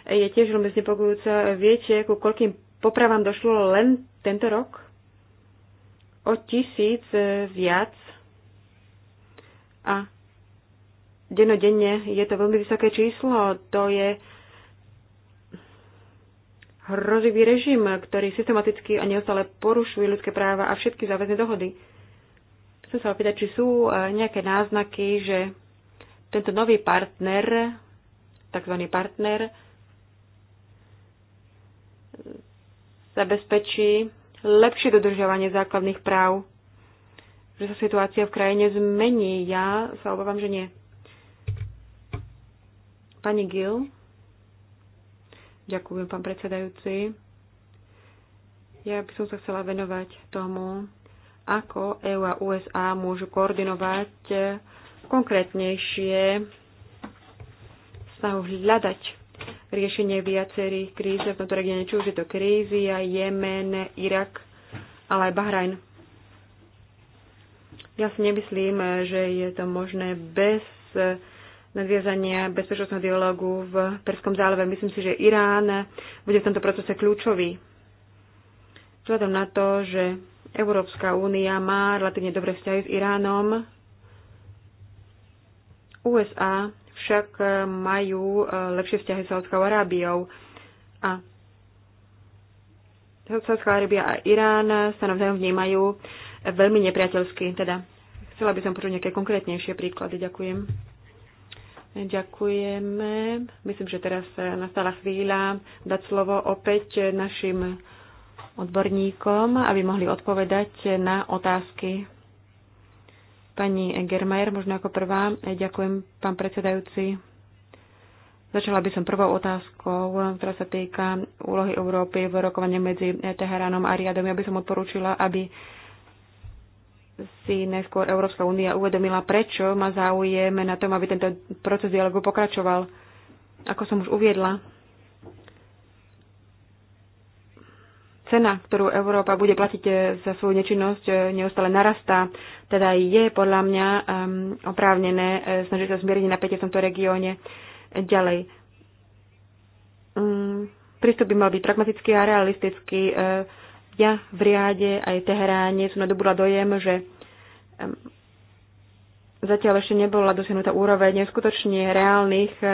je tiež veľmi znepokojúca. Viete, ku koľkým popravám došlo len tento rok? O tisíc viac. A denodenne je to veľmi vysoké číslo. To je hrozivý režim, ktorý systematicky a neustále porušuje ľudské práva a všetky záväzne dohody. Chcem sa opýtať, či sú e, nejaké náznaky, že tento nový partner, takzvaný partner, zabezpečí lepšie dodržovanie základných práv, že sa situácia v krajine zmení. Ja sa obávam, že nie. Pani Gill. Ďakujem, pán predsedajúci. Ja by som sa chcela venovať tomu, ako EU a USA môžu koordinovať konkrétnejšie snahu hľadať riešenie viacerých kríz v tomto regióne, či už je to krízia, Jemen, Irak, ale aj Bahrajn. Ja si nemyslím, že je to možné bez nadviazania bezpečnostného dialogu v Perskom záleve. Myslím si, že Irán bude v tomto procese kľúčový. Vzhľadom na to, že Európska únia má relatívne dobré vzťahy s Iránom, USA však majú e, lepšie vzťahy s Saudskou Arábiou a Saudská Arábia a Irán sa navzájom vnímajú e, veľmi nepriateľsky. Teda chcela by som počuť nejaké konkrétnejšie príklady. Ďakujem. Ďakujeme. Myslím, že teraz eh, nastala chvíľa dať slovo opäť eh, našim odborníkom, aby mohli odpovedať eh, na otázky. Pani Germajer, možno ako prvá. Ďakujem, pán predsedajúci. Začala by som prvou otázkou, ktorá sa týka úlohy Európy v rokovaní medzi Teheránom a Riadom. Ja by som odporúčila, aby si neskôr Európska únia uvedomila, prečo má záujem na tom, aby tento proces dialogu pokračoval. Ako som už uviedla, cena, ktorú Európa bude platiť eh, za svoju nečinnosť, eh, neustále narastá. Teda je podľa mňa ehm, oprávnené eh, snažiť sa zmieriť napätie v tomto regióne ďalej. Mm, prístup by mal byť pragmatický a realistický ja v Riade aj v Teheráne som nadobudla dojem, že zatiaľ ešte nebola dosiahnutá úroveň neskutočne reálnych e,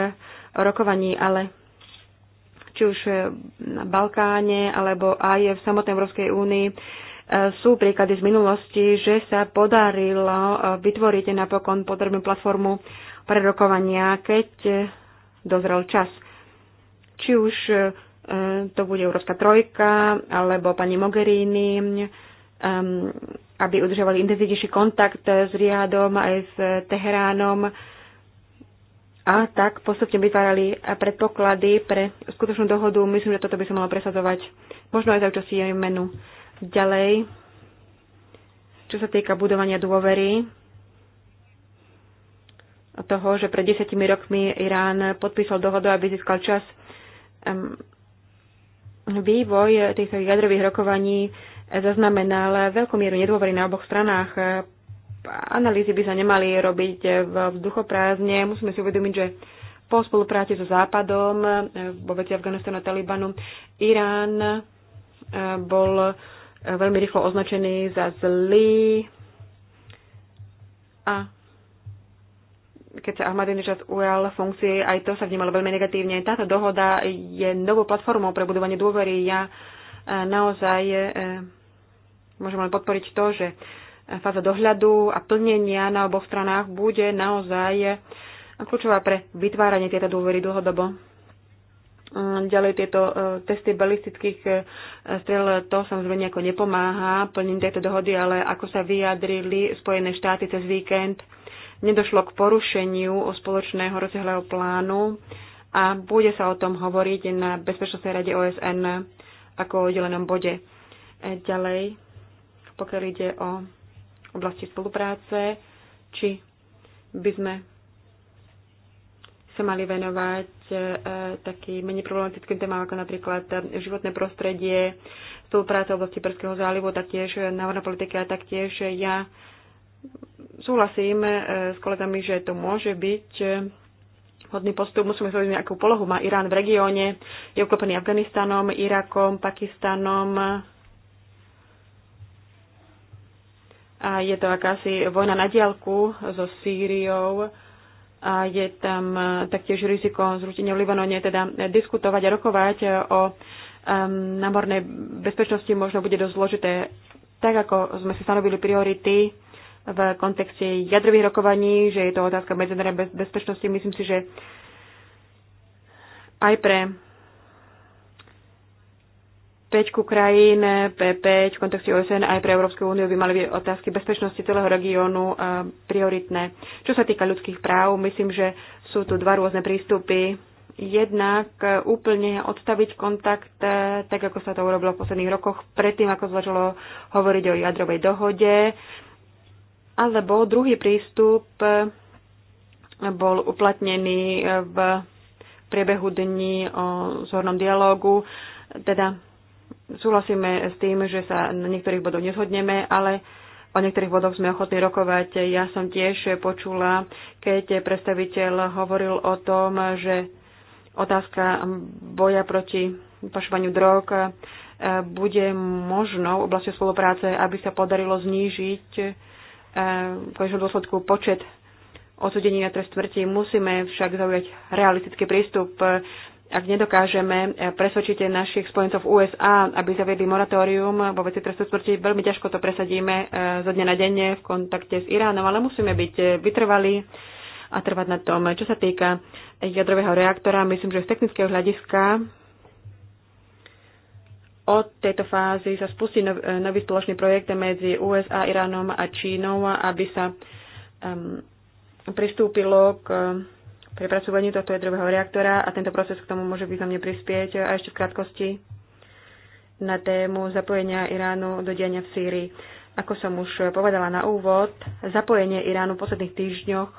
rokovaní, ale či už e, na Balkáne alebo aj v samotnej Európskej únii e, sú príklady z minulosti, že sa podarilo vytvoriť napokon potrebnú platformu pre rokovania, keď dozrel čas. Či už Eh, to bude Európska trojka alebo pani Mogherini, aby udržovali intenzívnejší kontakt s Riadom aj s Teheránom a tak postupne vytvárali predpoklady pre skutočnú dohodu. Myslím, že toto by sa malo presadzovať možno aj za jej menu. Ďalej, čo sa týka budovania dôvery, toho, že pred desiatimi rokmi Irán podpísal dohodu, aby získal čas vývoj týchto jadrových rokovaní zaznamenal veľkú mieru nedôvery na oboch stranách. Analýzy by sa nemali robiť v vzduchoprázdne. Musíme si uvedomiť, že po spolupráci so Západom vo veci Afganistanu a Talibanu Irán eh, bol eh, veľmi rýchlo označený za zlý a keď sa Ahmadinejad ujal funkcie, aj to sa vnímalo veľmi negatívne. Táto dohoda je novou platformou pre budovanie dôvery. Ja e, naozaj e, môžem len podporiť to, že fáza dohľadu a plnenia na oboch stranách bude naozaj e, kľúčová pre vytváranie tejto dôvery dlhodobo. Mm, ďalej tieto testy balistických strel, to samozrejme nejako nepomáha plním tejto dohody, ale ako sa vyjadrili Spojené štáty cez víkend, nedošlo k porušeniu o spoločného rozsiahleho plánu a bude sa o tom hovoriť na Bezpečnostnej rade OSN ako o oddelenom bode. E, ďalej, pokiaľ ide o oblasti spolupráce, či by sme sa mali venovať e, takým menej problematickým témam, ako napríklad životné prostredie, spolupráca v oblasti Perského zálivu, taktiež národná politika, taktiež ja súhlasím e, s kolegami, že to môže byť e, hodný postup. Musíme sa vedieť, akú polohu má Irán v regióne. Je uklopený Afganistanom, Irakom, Pakistanom. A je to akási vojna na diálku so Sýriou. A je tam e, taktiež riziko zrútenia v Libanone, teda diskutovať a rokovať o námornej bezpečnosti možno bude dosť zložité. Tak ako sme si stanovili priority, v kontexte jadrových rokovaní, že je to otázka medzinárodnej bezpečnosti. Myslím si, že aj pre peťku krajín P5 v kontexte OSN aj pre Európsku úniu by mali byť otázky bezpečnosti celého regiónu eh, prioritné. Čo sa týka ľudských práv, myslím, že sú tu dva rôzne prístupy. Jednak eh, úplne odstaviť kontakt, eh, tak ako sa to urobilo v posledných rokoch, predtým ako začalo hovoriť o jadrovej dohode. Alebo druhý prístup e, bol uplatnený e, v priebehu dní o zhornom dialógu. Teda súhlasíme s tým, že sa na niektorých bodoch nezhodneme, ale o niektorých bodoch sme ochotní rokovať. Ja som tiež počula, keď predstaviteľ hovoril o tom, že otázka boja proti pašovaniu drog e, bude možnou oblasti spolupráce, aby sa podarilo znížiť v konečnom dôsledku počet odsudení na trest smrti. Musíme však zaujať realistický prístup. Ak nedokážeme presvedčiť našich spojencov v USA, aby zaviedli moratórium vo veci trestu smrti, veľmi ťažko to presadíme eh, zo dňa na denne v kontakte s Iránom, ale musíme byť eh, vytrvalí a trvať na tom. Čo sa týka jadrového reaktora, myslím, že z technického hľadiska od tejto fázy sa spustí nov, e, nový spoločný projekt medzi USA, Iránom a Čínou, aby sa um, pristúpilo k e, prepracovaniu tohto jadrového reaktora a tento proces k tomu môže významne prispieť. A ešte v krátkosti na tému zapojenia Iránu do diania v Sýrii. Ako som už povedala na úvod, zapojenie Iránu v posledných týždňoch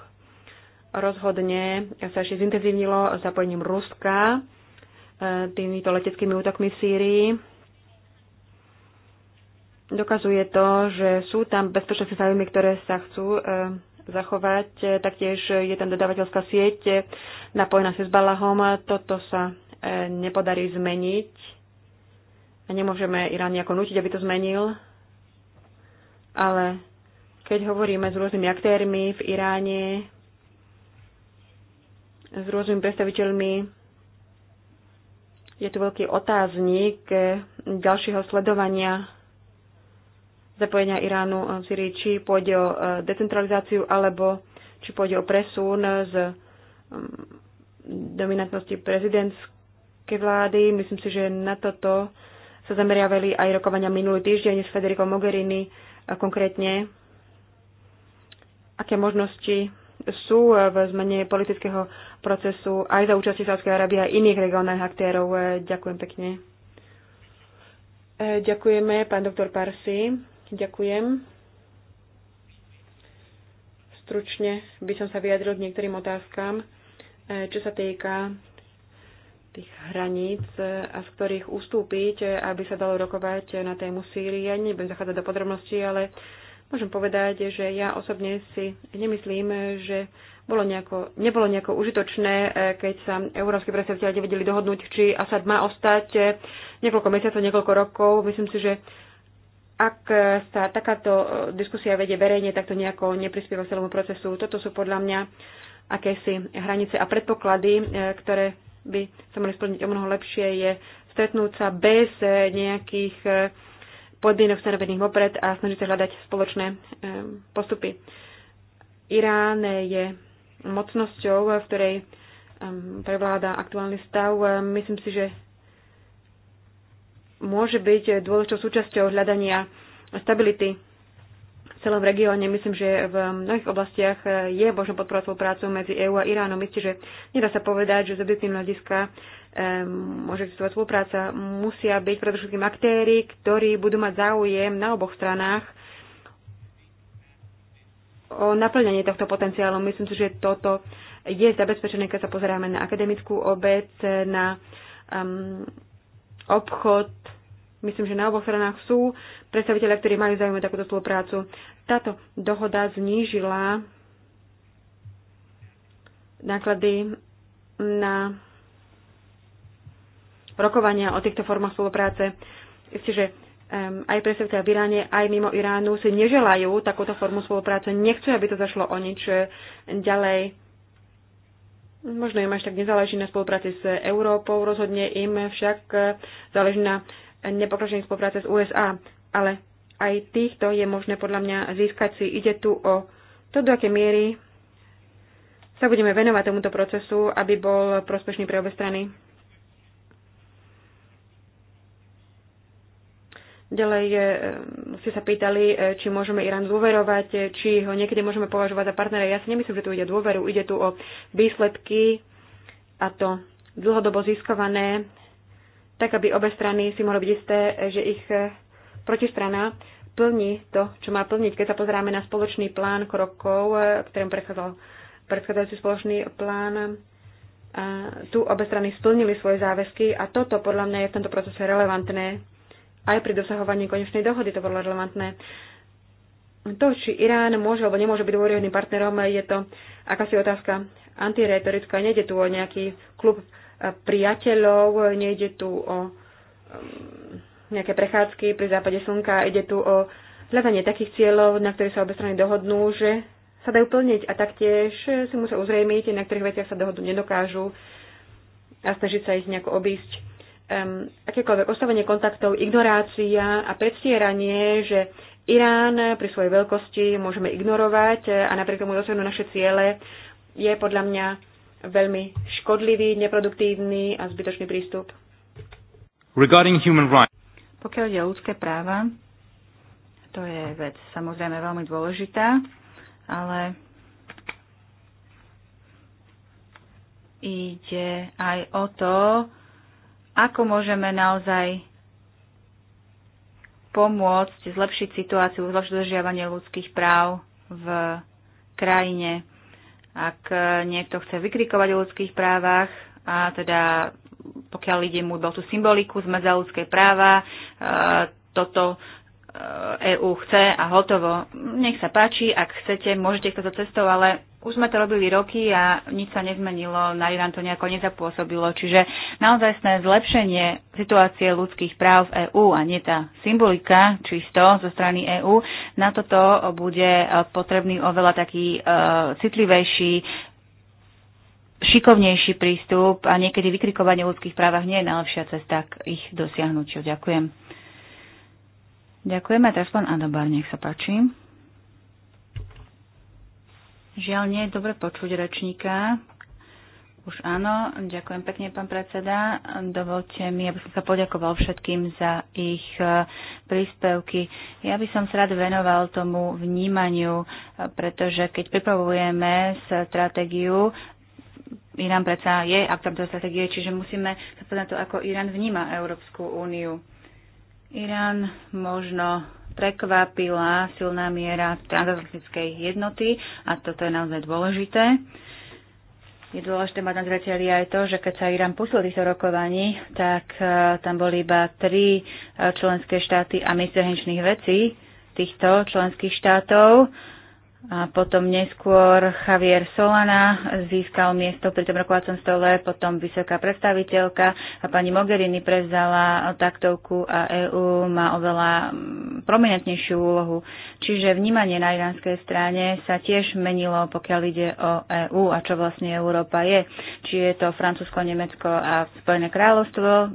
rozhodne sa ešte zintenzívnilo zapojením Ruska e, týmito leteckými útokmi v Sýrii Dokazuje to, že sú tam bezpečnostné záujmy, ktoré sa chcú e, zachovať. E, taktiež je tam dodávateľská sieť e, napojená s balahom, Toto sa nepodarí zmeniť. A nemôžeme Irán nejako nutiť, aby to zmenil. Ale keď hovoríme s rôznymi aktérmi v Iráne, s rôznymi predstaviteľmi, je tu veľký otáznik ďalšieho sledovania zapojenia Iránu eh, v Syrii, či pôjde o eh, decentralizáciu, alebo či pôjde o presun eh, z mm, dominantnosti prezidentskej vlády. Myslím si, že na toto sa zameriavali aj rokovania minulý týždeň s Federico Mogherini konkrétne. Aké možnosti sú v zmene politického procesu aj za účasti Sávskej Arábie a iných regionálnych aktérov. Ďakujem pekne. Ďakujeme, pán doktor Parsi. Ďakujem. Stručne by som sa vyjadril k niektorým otázkám, e, čo sa týka tých hraníc, e, a z ktorých ustúpiť, e, aby sa dalo rokovať na tému Sýrie. nebudem zachádzať do podrobností, ale môžem povedať, že ja osobne si nemyslím, že bolo nejako, nebolo nejako užitočné, keď sa európsky predstaviteľi nevedeli dohodnúť, či Asad má ostať niekoľko mesiacov, niekoľko rokov. Myslím si, že ak sa takáto e, diskusia vedie verejne, tak to nejako neprispieva celému procesu. Toto sú podľa mňa akési hranice a predpoklady, e, ktoré by sa mali splniť o mnoho lepšie, je stretnúť sa bez e, nejakých podmienok stanovených vopred a snažiť sa hľadať spoločné postupy. Irán je mocnosťou, v ktorej prevláda aktuálny stav. Myslím si, že môže byť dôležitou súčasťou hľadania stability v celom regióne. Myslím, že v mnohých oblastiach je možno podporovať prácu medzi EÚ a Iránom. Myslím, že nedá sa povedať, že z objektívneho hľadiska môže existovať spolupráca. Musia byť predovšetkým aktéry, ktorí budú mať záujem na oboch stranách o naplňanie tohto potenciálu. Myslím si, že toto je zabezpečené, keď sa pozeráme na akademickú obec, na um, obchod. Myslím, že na oboch stranách sú predstaviteľe, ktorí majú záujem takúto spoluprácu. Táto dohoda znížila náklady na rokovania o týchto formách spolupráce. Isté, že um, aj predstaviteľe v Iráne, aj mimo Iránu si neželajú takúto formu spolupráce, nechcú, aby to zašlo o nič eh, ďalej. Možno im až tak nezáleží na spolupráci s Európou, rozhodne im však e, záleží na nepokračovaní spolupráce s USA. Ale aj týchto je možné podľa mňa získať si. Ide tu o to, do aké miery sa budeme venovať tomuto procesu, aby bol prospešný pre obe strany. Ďalej eh, ste sa pýtali, eh, či môžeme Irán dôverovať, eh, či ho niekedy môžeme považovať za partnera. Ja si nemyslím, že tu ide dôveru, ide tu o výsledky a to dlhodobo získované, tak aby obe strany si mohli byť isté, že ich protistrana plní to, čo má plniť. Keď sa pozeráme na spoločný plán krokov, ktorým prechádzal predchádzajúci spoločný plán, tu obe strany splnili svoje záväzky a toto podľa mňa je v tomto procese relevantné aj pri dosahovaní konečnej dohody to bolo relevantné. To, či Irán môže alebo nemôže byť dôveryhodným partnerom, je to akási otázka antiretorická. Nejde tu o nejaký klub eh, priateľov, nejde tu o mm, nejaké prechádzky pri západe slnka, ide tu o hľadanie takých cieľov, na ktorých sa obe strany dohodnú, že sa dajú plniť a taktiež si musia uzrejmiť, na ktorých veciach sa dohodnú nedokážu a snažiť sa ich nejako obísť um, akékoľvek ostavenie kontaktov, ignorácia a predstieranie, že Irán pri svojej veľkosti môžeme ignorovať e, a napriek tomu dosiahnu naše ciele, je podľa mňa veľmi škodlivý, neproduktívny a zbytočný prístup. Regarding human rights. Pokiaľ ide o ľudské práva, to je vec samozrejme veľmi dôležitá, ale ide aj o to, ako môžeme naozaj pomôcť zlepšiť situáciu, zlepšiť dodržiavanie ľudských práv v krajine. Ak niekto chce vykrikovať o ľudských právach, a teda pokiaľ ide mu do tú symboliku, z za ľudské práva, e, toto EÚ e chce a hotovo. Nech sa páči, ak chcete, môžete ísť to cestou, ale už sme to robili roky a nič sa nezmenilo, na Irán to nejako nezapôsobilo. Čiže sme zlepšenie situácie ľudských práv v EÚ a nie tá symbolika čisto zo strany EÚ, na toto bude e, potrebný oveľa taký uh, citlivejší šikovnejší prístup a niekedy vykrikovanie o ľudských právach nie je najlepšia cesta k ich dosiahnutiu. Ďakujem. Ďakujeme. Teraz pán Adobar, nech sa páči. Žiaľ, nie je dobre počuť rečníka. Už áno, ďakujem pekne, pán predseda. Dovolte mi, aby som sa poďakoval všetkým za ich e, príspevky. Ja by som sa rád venoval tomu vnímaniu, e, pretože keď pripravujeme stratégiu, Irán predsa je aktor do stratégie, čiže musíme sa na to, ako Irán vníma Európsku úniu. Irán možno prekvapila silná miera transatlantickej jednoty a toto je naozaj dôležité. Je dôležité mať na zreteli aj to, že keď sa Irán pustil týchto rokovaní, tak e, tam boli iba tri e, členské štáty a ministerhenčných vecí týchto členských štátov a potom neskôr Javier Solana získal miesto pri tom rokovacom stole, potom vysoká predstaviteľka a pani Mogherini prevzala taktovku a EÚ má oveľa mm, prominentnejšiu úlohu. Čiže vnímanie na iránskej strane sa tiež menilo, pokiaľ ide o EÚ a čo vlastne Európa je. Či je to Francúzsko, Nemecko a Spojené kráľovstvo,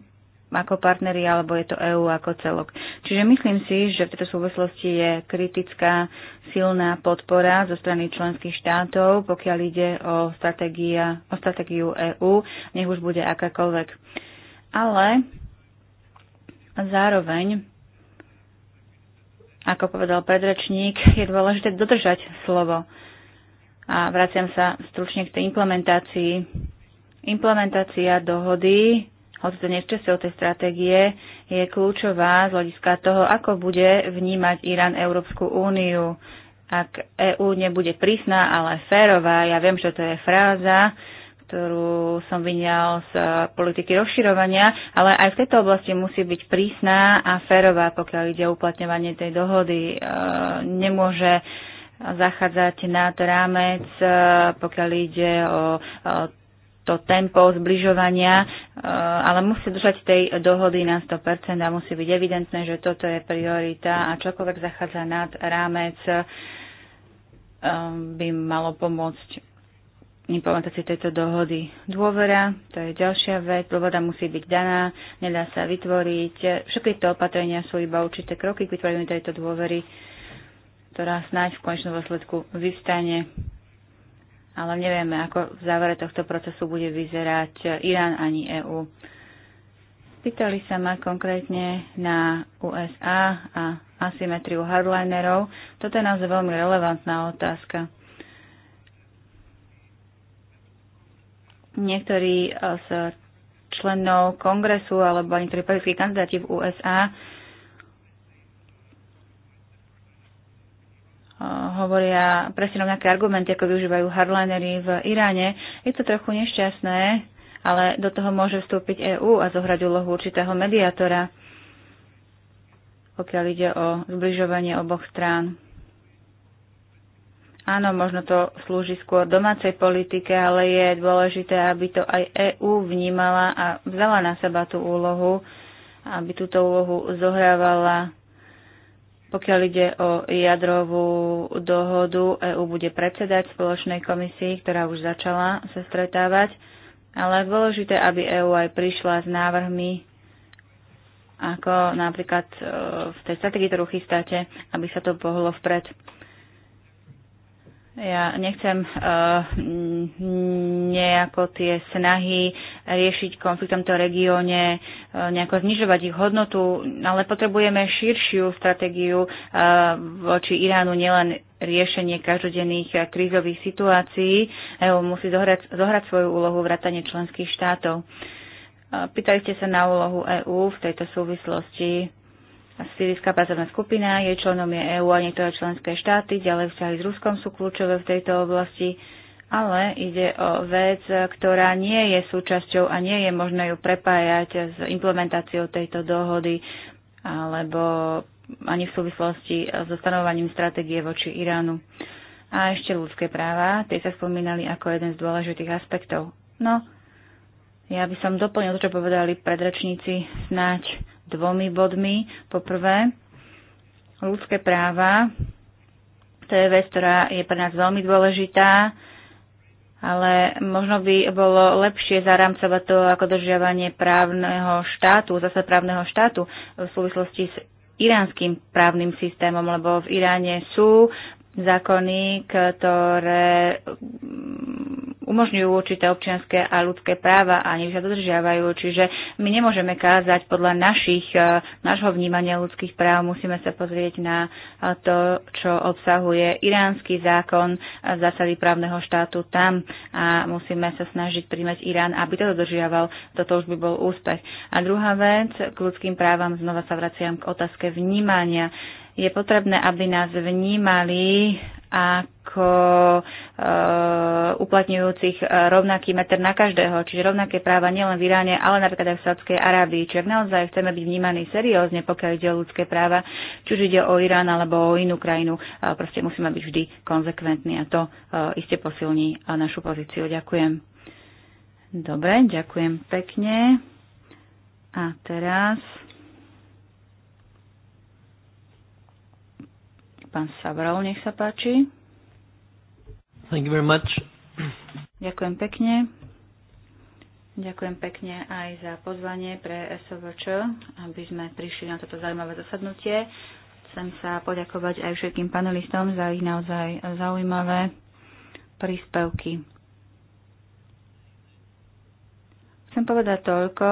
ako partneri, alebo je to EÚ ako celok. Čiže myslím si, že v tejto súvislosti je kritická silná podpora zo strany členských štátov, pokiaľ ide o, o stratégiu EÚ, nech už bude akákoľvek. Ale zároveň, ako povedal predrečník, je dôležité dodržať slovo. A vraciam sa stručne k tej implementácii. Implementácia dohody hoci to nie tej stratégie, je kľúčová z hľadiska toho, ako bude vnímať Irán Európsku úniu. Ak EÚ nebude prísna, ale férová, ja viem, že to je fráza, ktorú som vyňal z politiky rozširovania, ale aj v tejto oblasti musí byť prísna a férová, pokiaľ ide o uplatňovanie tej dohody. E, nemôže zachádzať nad rámec, e, pokiaľ ide o to tempo zbližovania, e, ale musí držať tej dohody na 100% a musí byť evidentné, že toto je priorita a čokoľvek zachádza nad rámec e, by malo pomôcť implementácii tejto dohody. Dôvera, to je ďalšia vec, dôvoda musí byť daná, nedá sa vytvoriť. Všetky tieto opatrenia sú iba určité kroky k vytvoreniu tejto dôvery, ktorá snáď v konečnom dôsledku vystane ale nevieme, ako v závere tohto procesu bude vyzerať Irán ani EÚ. Pýtali sa ma konkrétne na USA a asymetriu hardlinerov. Toto je naozaj veľmi relevantná otázka. Niektorí z členov kongresu alebo niektorí politickí kandidáti v USA hovoria presne rovnaké argumenty, ako využívajú hardlinery v Iráne. Je to trochu nešťastné, ale do toho môže vstúpiť EÚ a zohrať úlohu určitého mediátora, pokiaľ ide o zbližovanie oboch strán. Áno, možno to slúži skôr domácej politike, ale je dôležité, aby to aj EÚ vnímala a vzala na seba tú úlohu, aby túto úlohu zohrávala pokiaľ ide o jadrovú dohodu, EÚ bude predsedať spoločnej komisii, ktorá už začala sa stretávať, ale je dôležité, aby EÚ aj prišla s návrhmi, ako napríklad e, v tej strategii, ktorú chystáte, aby sa to pohlo vpred. Ja nechcem uh, nejako tie snahy riešiť konflikt v tomto regióne, uh, nejako znižovať ich hodnotu, ale potrebujeme širšiu stratégiu uh, voči Iránu, nielen riešenie každodenných uh, krízových situácií. EU musí zohrať, zohrať svoju úlohu vrátane členských štátov. Uh, pýtali ste sa na úlohu EÚ v tejto súvislosti. Syrijská pracovná skupina, jej členom je EÚ a niektoré členské štáty, ďalej vzťahy s Ruskom sú kľúčové v tejto oblasti, ale ide o vec, ktorá nie je súčasťou a nie je možné ju prepájať s implementáciou tejto dohody alebo ani v súvislosti so stanovaním stratégie voči Iránu. A ešte ľudské práva, tie sa spomínali ako jeden z dôležitých aspektov. No, ja by som doplnil to, čo povedali predračníci, snáď dvomi bodmi. Poprvé, ľudské práva. To je vec, ktorá je pre nás veľmi dôležitá, ale možno by bolo lepšie zarámcovať to ako držiavanie právneho štátu, zase právneho štátu v súvislosti s iránskym právnym systémom, lebo v Iráne sú zákony, ktoré mm, umožňujú určité občianské a ľudské práva a nech sa dodržiavajú. Čiže my nemôžeme kázať podľa našich, e, našho vnímania ľudských práv. Musíme sa pozrieť na e, to, čo obsahuje iránsky zákon zásady právneho štátu tam a musíme sa snažiť príjmať Irán, aby to dodržiaval. Toto už by bol úspech. A druhá vec, k ľudským právam znova sa vraciam k otázke vnímania je potrebné, aby nás vnímali ako e, uplatňujúcich eh, rovnaký meter na každého, čiže rovnaké práva nielen v Iráne, ale napríklad aj v Sádskej Arábii. Čiže naozaj chceme byť vnímaní seriózne, pokiaľ ide o ľudské práva, či už ide o Irán alebo o inú krajinu. E, proste musíme byť vždy konzekventní a to e, iste posilní našu pozíciu. Ďakujem. Dobre, ďakujem pekne. A teraz Pán Savral, nech sa páči. Thank you very much. Ďakujem pekne. Ďakujem pekne aj za pozvanie pre SOVČ, aby sme prišli na toto zaujímavé zasadnutie. Chcem sa poďakovať aj všetkým panelistom za ich naozaj zaujímavé príspevky. Chcem povedať toľko,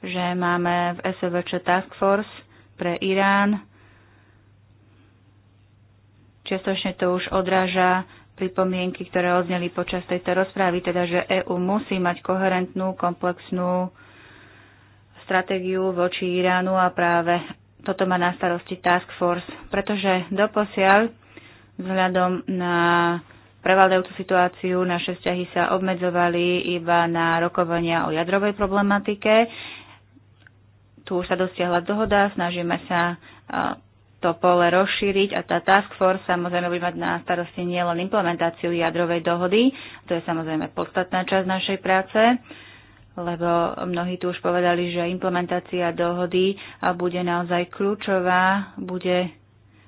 že máme v SOVČ Task Force pre Irán, Čiastočne to už odráža pripomienky, ktoré odzneli počas tejto rozprávy, teda že EÚ musí mať koherentnú, komplexnú stratégiu voči Iránu a práve toto má na starosti Task Force, pretože doposiaľ vzhľadom na prevádajúcu situáciu naše vzťahy sa obmedzovali iba na rokovania o jadrovej problematike. Tu už sa dosiahla dohoda, snažíme sa to pole rozšíriť a tá task force samozrejme bude mať na starosti nielen implementáciu jadrovej dohody, to je samozrejme podstatná časť našej práce, lebo mnohí tu už povedali, že implementácia dohody bude naozaj kľúčová, bude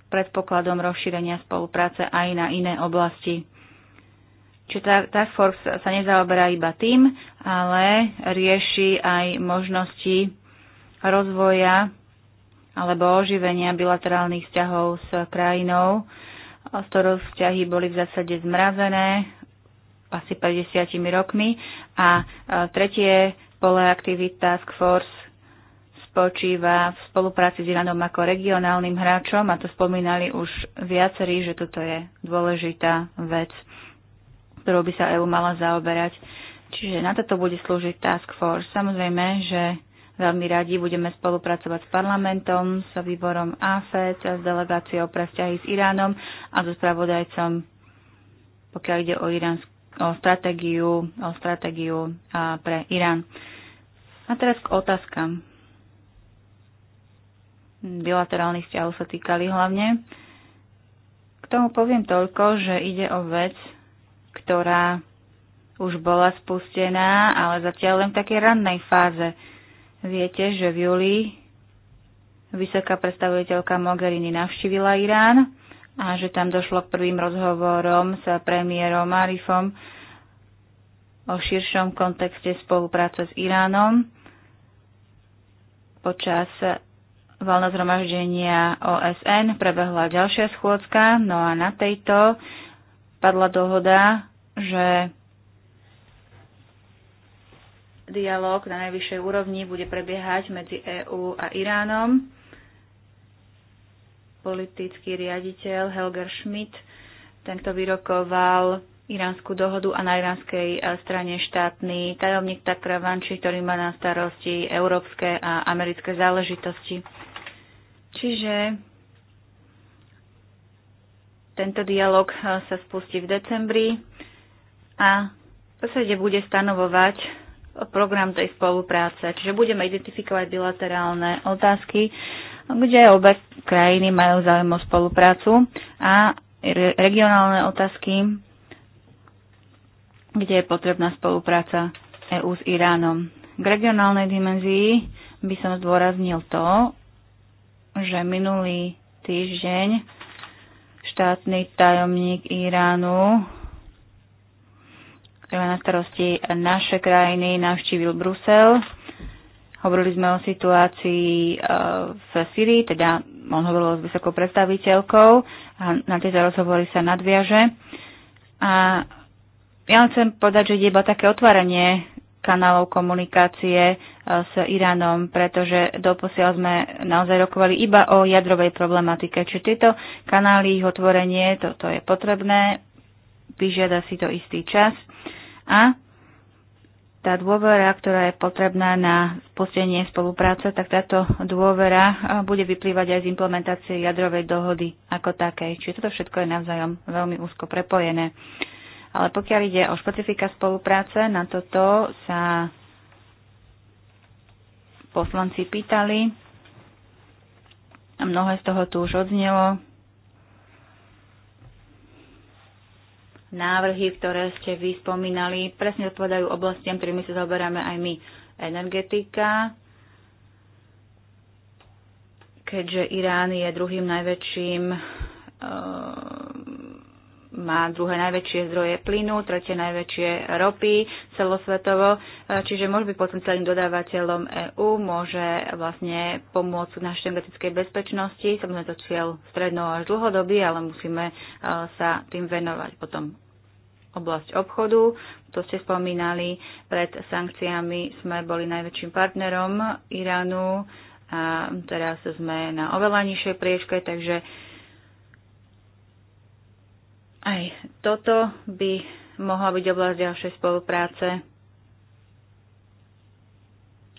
predpokladom rozšírenia spolupráce aj na iné oblasti. Čiže tá Task Force sa nezaoberá iba tým, ale rieši aj možnosti rozvoja alebo oživenia bilaterálnych vzťahov s krajinou, s ktorou vzťahy boli v zásade zmrazené asi 50 rokmi. A tretie pole aktivít Task Force spočíva v spolupráci s Iránom ako regionálnym hráčom a to spomínali už viacerí, že toto je dôležitá vec, ktorou by sa EU mala zaoberať. Čiže na toto bude slúžiť Task Force. Samozrejme, že Veľmi radi budeme spolupracovať s parlamentom, s výborom AFET, s delegáciou pre vzťahy s Iránom a so spravodajcom, pokiaľ ide o, o stratégiu, o stratégiu pre Irán. A teraz k otázkam. Bilaterálnych vzťahov sa týkali hlavne. K tomu poviem toľko, že ide o vec, ktorá už bola spustená, ale zatiaľ len v takej rannej fáze. Viete, že v júli vysoká predstaviteľka Mogherini navštívila Irán a že tam došlo k prvým rozhovorom s premiérom Arifom o širšom kontexte spolupráce s Iránom počas valného zhromaždenia OSN prebehla ďalšia schôdzka, no a na tejto padla dohoda, že dialog na najvyššej úrovni bude prebiehať medzi EÚ a Iránom. Politický riaditeľ Helger Schmidt tento vyrokoval iránsku dohodu a na iránskej e, strane štátny tajomník Takra Vanči, ktorý má na starosti európske a americké záležitosti. Čiže tento dialog e, sa spustí v decembri a v podstate bude stanovovať program tej spolupráce. Čiže budeme identifikovať bilaterálne otázky, kde obe krajiny majú záujem o spoluprácu a re- regionálne otázky, kde je potrebná spolupráca EÚ s Iránom. K regionálnej dimenzii by som zdôraznil to, že minulý týždeň štátny tajomník Iránu ktorý má na starosti naše krajiny, navštívil Brusel. Hovorili sme o situácii e, v Syrii, teda on hovoril s vysokou predstaviteľkou a na tie rozhovory sa nadviaže. A ja chcem povedať, že je iba také otváranie kanálov komunikácie e, s Iránom, pretože doposiaľ sme naozaj rokovali iba o jadrovej problematike. Čiže tieto kanály, ich otvorenie, toto to je potrebné, vyžiada si to istý čas a tá dôvera, ktorá je potrebná na spustenie spolupráce, tak táto dôvera bude vyplývať aj z implementácie jadrovej dohody ako takej. Čiže toto všetko je navzájom veľmi úzko prepojené. Ale pokiaľ ide o špecifika spolupráce, na toto sa poslanci pýtali. Mnohé z toho tu už odznelo. návrhy, ktoré ste vy spomínali, presne odpovedajú oblastiam, ktorými sa zaoberáme aj my. Energetika, keďže Irán je druhým najväčším má druhé najväčšie zdroje plynu, tretie najväčšie ropy celosvetovo, e, čiže môže byť potenciálnym dodávateľom EÚ, môže vlastne pomôcť v našej energetickej bezpečnosti. Samozrejme to cieľ stredno až dlhodobý, ale musíme e, sa tým venovať potom oblasť obchodu. To ste spomínali, pred sankciami sme boli najväčším partnerom Iránu a teraz sme na oveľa nižšej priečke, takže aj toto by mohla byť oblasť ďalšej spolupráce.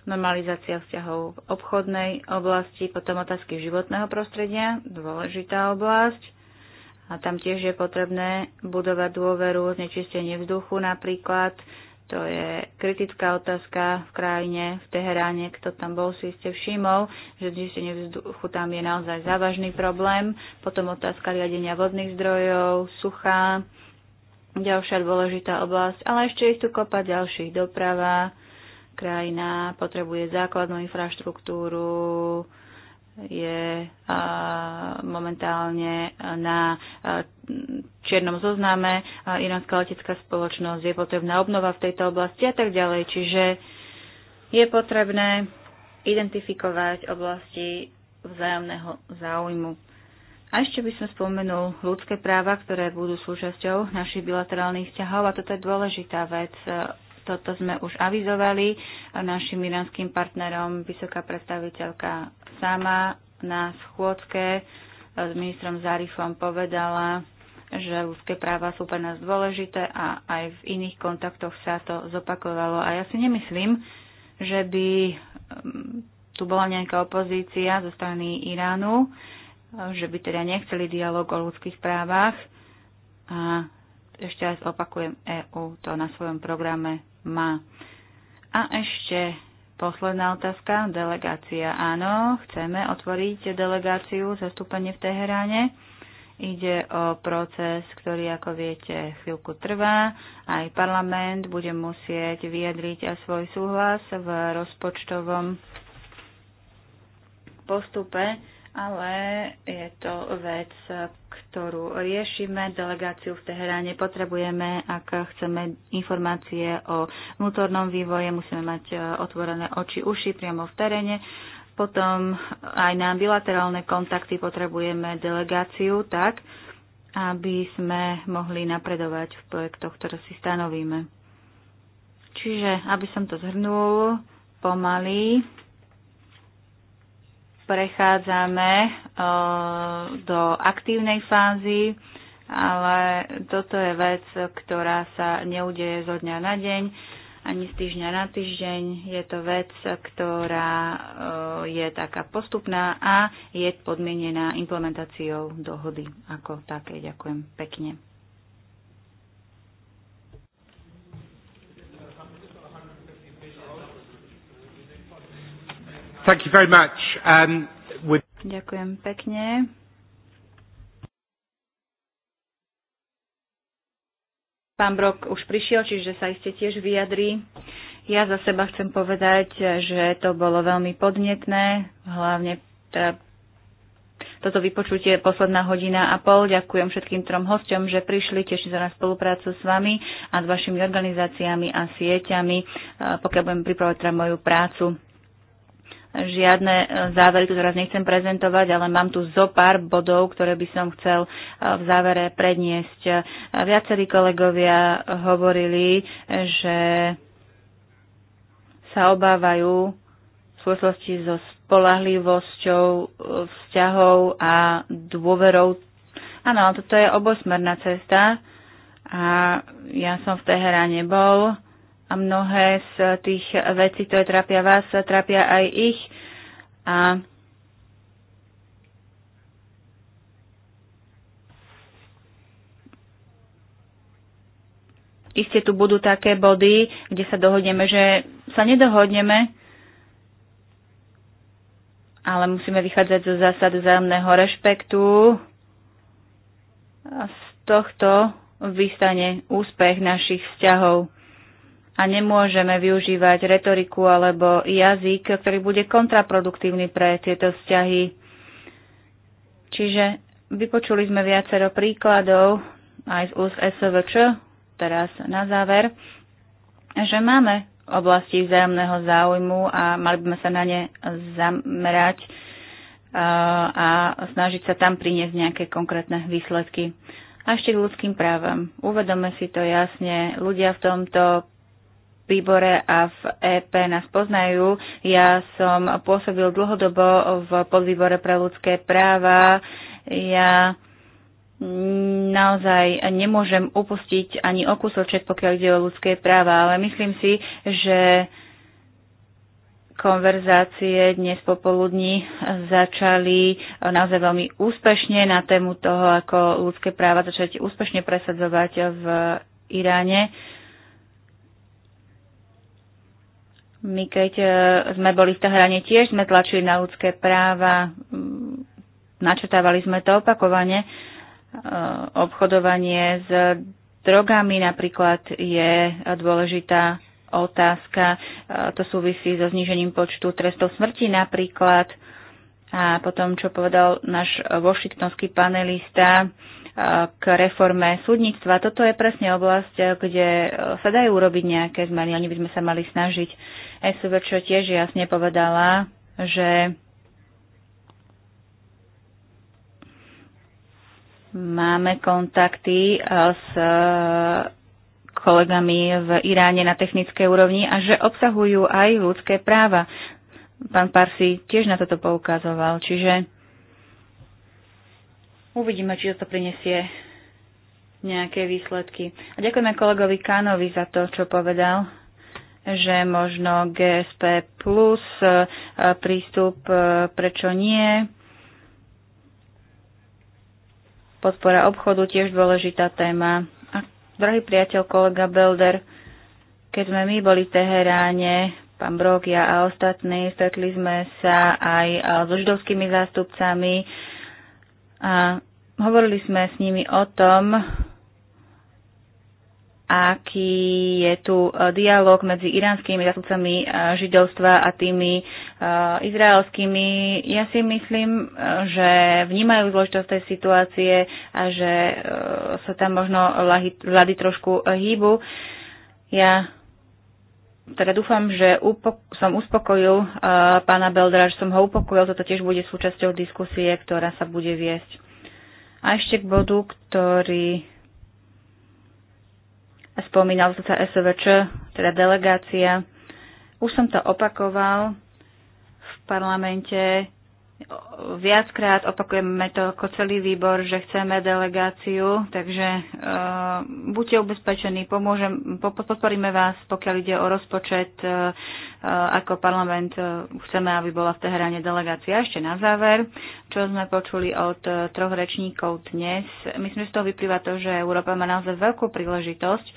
Normalizácia vzťahov v obchodnej oblasti, potom otázky životného prostredia, dôležitá oblasť. A tam tiež je potrebné budovať dôveru, znečistenie vzduchu napríklad, to je kritická otázka v krajine, v Teheráne. Kto tam bol, si ste všimol, že znečistenie vzduchu tam je naozaj závažný problém. Potom otázka riadenia vodných zdrojov, suchá, ďalšia dôležitá oblasť, ale ešte ich tu kopa ďalších. Doprava, krajina potrebuje základnú infraštruktúru, je momentálne na čiernom zozname, iránska letecká spoločnosť je potrebná obnova v tejto oblasti a tak ďalej. Čiže je potrebné identifikovať oblasti vzájomného záujmu. A ešte by som spomenul ľudské práva, ktoré budú súčasťou našich bilaterálnych vzťahov a toto je dôležitá vec. Toto sme už avizovali našim iránskym partnerom. Vysoká predstaviteľka sama na schôdke eh, s ministrom Zarifom povedala, že ľudské práva sú pre nás dôležité a aj v iných kontaktoch sa to zopakovalo. A ja si nemyslím, že by mm, tu bola nejaká opozícia zo strany Iránu, eh, že by teda nechceli dialog o ľudských právach. A ešte raz opakujem, EU to na svojom programe má. A ešte posledná otázka, delegácia. Áno, chceme otvoriť delegáciu zastúpenie v Teheráne. Ide o proces, ktorý, ako viete, chvíľku trvá. Aj parlament bude musieť vyjadriť aj svoj súhlas v rozpočtovom postupe ale je to vec, ktorú riešime. Delegáciu v Teheráne potrebujeme, ak chceme informácie o vnútornom vývoje, musíme mať e, otvorené oči, uši priamo v teréne. Potom aj na bilaterálne kontakty potrebujeme delegáciu tak, aby sme mohli napredovať v projektoch, ktoré si stanovíme. Čiže, aby som to zhrnul, pomaly prechádzame e, do aktívnej fázy, ale toto je vec, ktorá sa neudeje zo dňa na deň ani z týždňa na týždeň. Je to vec, ktorá e, je taká postupná a je podmienená implementáciou dohody ako také. Ďakujem pekne. Thank you very much. Um, with... Ďakujem pekne. Pán Brok už prišiel, čiže sa iste tiež vyjadrí. Ja za seba chcem povedať, že to bolo veľmi podnetné, hlavne tá, toto vypočutie posledná hodina a pol. Ďakujem všetkým trom hostom, že prišli, teším sa na spoluprácu s vami a s vašimi organizáciami a sieťami, pokiaľ budem pripravovať teda moju prácu žiadne e, závery tu teraz nechcem prezentovať, ale mám tu zo pár bodov, ktoré by som chcel e, v závere predniesť. E, viacerí kolegovia hovorili, že sa obávajú v súvislosti so spolahlivosťou vzťahov a dôverou. Áno, toto je obosmerná cesta a ja som v Teheráne bol a mnohé z tých vecí, ktoré trápia vás, trápia aj ich. A Isté tu budú také body, kde sa dohodneme, že sa nedohodneme, ale musíme vychádzať zo zásad vzájomného rešpektu. A z tohto vystane úspech našich vzťahov a nemôžeme využívať retoriku alebo jazyk, ktorý bude kontraproduktívny pre tieto vzťahy. Čiže vypočuli sme viacero príkladov aj z úst SVČ, teraz na záver, že máme oblasti vzájomného záujmu a mali by sme sa na ne zamerať a snažiť sa tam priniesť nejaké konkrétne výsledky. A ešte k ľudským právam. Uvedome si to jasne. Ľudia v tomto výbore a v EP nás poznajú. Ja som pôsobil dlhodobo v podvýbore pre ľudské práva. Ja naozaj nemôžem upustiť ani o kúsoček, pokiaľ ide o ľudské práva, ale myslím si, že konverzácie dnes popoludní začali naozaj veľmi úspešne na tému toho, ako ľudské práva začať úspešne presadzovať v Iráne. My keď e, sme boli v Tahrane, tiež sme tlačili na ľudské práva, načetávali sme to opakovane. E, obchodovanie s drogami napríklad je dôležitá otázka. E, to súvisí so znížením počtu trestov smrti napríklad. A potom, čo povedal náš washingtonský panelista k reforme súdnictva, toto je presne oblasť, kde sa dajú urobiť nejaké zmeny. Oni by sme sa mali snažiť. SVČ tiež jasne povedala, že máme kontakty e, s e, kolegami v Iráne na technickej úrovni a že obsahujú aj ľudské práva. Pán Parsi tiež na toto poukazoval, čiže uvidíme, či to prinesie nejaké výsledky. A ďakujeme kolegovi Kánovi za to, čo povedal že možno GSP plus e, prístup, e, prečo nie. Podpora obchodu tiež dôležitá téma. A drahý priateľ kolega Belder, keď sme my boli v Teheráne, pán Brok, ja a ostatní, stretli sme sa aj so židovskými zástupcami a hovorili sme s nimi o tom, aký je tu e, dialog medzi iránskymi zastupcami e, židovstva a tými e, izraelskými. Ja si myslím, že vnímajú zložitosť tej situácie a že sa tam možno vlády trošku hýbu. Ja teda dúfam, že som uspokojil pána Beldra, že som ho upokojil. Toto tiež bude súčasťou diskusie, ktorá sa bude viesť. A ešte k bodu, ktorý spomínal sa SVČ, teda delegácia. Už som to opakoval v parlamente viackrát, opakujeme to ako celý výbor, že chceme delegáciu, takže uh, buďte ubezpečení, pomôžem, podporíme vás, pokiaľ ide o rozpočet, uh, ako parlament uh, chceme, aby bola v Teheráne delegácia. Ešte na záver, čo sme počuli od uh, troch rečníkov dnes, myslím, že z toho vyplýva to, že Európa má naozaj veľkú príležitosť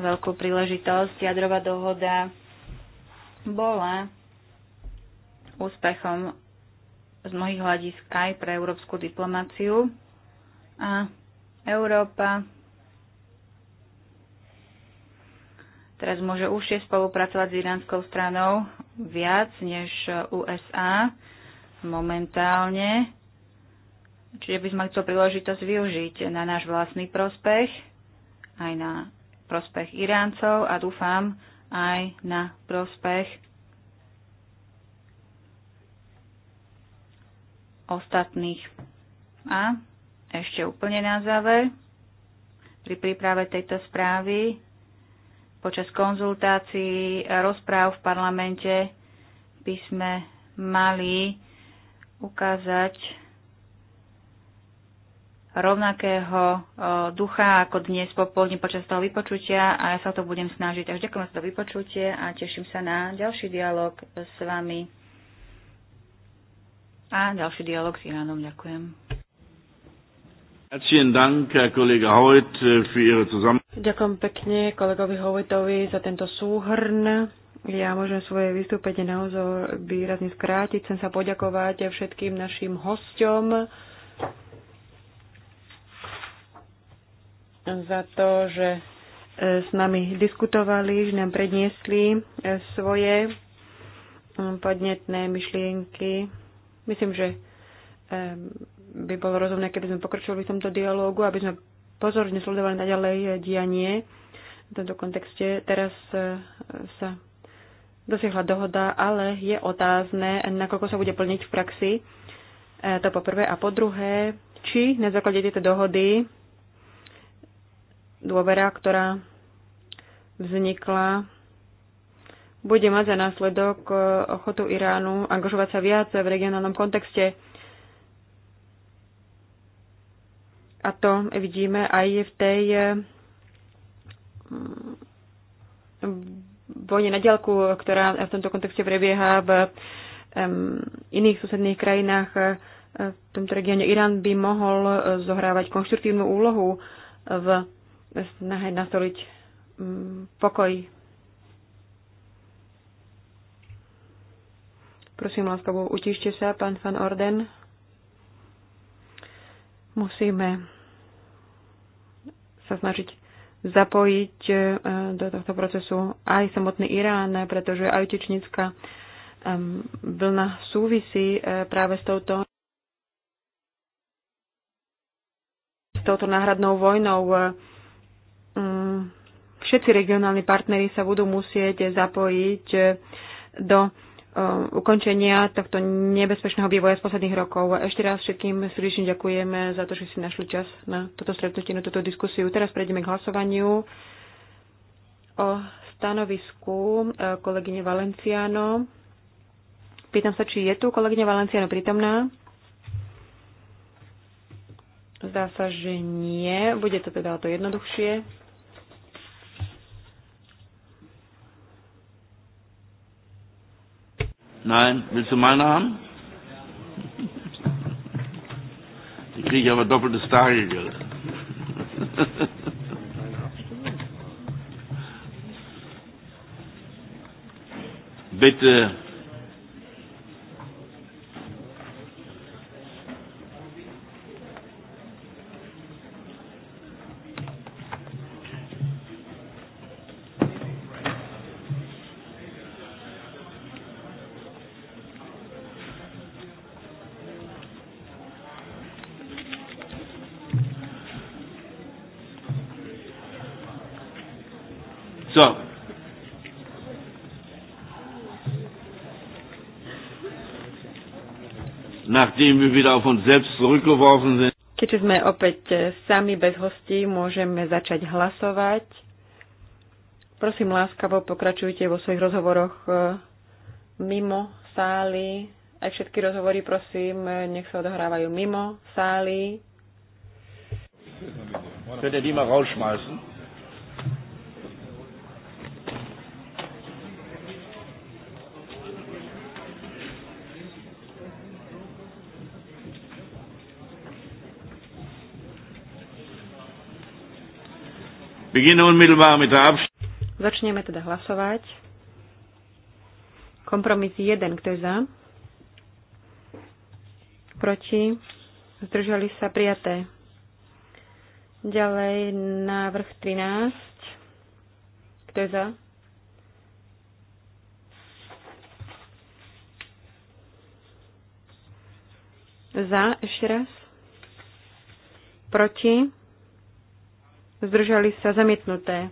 veľkú príležitosť. Jadrová dohoda bola úspechom z mnohých hľadisk aj pre európsku diplomáciu a Európa teraz môže je spolupracovať s iránskou stranou viac než USA momentálne. Čiže by sme chceli príležitosť využiť na náš vlastný prospech, aj na prospech Iráncov a dúfam aj na prospech ostatných. A ešte úplne na záver, pri príprave tejto správy, počas konzultácií a rozpráv v parlamente by sme mali ukázať rovnakého ducha ako dnes popoludne počas toho vypočutia a ja sa to budem snažiť. Až ďakujem za to vypočutie a teším sa na ďalší dialog s vami a ďalší dialog s Iránom. Ďakujem. Ďakujem pekne kolegovi Howitovi za tento súhrn. Ja môžem svoje vystúpenie naozaj výrazne skrátiť. Chcem sa poďakovať všetkým našim hosťom. za to, že e, s nami diskutovali, že nám predniesli e, svoje e, podnetné myšlienky. Myslím, že by bolo rozumné, keby sme pokračovali v tomto dialógu, aby sme pozorne sledovali naďalej dianie v tomto kontexte. Teraz sa dosiahla dohoda, ale je otázne, nakoľko sa bude plniť v praxi. To po prvé. A po druhé, či na základe tejto dohody Dôvera, ktorá vznikla, bude mať za následok e, ochotu Iránu angažovať sa viac v regionálnom kontexte. A to vidíme aj v tej e, vojne na diaľku, ktorá v tomto kontexte prebieha v iných susedných krajinách. E, v tomto regióne Irán by mohol zohrávať konštruktívnu úlohu v snahe nastoliť mm, pokoj. Prosím láskovo, utište sa, pán Van Orden. Musíme sa snažiť zapojiť e, do tohto procesu aj samotný Irán, pretože aj tečnická vlna súvisí e, práve s touto s touto náhradnou vojnou e, všetci regionálni partnery sa budú musieť zapojiť do e, ukončenia tohto nebezpečného vývoja z posledných rokov. Ešte raz všetkým srdečne ďakujeme za to, že si našli čas na toto stretnutie, na túto diskusiu. Teraz prejdeme k hlasovaniu o stanovisku e, kolegyne Valenciano. Pýtam sa, či je tu kolegyňa Valenciano prítomná. Zdá sa, že nie. Bude to teda to jednoduchšie. Nein, willst du meine haben? Die kriege ich aber doppeltes Tagegeld. Bitte Keďže sme opäť eh, sami bez hostí, môžeme začať hlasovať. Prosím láskavo, pokračujte vo svojich rozhovoroch eh, mimo sály. Aj všetky rozhovory, prosím, eh, nech sa odohrávajú mimo sály. Könnt ihr die mal rausschmeißen? Začneme teda hlasovať. Kompromis 1, kto je za? Proti? Zdržali sa prijaté. Ďalej návrh 13. Kto je za? Za, ešte raz. Proti? zdržali sa zamietnuté.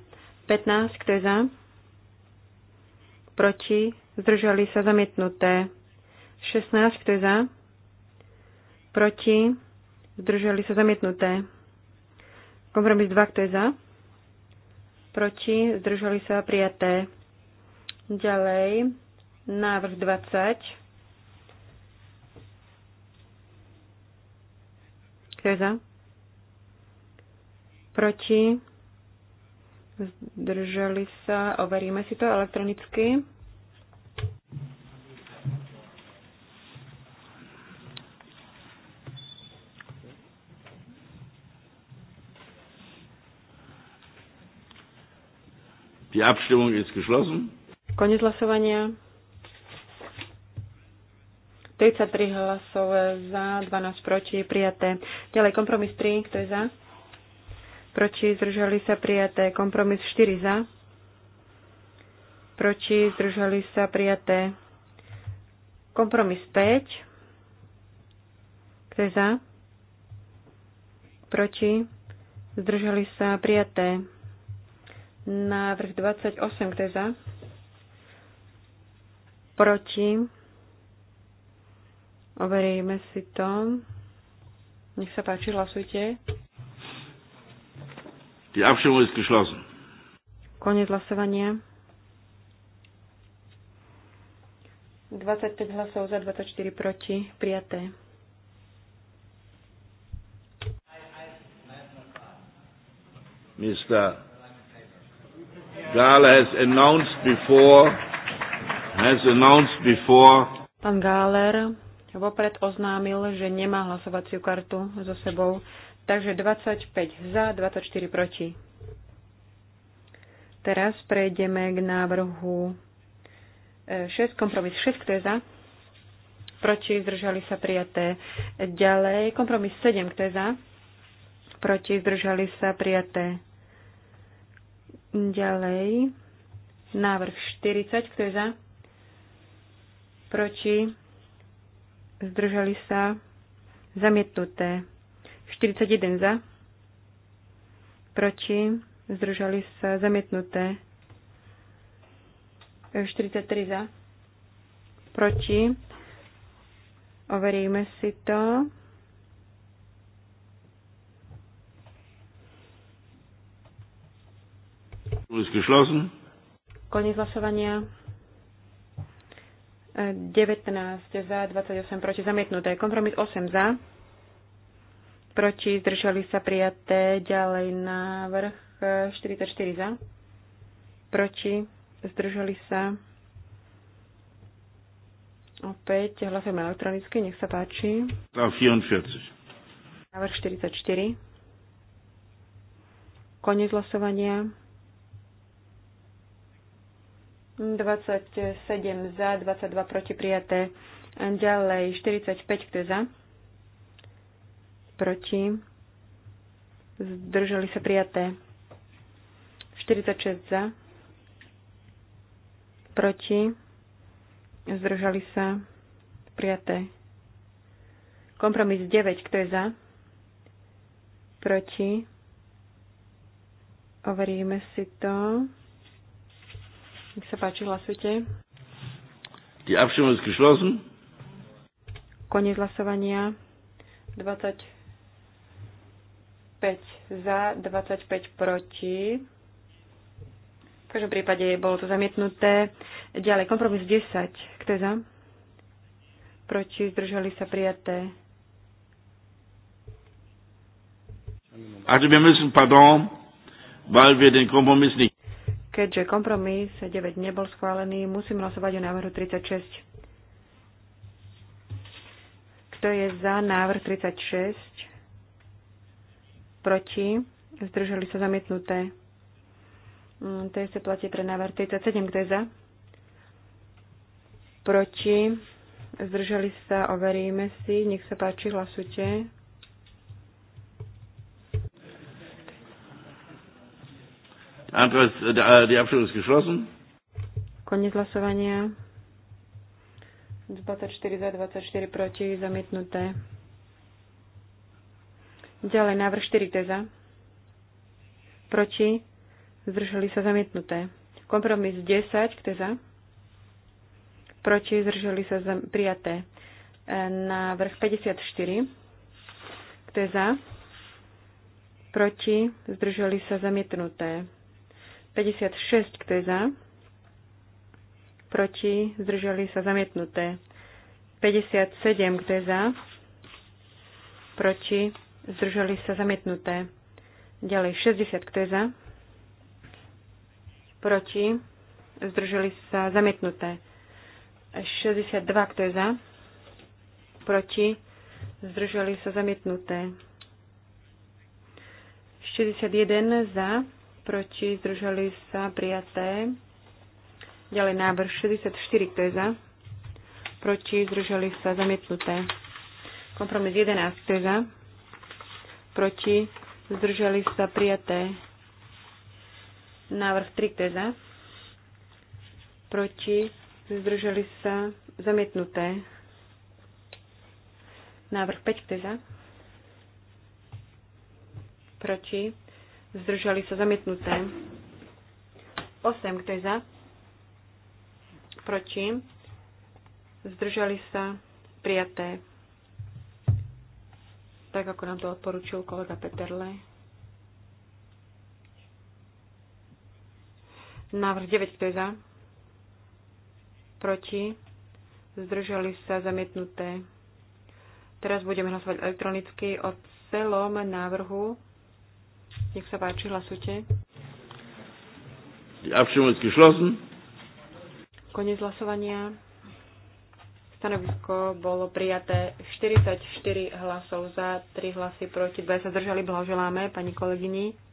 15, kto je za? Proti, zdržali sa zamietnuté. 16, kto je za? Proti, zdržali sa zamietnuté. Kompromis 2, kto je za? Proti, zdržali sa prijaté. Ďalej, návrh 20. Kto je za? proti, Zdrželi sa, overíme si to elektronicky. Die Abstimmung ist geschlossen. Konec hlasovania. 33 hlasov za, 12 proti, prijaté. Ďalej kompromis 3, kto je za? proti zdržali sa prijaté. Kompromis 4 za, proti zdržali sa prijaté. Kompromis 5, kto je za, proti zdržali sa prijaté. Návrh 28, kto je za, proti Overíme si to. Nech sa páči, hlasujte. Die Abstimmung ist geschlossen. Koniec hlasovania. 25 hlasov za, 24 proti, prijaté. Mr. Gala has announced before, has announced before. Pan Gáler vopred oznámil, že nemá hlasovaciu kartu so sebou. Takže 25 za, 24 proti. Teraz prejdeme k návrhu 6, e, kompromis 6, kto je za? Proti, zdržali sa prijaté. Ďalej, kompromis 7, kto je za? Proti, zdržali sa prijaté. Ďalej, návrh 40, kto je za? Proti, zdržali sa zamietnuté. 41 za, proti, zdržali sa zamietnuté. 43 za, proti, overíme si to. Koniec hlasovania. 19 za, 28 proti, zamietnuté. Kompromis 8 za, proti, zdržali sa prijaté, ďalej návrh 44 e, za, proti, zdržali sa, opäť hlasujeme elektronicky, nech sa páči. 44. Návrh 44. Konec hlasovania. 27 za, 22 proti prijaté. Ďalej 45, kto je za? proti, zdržali sa prijaté. 46 za, proti, zdržali sa prijaté. Kompromis 9, kto je za, proti, overíme si to. Nech sa páči, hlasujte. Die Abstimmung ist geschlossen. Koniec hlasovania. 20 5 za, 25 proti. V každom prípade bolo to zamietnuté. Ďalej, kompromis 10. Kto je za? Proti, zdržali sa prijaté. Also wir pardon, weil wir den kompromis nicht... Keďže kompromis 9 nebol schválený, musím hlasovať o návrhu 36. Kto je za návrh 36? proti, zdržali sa zamietnuté. Mm, to je situácia platí pre návrh 37, kto je za, proti, zdržali sa, overíme si, nech sa páči, hlasujte. Antrag, äh, die Abstimmung ist geschlossen. Konec hlasovania. 24 za, 24 proti, zamietnuté. Ďalej návrh 4, teza. za? Proti? Zdržali sa zamietnuté. Kompromis 10, kto za? Proti? Zdržali sa prijaté. Návrh 54, kto je za? Proti? Zdržali sa zamietnuté. 56, e, kto je za? Proti? Zdržali sa zamietnuté. 57, kto je za? Proti? Zdržali sa zamietnuté. Ďalej 60. Kto je za? Proti. Zdržali sa zamietnuté. 62. Kto je za? Proti. Zdržali sa zamietnuté. 61 za, proti zdržali sa prijaté. Ďalej návrh 64, kto je za, proti zdržali sa zamietnuté. Kompromis 11, kto je za, proti, zdržali sa prijaté. Návrh 3, teza. za, proti, zdržali sa zamietnuté. Návrh 5, teza. je za, proti, zdržali sa zamietnuté. 8, kto je za, proti, zdržali sa prijaté tak ako nám to odporučil kolega Peterle. Návrh 9, kto je za? Proti? Zdržali sa zamietnuté. Teraz budeme hlasovať elektronicky o celom návrhu. Nech sa páči, hlasujte. Die Abstimmung ist geschlossen. Konec hlasovania. Stanovisko bolo prijaté 44 hlasov za, 3 hlasy proti, 2 sa zdržali. Blahoželáme pani kolegyni.